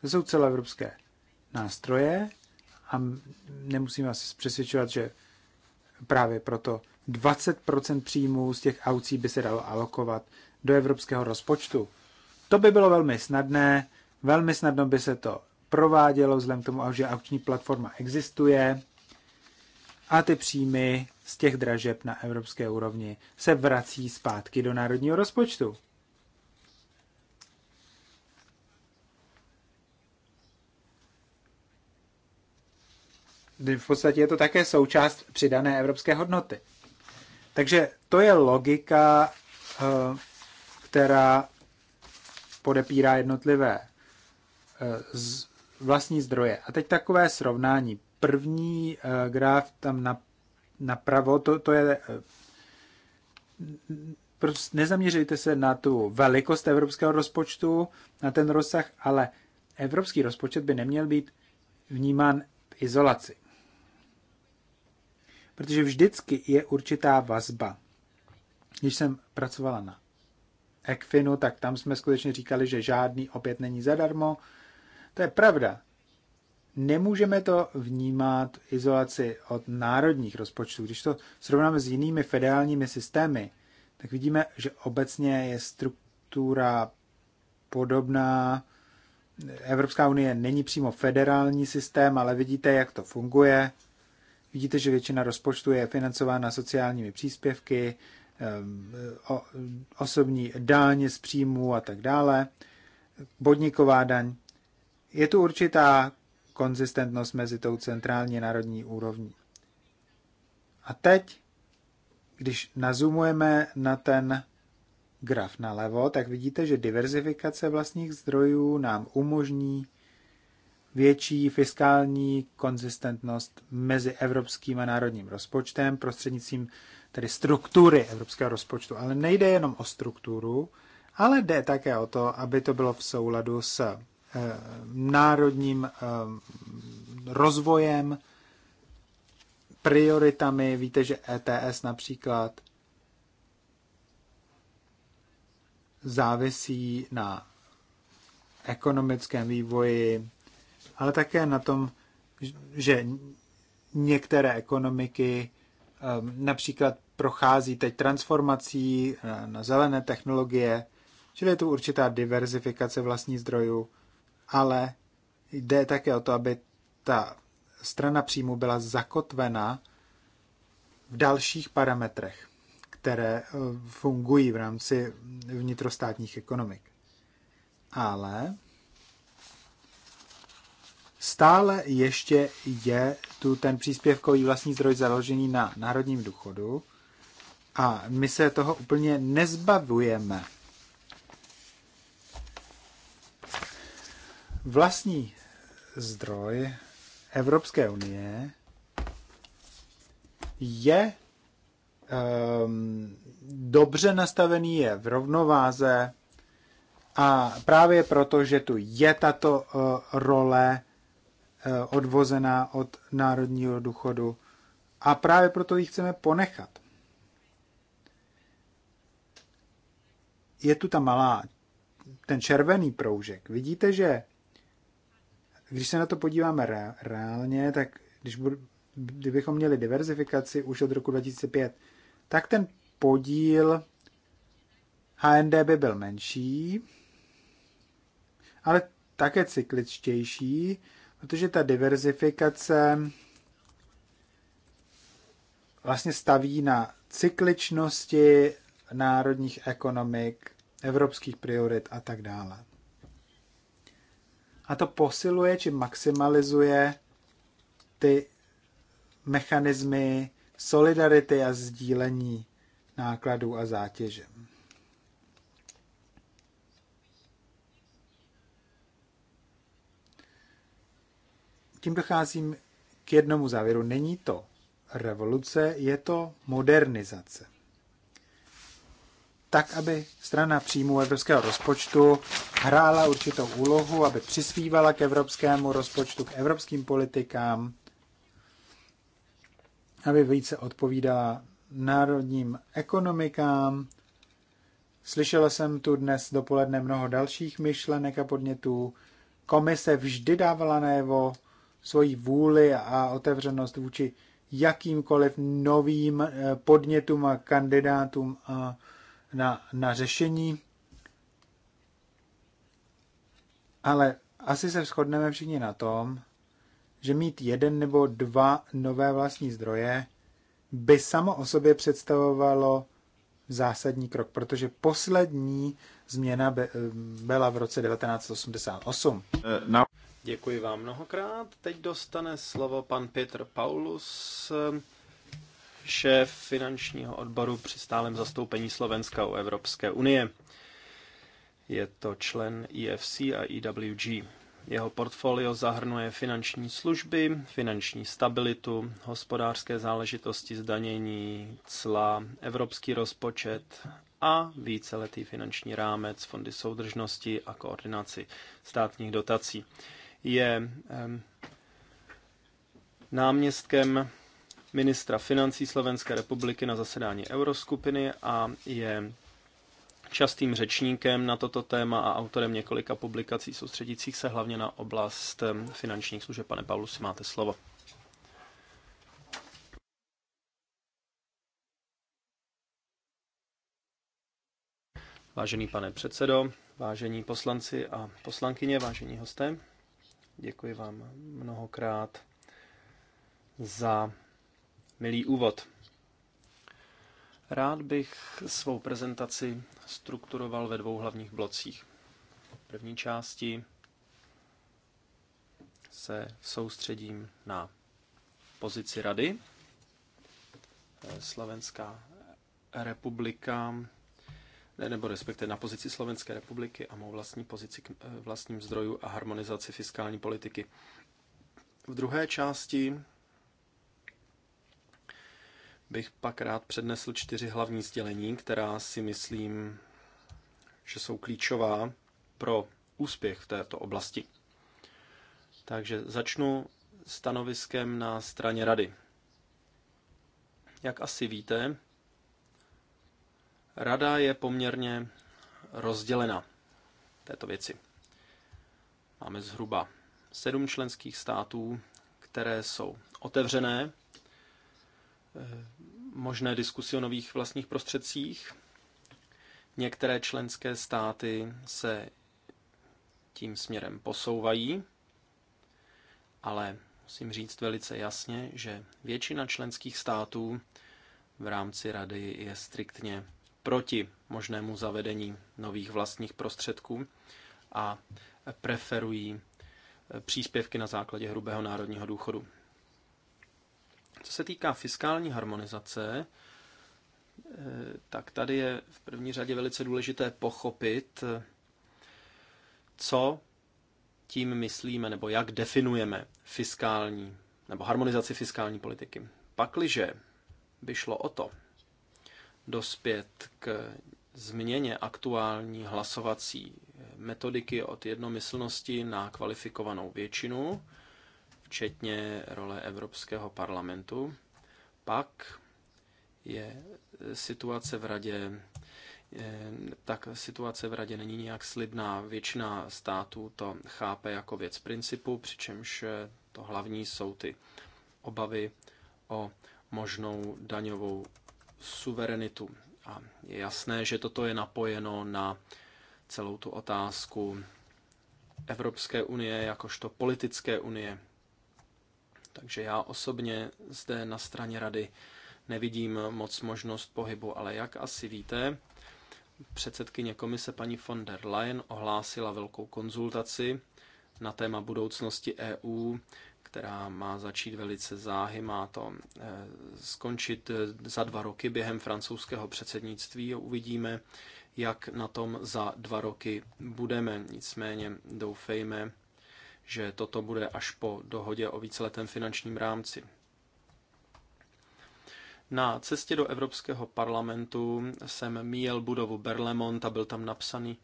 [SPEAKER 2] To jsou celoevropské nástroje a nemusím vás přesvědčovat, že právě proto 20% příjmů z těch aucí by se dalo alokovat do evropského rozpočtu. To by bylo velmi snadné, velmi snadno by se to provádělo vzhledem k tomu, že aukční platforma existuje a ty příjmy z těch dražeb na evropské úrovni se vrací zpátky do národního rozpočtu. v podstatě je to také součást přidané evropské hodnoty. Takže to je logika, eh, která podepírá jednotlivé eh, vlastní zdroje. A teď takové srovnání. První eh, graf tam na, napravo, to, to je prostě nezaměřujte se na tu velikost evropského rozpočtu, na ten rozsah, ale evropský rozpočet by neměl být vnímán v izolaci protože vždycky je určitá vazba. Když jsem pracovala na Ekfinu, tak tam jsme skutečně říkali, že žádný opět není zadarmo. To je pravda. Nemůžeme to vnímat izolaci od národních rozpočtů. Když to srovnáme s jinými federálními systémy, tak vidíme, že obecně je struktura podobná. Evropská unie není přímo federální systém, ale vidíte, jak to funguje. Vidíte, že většina rozpočtu je financována sociálními příspěvky, osobní daň z příjmů a tak dále, bodníková daň. Je tu určitá konzistentnost mezi tou centrální národní úrovní. A teď, když nazumujeme na ten graf nalevo, tak vidíte, že diverzifikace vlastních zdrojů nám umožní větší fiskální konzistentnost mezi evropským a národním rozpočtem prostřednictvím tedy struktury evropského rozpočtu. Ale nejde jenom o strukturu, ale jde také o to, aby to bylo v souladu s e, národním e, rozvojem, prioritami. Víte, že ETS například závisí na ekonomickém vývoji ale také na tom, že některé ekonomiky ehm, například prochází teď transformací eh, na zelené technologie, čili je tu určitá diverzifikace vlastních zdrojů, ale jde také o to, aby ta strana příjmu byla zakotvena v dalších parametrech, které eh, fungují v rámci vnitrostátních ekonomik. Ale Stále ještě je tu ten příspěvkový vlastní zdroj založený na národním důchodu a my se toho úplně nezbavujeme. Vlastní zdroj Evropské unie je um, dobře nastavený, je v rovnováze a právě proto, že tu je tato uh, role Eh, odvozená od národního důchodu a právě proto ji chceme ponechat. Je tu ta malá, ten červený proužek. Vidíte, že když se na to podíváme re, reálně, tak když budu, kdybychom měli diverzifikaci už od roku 2005, tak ten podíl HND by byl menší, ale také cykličtější, Protože ta diverzifikace vlastně staví na cykličnosti národních ekonomik, evropských priorit a tak dále. A to posiluje či maximalizuje ty mechanismy solidarity a sdílení nákladů a zátěže. tím docházím k jednomu závěru. Není to revoluce, je to modernizace. Tak, aby strana příjmu evropského rozpočtu hrála určitou úlohu, aby přispívala k evropskému rozpočtu, k evropským politikám, aby více odpovídala národním ekonomikám. Slyšela jsem tu dnes dopoledne mnoho dalších myšlenek a podnětů. Komise vždy dávala najevo svoji vůli a otevřenost vůči jakýmkoliv novým eh, podnětům a kandidátům eh, na, na řešení. Ale asi se shodneme všichni na tom, že mít jeden nebo dva nové vlastní zdroje by samo o sobě představovalo zásadní krok, protože poslední změna eh, byla v roce 1988. Uh, now.
[SPEAKER 1] Děkuji vám mnohokrát. Teď dostane slovo pan Petr Paulus, šéf finančního odboru při stálem zastoupení Slovenska u Evropské unie. Je to člen EFC a EWG. Jeho portfolio zahrnuje finanční služby, finanční stabilitu, hospodářské záležitosti zdanění, cla, evropský rozpočet a víceletý finanční rámec, fondy soudržnosti a koordinaci státních dotací je náměstkem ministra financí Slovenské republiky na zasedání Euroskupiny a je častým řečníkem na toto téma a autorem několika publikací soustředících se hlavně na oblast finančních služeb. Pane Pavlu, si máte slovo. Vážený pane předsedo, vážení poslanci a poslankyně, vážení hosté, Děkuji vám mnohokrát za milý úvod. Rád bych svou prezentaci strukturoval ve dvou hlavních blocích. V první části se soustředím na pozici rady. Slovenská republika nebo respektive na pozici Slovenské republiky a mou vlastní pozici k eh, vlastním zdrojů a harmonizaci fiskální politiky. V druhé části bych pak rád přednesl čtyři hlavní sdělení, která si myslím, že jsou klíčová pro úspěch v této oblasti. Takže začnu stanoviskem na straně rady. Jak asi víte, Rada je poměrně rozdělena této věci. Máme zhruba sedm členských států, které jsou otevřené eh, možné diskusi o nových vlastních prostředcích. Některé členské státy se tím směrem posouvají, ale musím říct velice jasně, že většina členských států v rámci rady je striktně proti možnému zavedení nových vlastních prostředků a preferují eh, příspěvky na základě hrubého národního důchodu. Co se týká fiskální harmonizace, eh, tak tady je v první řadě velice důležité pochopit, eh, co tím myslíme nebo jak definujeme fiskální nebo harmonizaci fiskální politiky. Pakliže by šlo o to, dospět k změně aktuální hlasovací metodiky od jednomyslnosti na kvalifikovanou většinu, včetně role Evropského parlamentu. Pak je situace v radě tak situace v radě není nijak slibná. Většina států to chápe jako věc principu, přičemž to hlavní jsou ty obavy o možnou daňovou suverenitu. A je jasné, že toto je napojeno na celou tu otázku Evropské unie jakožto politické unie. Takže já osobně zde na straně rady nevidím moc možnost pohybu, ale jak asi víte, předsedkyně komise paní von der Leyen ohlásila velkou konzultaci na téma budoucnosti EU, která má začít velice záhy, má to eh, skončit eh, za dva roky během francouzského předsednictví a uvidíme, jak na tom za dva roky budeme. Nicméně doufejme, že toto bude až po dohodě o víceletém finančním rámci. Na cestě do Evropského parlamentu jsem míjel budovu Berlemont a byl tam napsaný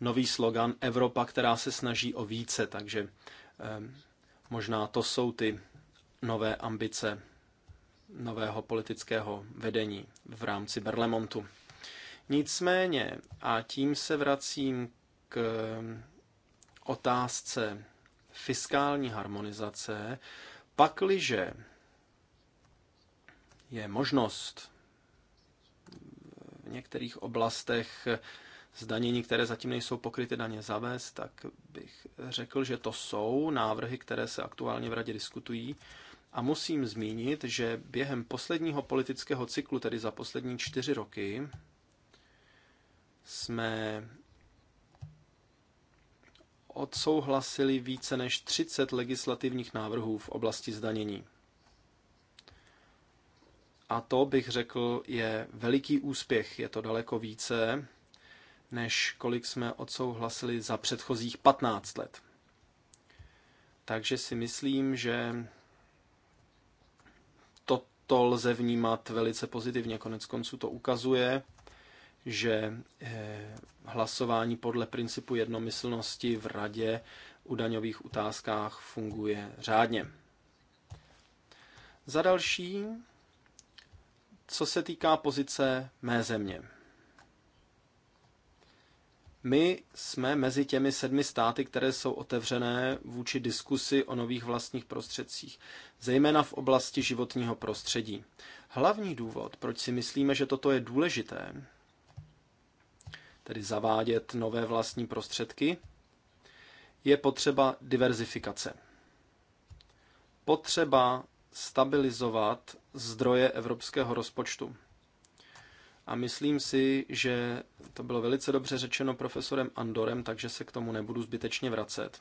[SPEAKER 1] nový slogan Evropa, která se snaží o více, takže eh, Možná to jsou ty nové ambice nového politického vedení v rámci Berlemontu. Nicméně, a tím se vracím k otázce fiskální harmonizace, pakliže je možnost v některých oblastech zdanění, které zatím nejsou pokryty daně zavést, tak bych řekl, že to jsou návrhy, které se aktuálně v radě diskutují. A musím zmínit, že během posledního politického cyklu, tedy za poslední čtyři roky, jsme odsouhlasili více než 30 legislativních návrhů v oblasti zdanění. A to bych řekl je veliký úspěch. Je to daleko více, než kolik jsme odsouhlasili za předchozích 15 let. Takže si myslím, že toto lze vnímat velice pozitivně. Konec konců to ukazuje, že eh, hlasování podle principu jednomyslnosti v radě u daňových otázkách funguje řádně. Za další, co se týká pozice mé země. My jsme mezi těmi sedmi státy, které jsou otevřené vůči diskusi o nových vlastních prostředcích, zejména v oblasti životního prostředí. Hlavní důvod, proč si myslíme, že toto je důležité, tedy zavádět nové vlastní prostředky, je potřeba diverzifikace. Potřeba stabilizovat zdroje evropského rozpočtu. A myslím si, že to bylo velice dobře řečeno profesorem Andorem, takže se k tomu nebudu zbytečně vracet.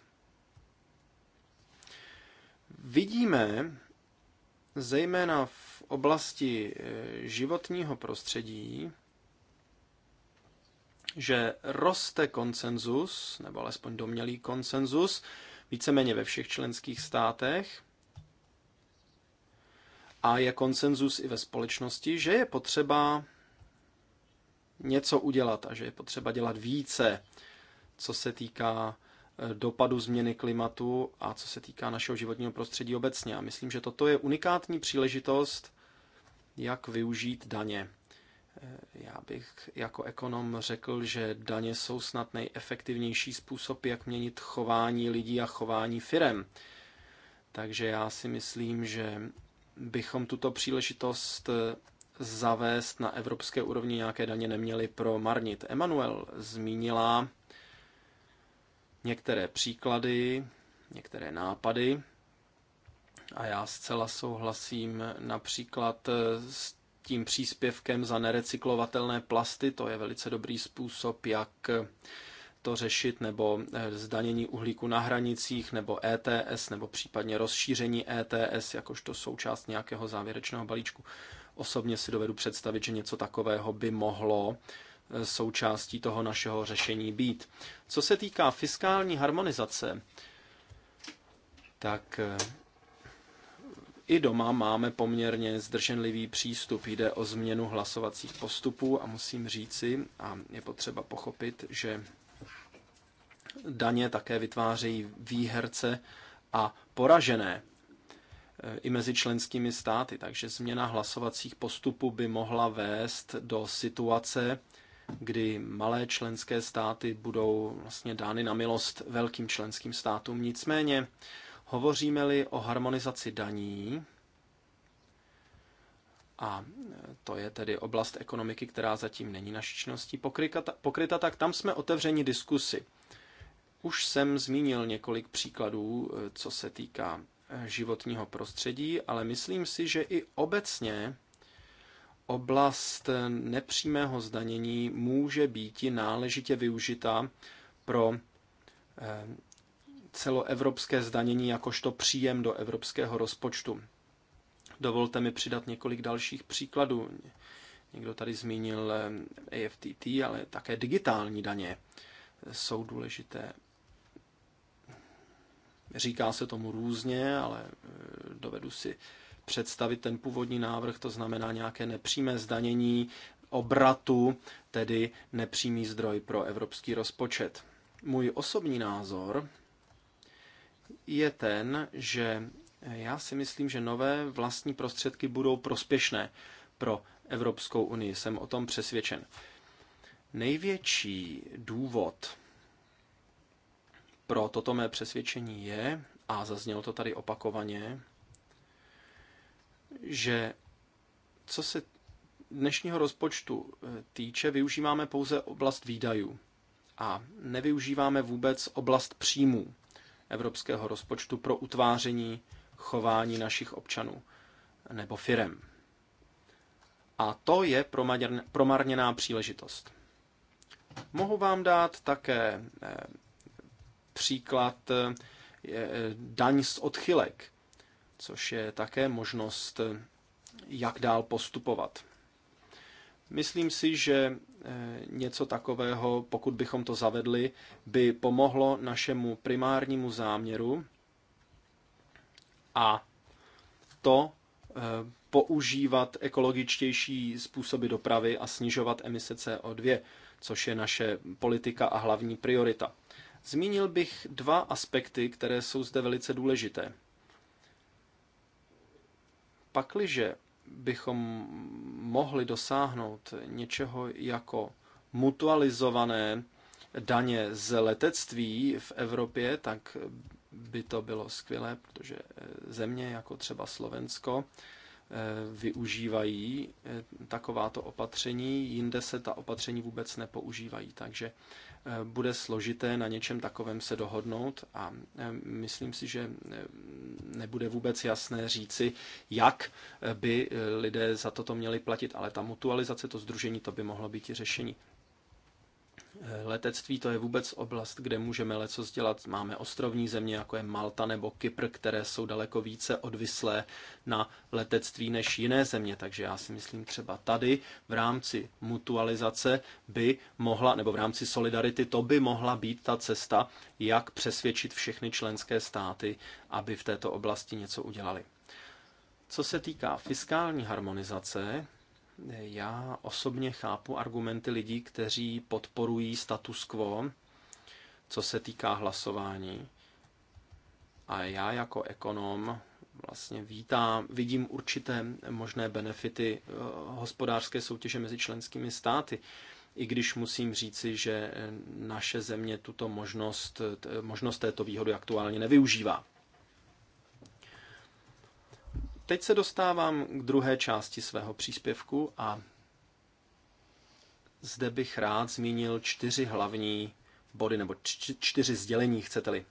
[SPEAKER 1] Vidíme, zejména v oblasti eh, životního prostředí, že roste konsenzus, nebo alespoň domělý konsenzus, víceméně ve všech členských státech, a je konsenzus i ve společnosti, že je potřeba něco udělat a že je potřeba dělat více, co se týká eh, dopadu změny klimatu a co se týká našeho životního prostředí obecně. A myslím, že toto je unikátní příležitost, jak využít daně. Eh, já bych jako ekonom řekl, že daně jsou snad nejefektivnější způsob, jak měnit chování lidí a chování firem. Takže já si myslím, že bychom tuto příležitost eh, zavést na evropské úrovni nějaké daně neměli promarnit. Emanuel zmínila některé příklady, některé nápady a já zcela souhlasím například s tím příspěvkem za nerecyklovatelné plasty. To je velice dobrý způsob, jak to řešit, nebo eh, zdanění uhlíku na hranicích, nebo ETS, nebo případně rozšíření ETS jakožto součást nějakého závěrečného balíčku. Osobně si dovedu představit, že něco takového by mohlo eh, součástí toho našeho řešení být. Co se týká fiskální harmonizace, tak eh, i doma máme poměrně zdrženlivý přístup. Jde o změnu hlasovacích postupů a musím říci, a je potřeba pochopit, že daně také vytvářejí výherce a poražené. Eh, i mezi členskými státy, takže změna hlasovacích postupů by mohla vést do situace, kdy malé členské státy budou vlastně dány na milost velkým členským státům. Nicméně, hovoříme-li o harmonizaci daní, a to je tedy oblast ekonomiky, která zatím není naší činností pokryta, pokryta, tak tam jsme otevřeni diskusy. Už jsem zmínil několik příkladů, eh, co se týká životního prostředí, ale myslím si, že i obecně oblast nepřímého zdanění může být náležitě využita pro eh, celoevropské zdanění jakožto příjem do evropského rozpočtu. Dovolte mi přidat několik dalších příkladů. Někdo tady zmínil eh, AFTT, ale také digitální daně jsou důležité. Říká se tomu různě, ale e, dovedu si představit ten původní návrh, to znamená nějaké nepřímé zdanění obratu, tedy nepřímý zdroj pro evropský rozpočet. Můj osobní názor je ten, že já si myslím, že nové vlastní prostředky budou prospěšné pro Evropskou unii. Jsem o tom přesvědčen. Největší důvod, pro toto mé přesvědčení je, a zaznělo to tady opakovaně, že co se dnešního rozpočtu e, týče, využíváme pouze oblast výdajů a nevyužíváme vůbec oblast příjmů evropského rozpočtu pro utváření chování našich občanů nebo firem. A to je promarněná příležitost. Mohu vám dát také e, Například eh, eh, daň z odchylek, což je také možnost, eh, jak dál postupovat. Myslím si, že něco takového, pokud bychom to zavedli, by pomohlo našemu primárnímu záměru a to používat ekologičtější způsoby dopravy a snižovat emise CO2, což je naše politika a hlavní priorita. Zmínil bych dva aspekty, které jsou zde velice důležité. Pakliže bychom mohli dosáhnout něčeho jako mutualizované daně z letectví v Evropě, tak by to bylo skvělé, protože eh, země jako třeba Slovensko eh, využívají eh, takováto opatření, jinde se ta opatření vůbec nepoužívají. Takže Eh, bude složité na něčem takovém se dohodnout a eh, myslím si, že eh, nebude vůbec jasné říci, jak by lidé za toto měli platit, ale ta mutualizace, to združení, to by mohlo být i řešení letectví to je vůbec oblast, kde můžeme leco dělat. Máme ostrovní země, jako je Malta nebo Kypr, které jsou daleko více odvislé na letectví než jiné země. Takže já si myslím, třeba tady v rámci mutualizace by mohla, nebo v rámci solidarity, to by mohla být ta cesta, jak přesvědčit všechny členské státy, aby v této oblasti něco udělali. Co se týká fiskální harmonizace, já osobně chápu argumenty lidí, kteří podporují status quo, co se týká hlasování. A já jako ekonom vlastně vítám, vidím určité možné benefity eh, hospodářské soutěže mezi členskými státy. I když musím říci, že naše země tuto možnost, možnost této výhody aktuálně nevyužívá teď se dostávám k druhé části svého příspěvku a zde bych rád zmínil čtyři hlavní body, nebo čtyři sdělení, chcete-li.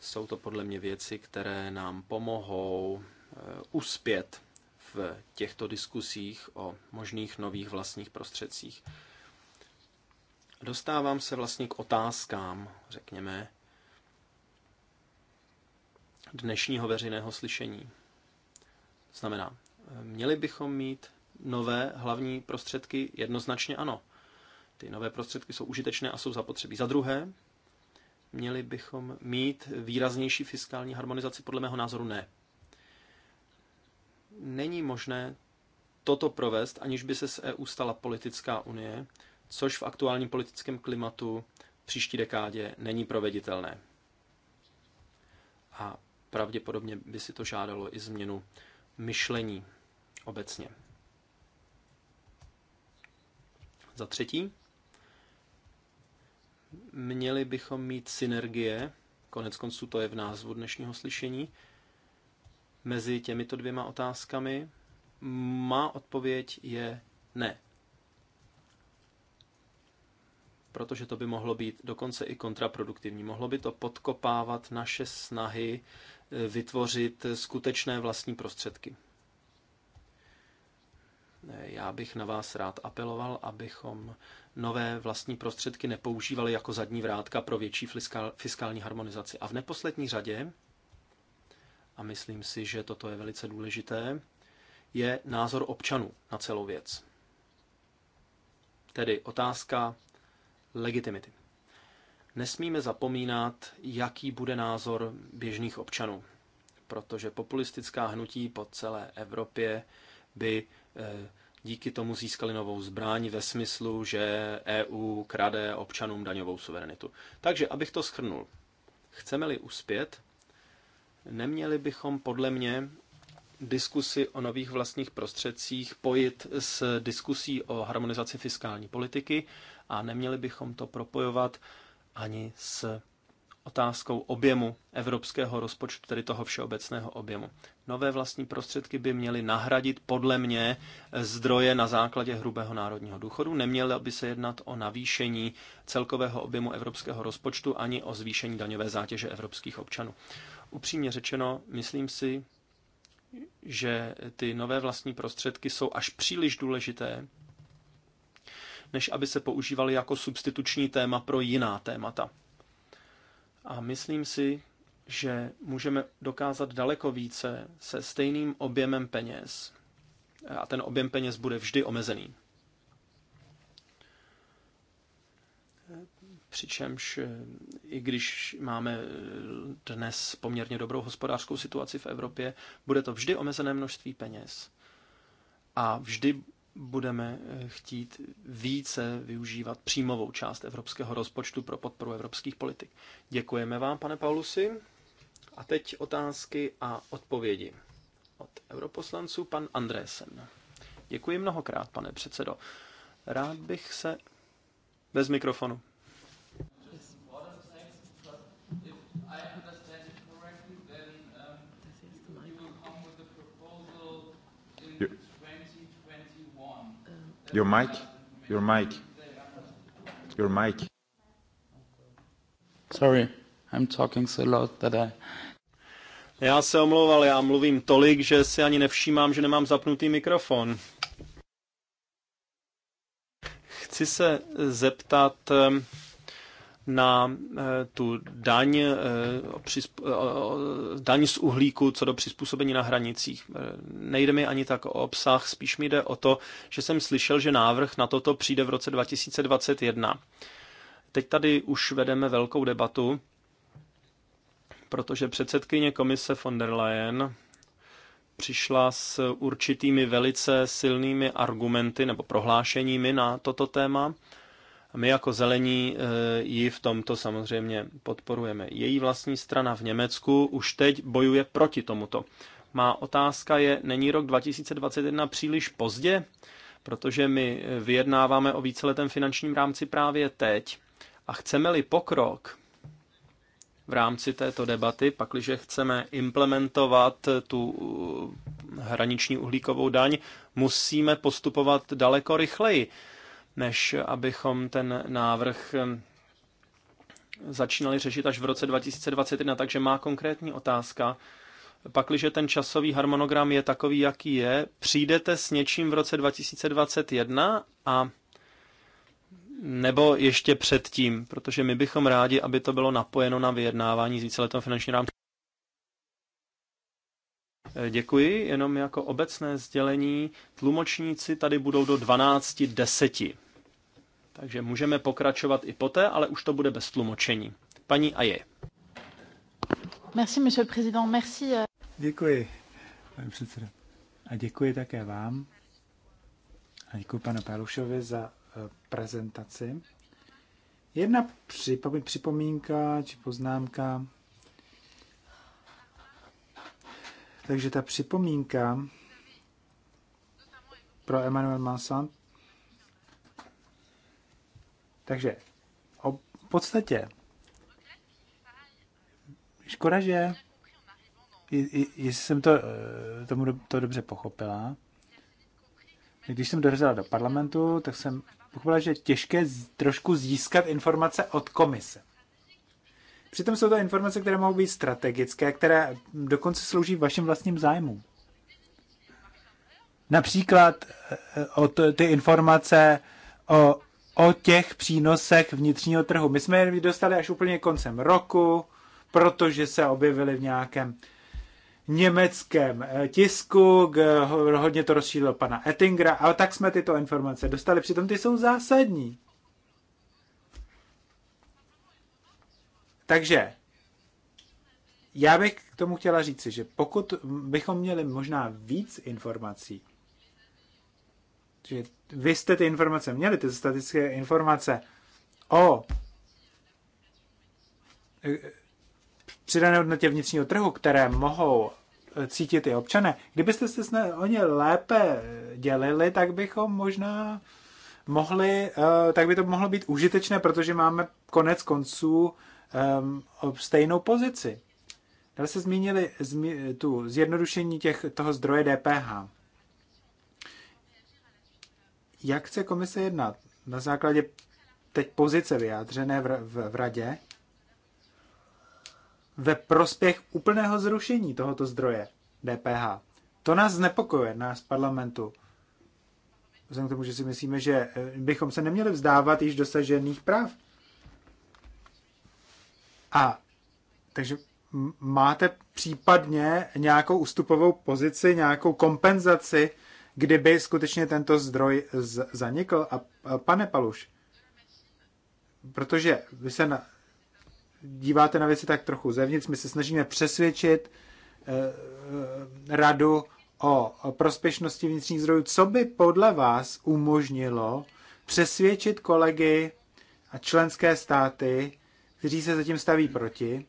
[SPEAKER 1] Jsou to podle mě věci, které nám pomohou eh, uspět v těchto diskusích o možných nových vlastních prostředcích. Dostávám se vlastně k otázkám, řekněme, dnešního veřejného slyšení. Znamená, měli bychom mít nové hlavní prostředky? Jednoznačně ano. Ty nové prostředky jsou užitečné a jsou zapotřebí. Za druhé, měli bychom mít výraznější fiskální harmonizaci? Podle mého názoru ne. Není možné toto provést, aniž by se z EU stala politická unie, což v aktuálním politickém klimatu v příští dekádě není proveditelné. A pravděpodobně by si to žádalo i změnu myšlení obecně. Za třetí, měli bychom mít synergie, konec konců to je v názvu dnešního slyšení, mezi těmito dvěma otázkami. Má odpověď je ne. Protože to by mohlo být dokonce i kontraproduktivní. Mohlo by to podkopávat naše snahy vytvořit skutečné vlastní prostředky. Já bych na vás rád apeloval, abychom nové vlastní prostředky nepoužívali jako zadní vrátka pro větší fiskální harmonizaci. A v neposlední řadě, a myslím si, že toto je velice důležité, je názor občanů na celou věc. Tedy otázka legitimity. Nesmíme zapomínat, jaký bude názor běžných občanů, protože populistická hnutí po celé Evropě by eh, díky tomu získali novou zbraň ve smyslu, že EU krade občanům daňovou suverenitu. Takže, abych to schrnul, chceme-li uspět, neměli bychom podle mě diskusi o nových vlastních prostředcích pojit s diskusí o harmonizaci fiskální politiky a neměli bychom to propojovat ani s otázkou objemu evropského rozpočtu, tedy toho všeobecného objemu. Nové vlastní prostředky by měly nahradit podle mě zdroje na základě hrubého národního důchodu. Nemělo by se jednat o navýšení celkového objemu evropského rozpočtu ani o zvýšení daňové zátěže evropských občanů. Upřímně řečeno, myslím si, že ty nové vlastní prostředky jsou až příliš důležité než aby se používaly jako substituční téma pro jiná témata. A myslím si, že můžeme dokázat daleko více se stejným objemem peněz. A ten objem peněz bude vždy omezený. Přičemž eh, i když máme eh, dnes poměrně dobrou hospodářskou situaci v Evropě, bude to vždy omezené množství peněz. A vždy budeme eh, chtít více využívat příjmovou část evropského rozpočtu pro podporu evropských politik. Děkujeme vám, pane Paulusi. A teď otázky a odpovědi od europoslanců pan Andrésen. Děkuji mnohokrát, pane předsedo. Rád bych se... Bez mikrofonu. Já se omlouval, já mluvím tolik, že si ani nevšímám, že nemám zapnutý mikrofon. Chci se zeptat, na eh, tu daň, eh, eh, daň z uhlíku co do přizpůsobení na hranicích. Nejde mi ani tak o obsah, spíš mi jde o to, že jsem slyšel, že návrh na toto přijde v roce 2021. Teď tady už vedeme velkou debatu, protože předsedkyně komise von der Leyen přišla s určitými velice silnými argumenty nebo prohlášeními na toto téma a my jako zelení eh, ji v tomto samozřejmě podporujeme. Její vlastní strana v Německu už teď bojuje proti tomuto. Má otázka je, není rok 2021 příliš pozdě? Protože my eh, vyjednáváme o víceletém finančním rámci právě teď. A chceme-li pokrok v rámci této debaty, pakliže chceme implementovat eh, tu hraniční uhlíkovou daň, musíme postupovat daleko rychleji než abychom ten návrh začínali řešit až v roce 2021. Takže má konkrétní otázka. Pakliže ten časový harmonogram je takový, jaký je, přijdete s něčím v roce 2021 a nebo ještě předtím, protože my bychom rádi, aby to bylo napojeno na vyjednávání s víceletým finanční rámcem. Eh, děkuji, jenom jako obecné sdělení, tlumočníci tady budou do 12.10. Takže můžeme pokračovat i poté, ale už to bude bez tlumočení. Paní Aje.
[SPEAKER 2] Merci, monsieur le président. Merci. Eh. Děkuji, pane předsedo. A děkuji také vám. A děkuji panu Pálušovi za eh, prezentaci. Jedna připomínka či poznámka Takže ta připomínka pro Emmanuel Mansant. Takže o podstatě škoda, že jestli jsem to, eh, tomu to dobře pochopila, když jsem dorazila do parlamentu, tak jsem pochopila, že je těžké trošku získat informace od komise. Přitom jsou to informace, které mohou být strategické, které dokonce slouží vašim vlastním zájmům. Například eh, o ty informace o, o těch přínosech vnitřního trhu. My jsme je dostali až úplně koncem roku, protože se objevily v nějakém německém eh, tisku, hodně to rozšířilo pana Ettingera, ale tak jsme tyto informace dostali, přitom ty jsou zásadní. Takže já bych k tomu chtěla říci, že pokud bychom měli možná víc informací, že vy jste ty informace měli, ty statické informace o eh, přidané hodnotě vnitřního trhu, které mohou eh, cítit i občané. Kdybyste se o ně lépe dělili, tak bychom možná mohli, eh, tak by to mohlo být užitečné, protože máme konec konců um, stejnou pozici. Dále se zmínili zmi, tu zjednodušení těch, toho zdroje DPH. Jak chce komise jednat? Na základě teď pozice vyjádřené v, v, v radě ve prospěch úplného zrušení tohoto zdroje DPH. To nás znepokojuje, nás parlamentu. Vzhledem k tomu, že si myslíme, že eh, bychom se neměli vzdávat již dosažených práv a takže máte případně nějakou ústupovou pozici, nějakou kompenzaci, kdyby skutečně tento zdroj zanikl. A, a pane Paluš, protože vy se na, díváte na věci tak trochu zevnitř, my se snažíme přesvědčit eh, eh radu o, o prospěšnosti vnitřních zdrojů. Co by podle vás umožnilo přesvědčit kolegy a členské státy, kteří se zatím staví proti,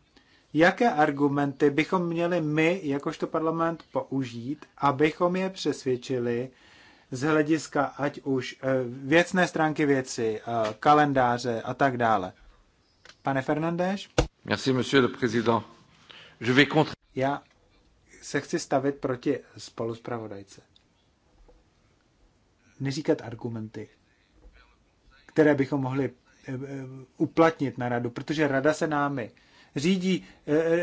[SPEAKER 2] jaké argumenty bychom měli my, jakožto parlament, použít, abychom je přesvědčili z hlediska ať už eh, věcné stránky věci, eh, kalendáře a tak dále. Pane Fernandéš?
[SPEAKER 3] Merci, monsieur le président. Je vais contre...
[SPEAKER 2] Já se chci stavit proti spoluzpravodajce. Neříkat argumenty, které bychom mohli Eh, eh, uplatnit na radu, protože rada se námi řídí,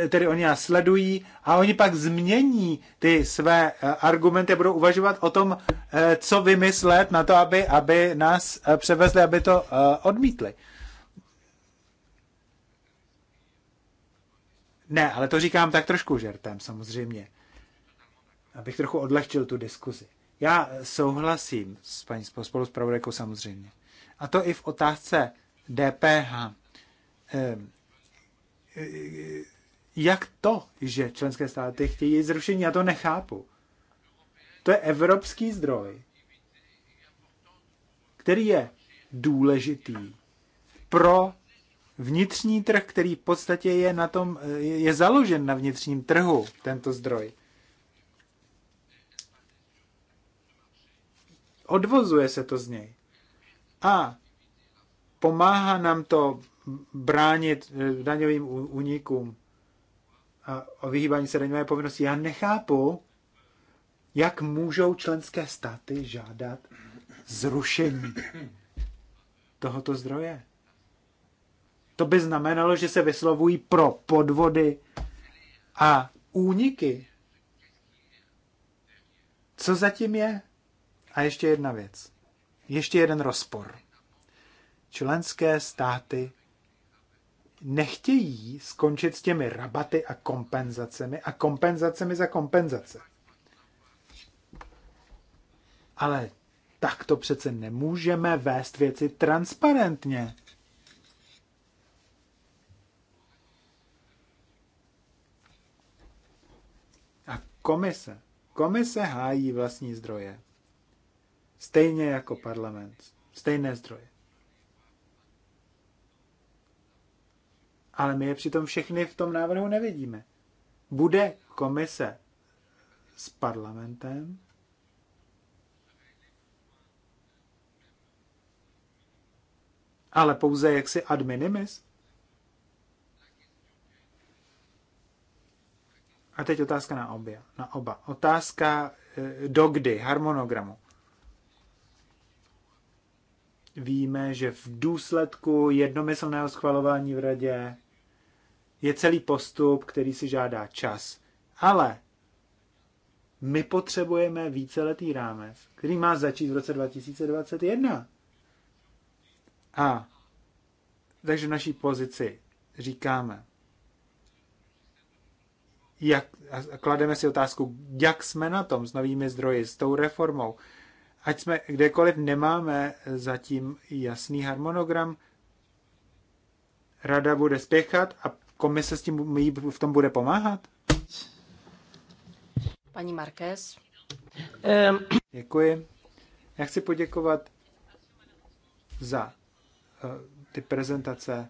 [SPEAKER 2] eh, tedy oni nás sledují a oni pak změní ty své argumenty, budou uvažovat o tom, co vymyslet na to, aby, aby nás převezli, aby to odmítli. Ne, ale to říkám tak trošku žertem samozřejmě, abych trochu odlehčil tu diskuzi. Já souhlasím s paní spolu samozřejmě. A to i v otázce DPH. Eh,
[SPEAKER 3] eh,
[SPEAKER 2] jak to, že členské státy chtějí zrušení? Já to nechápu. To je evropský zdroj, který je důležitý pro vnitřní trh, který v podstatě je, na tom, eh, je založen na vnitřním trhu, tento zdroj. Odvozuje se to z něj. A pomáhá nám to bránit eh, daňovým únikům a o vyhýbání se daňové povinnosti. Já nechápu, jak můžou členské státy žádat zrušení tohoto zdroje. To by znamenalo, že se vyslovují pro podvody a úniky. Co zatím je? A ještě jedna věc. Ještě jeden rozpor členské státy nechtějí skončit s těmi rabaty a kompenzacemi a kompenzacemi za kompenzace. Ale tak to přece nemůžeme vést věci transparentně. A komise. Komise hájí vlastní zdroje. Stejně jako parlament. Stejné zdroje. ale my je přitom všechny v tom návrhu nevidíme. Bude komise s parlamentem, ale pouze jaksi ad minimis. A teď otázka na, obě, na oba. Otázka eh, dokdy, harmonogramu. Víme, že v důsledku jednomyslného schvalování v radě je celý postup, který si žádá čas. Ale my potřebujeme víceletý rámec, který má začít v roce 2021. A takže v naší pozici říkáme, jak, a klademe si otázku, jak jsme na tom s novými zdroji, s tou reformou. Ať jsme kdekoliv nemáme zatím jasný harmonogram, rada bude spěchat a komise s tím jí v tom bude pomáhat?
[SPEAKER 3] Paní Marquez.
[SPEAKER 2] Děkuji. Já chci poděkovat za eh, ty prezentace.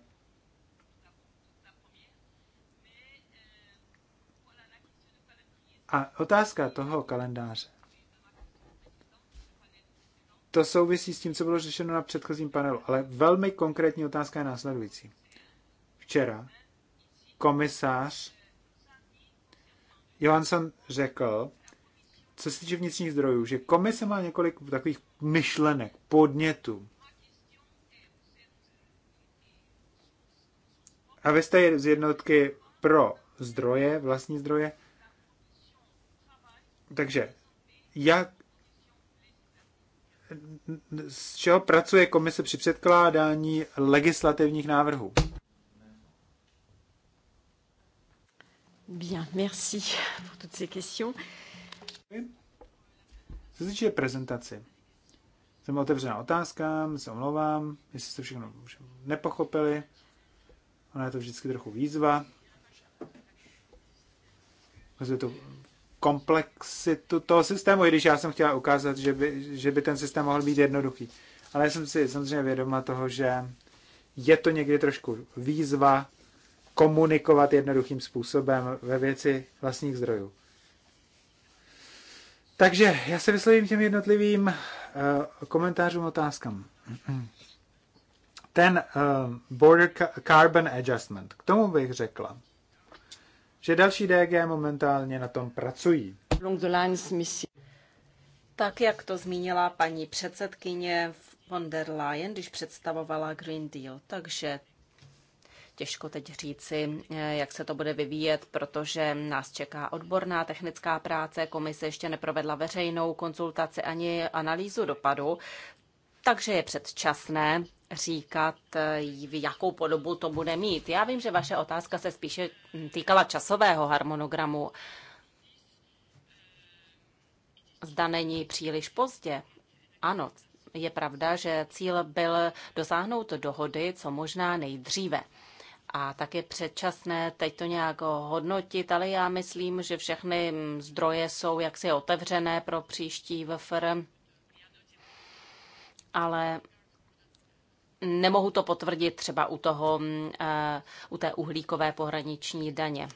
[SPEAKER 2] A otázka toho kalendáře. To souvisí s tím, co bylo řešeno na předchozím panelu, ale velmi konkrétní otázka je následující. Včera komisář Johansson řekl, co se týče vnitřních zdrojů, že komise má několik takových myšlenek, podnětů. A vy jste z jednotky pro zdroje, vlastní zdroje. Takže jak, z čeho pracuje komise při předkládání legislativních návrhů?
[SPEAKER 3] Bien, merci pour toutes ces questions.
[SPEAKER 2] Co se týče prezentace, jsem otevřená otázkám, se omlouvám, jestli jste všechno nepochopili. Ona je to vždycky trochu výzva. Ukazuje to komplexitu toho systému, i když já jsem chtěla ukázat, že by, že by ten systém mohl být jednoduchý. Ale já jsem si samozřejmě vědoma toho, že je to někdy trošku výzva komunikovat jednoduchým způsobem ve věci vlastních zdrojů. Takže já se vyslovím těm jednotlivým eh, komentářům, otázkám. Ten eh, Border Carbon Adjustment, k tomu bych řekla, že další DG momentálně na tom pracují.
[SPEAKER 3] Tak, jak to zmínila paní předsedkyně von der Leyen, když představovala Green Deal. Takže Těžko teď říci, eh, jak se to bude vyvíjet, protože nás čeká odborná technická práce. Komise ještě neprovedla veřejnou konzultaci ani analýzu dopadu, takže je předčasné říkat, eh, v jakou podobu to bude mít. Já vím, že vaše otázka se spíše hm, týkala časového harmonogramu. Zda není příliš pozdě. Ano, je pravda, že cíl byl dosáhnout dohody co možná nejdříve a tak je předčasné teď to nějak hodnotit, ale já myslím, že všechny zdroje jsou jaksi otevřené pro příští VFR, ale nemohu to potvrdit třeba u, toho, mm, eh, u té uhlíkové pohraniční daně.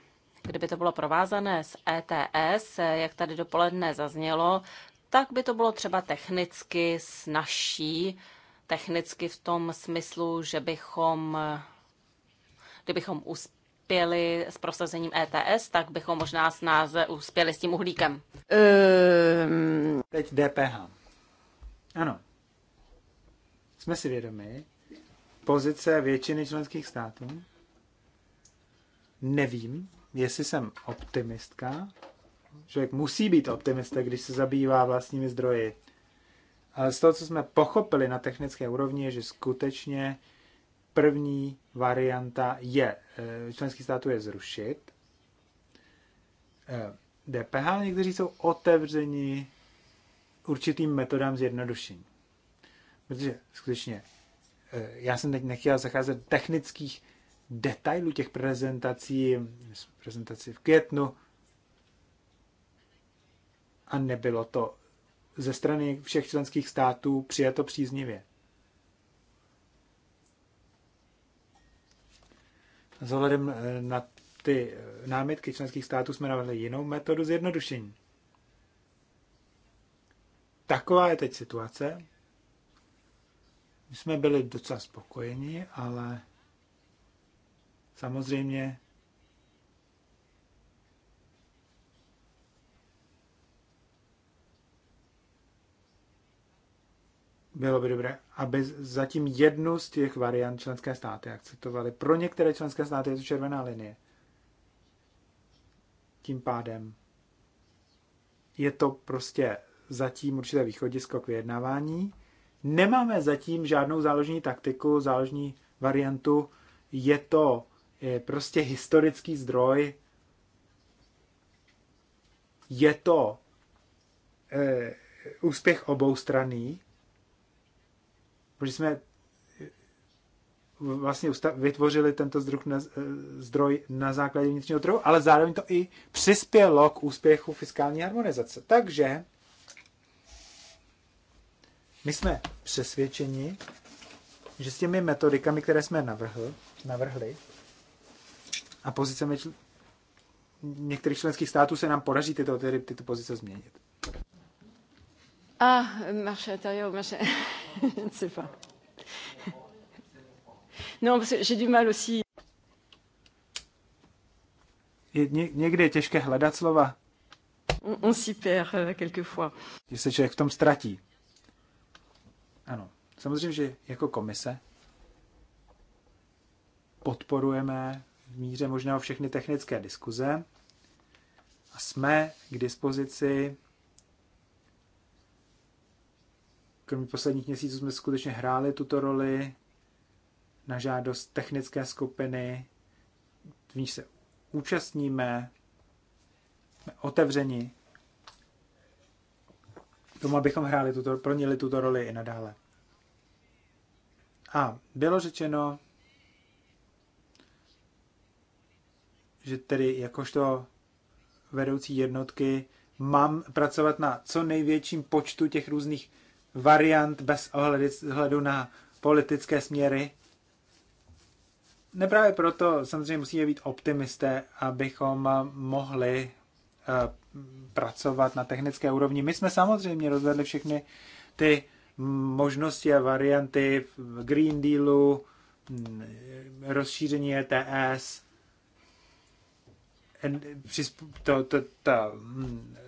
[SPEAKER 3] Kdyby to bylo provázané s ETS, eh, jak tady dopoledne zaznělo, tak by to bylo třeba technicky snažší, technicky v tom smyslu, že bychom eh, Kdybychom uspěli s prosazením ETS, tak bychom možná snáze uspěli s tím uhlíkem. Um,
[SPEAKER 2] teď DPH. Ano. Jsme si vědomi pozice většiny členských států. Nevím, jestli jsem optimistka. Člověk musí být optimista, když se zabývá vlastními zdroji. Ale z toho, co jsme pochopili na technické úrovni, je, že skutečně První varianta je, eh, členský státu je zrušit DPH, eh, někteří jsou otevřeni určitým metodám zjednodušení. Protože skutečně, eh, já jsem teď nechtěl zacházet technických detailů těch prezentací, prezentaci v květnu, a nebylo to ze strany všech členských států přijato příznivě. S ohledem eh, na ty eh, námitky členských států jsme navrhli jinou metodu zjednodušení. Taková je teď situace. My jsme byli docela spokojeni, ale samozřejmě bylo by dobré, aby zatím jednu z těch variant členské státy akceptovaly. Pro některé členské státy je to červená linie. Tím pádem je to prostě zatím určité východisko k vyjednávání. Nemáme zatím žádnou záložní taktiku, záložní variantu. Je to prostě historický zdroj. Je to e, úspěch straných protože jsme eh, vlastně vytvořili tento na, eh, zdroj na základě vnitřního trhu, ale zároveň to i přispělo k úspěchu fiskální harmonizace. Takže my jsme přesvědčeni, že s těmi metodikami, které jsme navrhl, navrhli a pozicemi čl- některých členských států se nám podaří tyto, tyto pozice změnit.
[SPEAKER 3] Ah, marché intérieur, marché. Super. j'ai du mal aussi.
[SPEAKER 2] Je, ně, někdy je těžké hledat slova.
[SPEAKER 3] On, on s'y perd euh, quelquefois.
[SPEAKER 2] Když se člověk v tom ztratí. Ano, samozřejmě, že jako komise podporujeme v míře možného všechny technické diskuze a jsme k dispozici kromě posledních měsíců jsme skutečně hráli tuto roli na žádost technické skupiny, v níž se účastníme, jsme otevřeni tomu, abychom hráli tuto, plnili tuto roli i nadále. A bylo řečeno, že tedy jakožto vedoucí jednotky mám pracovat na co největším počtu těch různých variant bez ohledu na politické směry. Neprávě proto samozřejmě musíme být optimisté, abychom mohli eh, pracovat na technické úrovni. My jsme samozřejmě rozvedli všechny ty možnosti a varianty Green Dealu, mm, rozšíření ETS, to, to, to, mm, eh,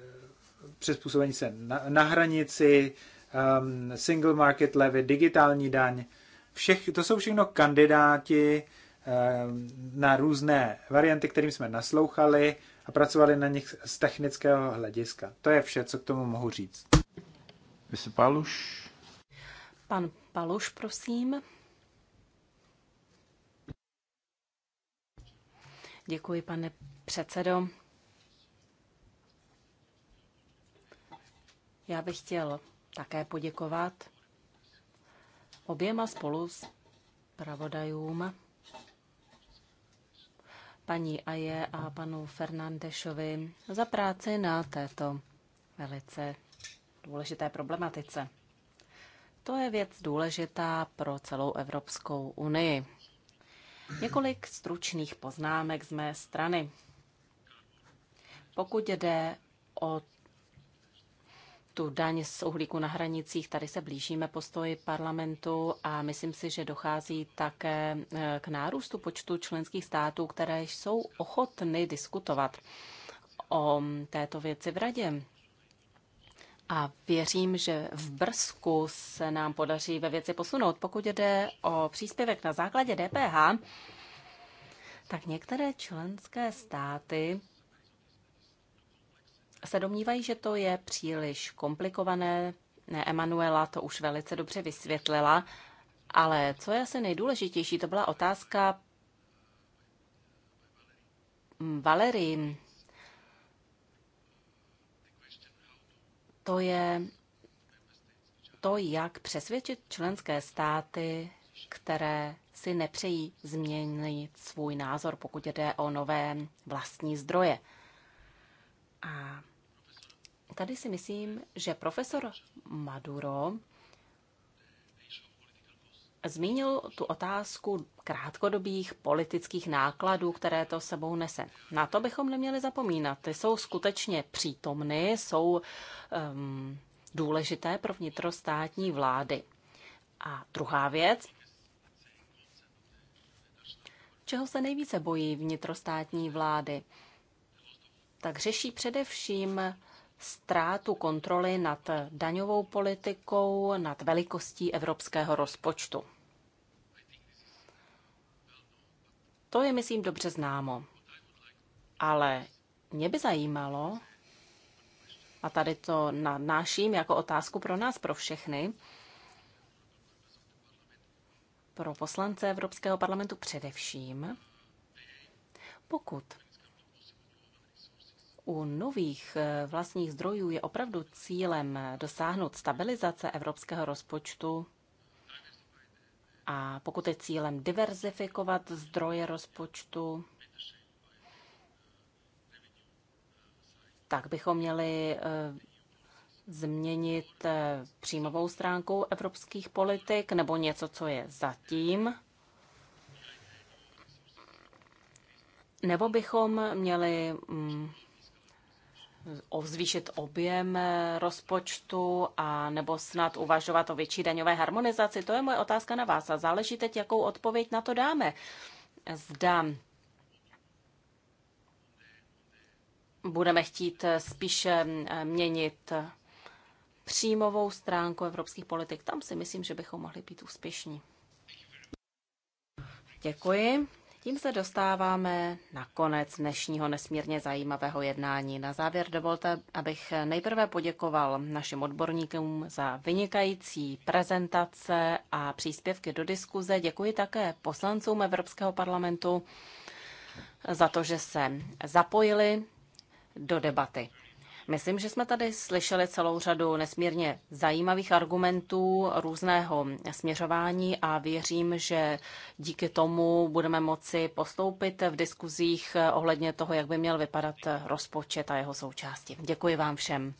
[SPEAKER 2] přizpůsobení se na, na hranici, um, single market levy, digitální daň. Všech, to jsou všechno kandidáti um, na různé varianty, kterým jsme naslouchali a pracovali na nich z technického hlediska. To je vše, co k tomu mohu říct. Pan Paluš?
[SPEAKER 3] Pan Paluš, prosím. Děkuji, pane předsedo. Já bych chtěl také poděkovat oběma spolu s pravodajům, paní Aje a panu Fernandešovi, za práci na této velice důležité problematice. To je věc důležitá pro celou Evropskou unii. Několik stručných poznámek z mé strany. Pokud jde o tu daň z uhlíku na hranicích. Tady se blížíme postoji parlamentu a myslím si, že dochází také eh, k nárůstu počtu členských států, které jsou ochotny diskutovat o této věci v radě. A věřím, že v Brzku se nám podaří ve věci posunout. Pokud jde o příspěvek na základě DPH, tak některé členské státy se domnívají, že to je příliš komplikované. Ne, Emanuela to už velice dobře vysvětlila, ale co je asi nejdůležitější, to byla otázka mm, Valery. To je to, jak přesvědčit členské státy, které si nepřejí změnit svůj názor, pokud jde o nové vlastní zdroje. A tady si myslím, že profesor Maduro zmínil tu otázku krátkodobých politických nákladů, které to sebou nese. Na to bychom neměli zapomínat. Ty jsou skutečně přítomny, jsou um, důležité pro vnitrostátní vlády. A druhá věc, čeho se nejvíce bojí vnitrostátní vlády, tak řeší především ztrátu kontroly nad daňovou politikou, nad velikostí evropského rozpočtu. To je, myslím, dobře známo. Ale mě by zajímalo, a tady to nadnáším jako otázku pro nás, pro všechny, pro poslance Evropského parlamentu především, pokud u nových eh, vlastních zdrojů je opravdu cílem dosáhnout stabilizace evropského rozpočtu a pokud je cílem diverzifikovat zdroje rozpočtu, tak bychom měli eh, změnit eh, příjmovou stránku evropských politik nebo něco, co je zatím. Nebo bychom měli mm, zvýšit objem eh, rozpočtu a nebo snad uvažovat o větší daňové harmonizaci? To je moje otázka na vás a záleží teď, jakou odpověď na to dáme. Zda budeme chtít eh, spíše eh, měnit příjmovou stránku evropských politik. Tam si myslím, že bychom mohli být úspěšní. Děkuji. Tím se dostáváme na konec dnešního nesmírně zajímavého jednání. Na závěr dovolte, abych nejprve poděkoval našim odborníkům za vynikající prezentace a příspěvky do diskuze. Děkuji také poslancům Evropského parlamentu za to, že se zapojili do debaty. Myslím, že jsme tady slyšeli celou řadu nesmírně zajímavých argumentů různého směřování a věřím, že díky tomu budeme moci postoupit v diskuzích ohledně toho, jak by měl vypadat rozpočet a jeho součásti. Děkuji vám všem.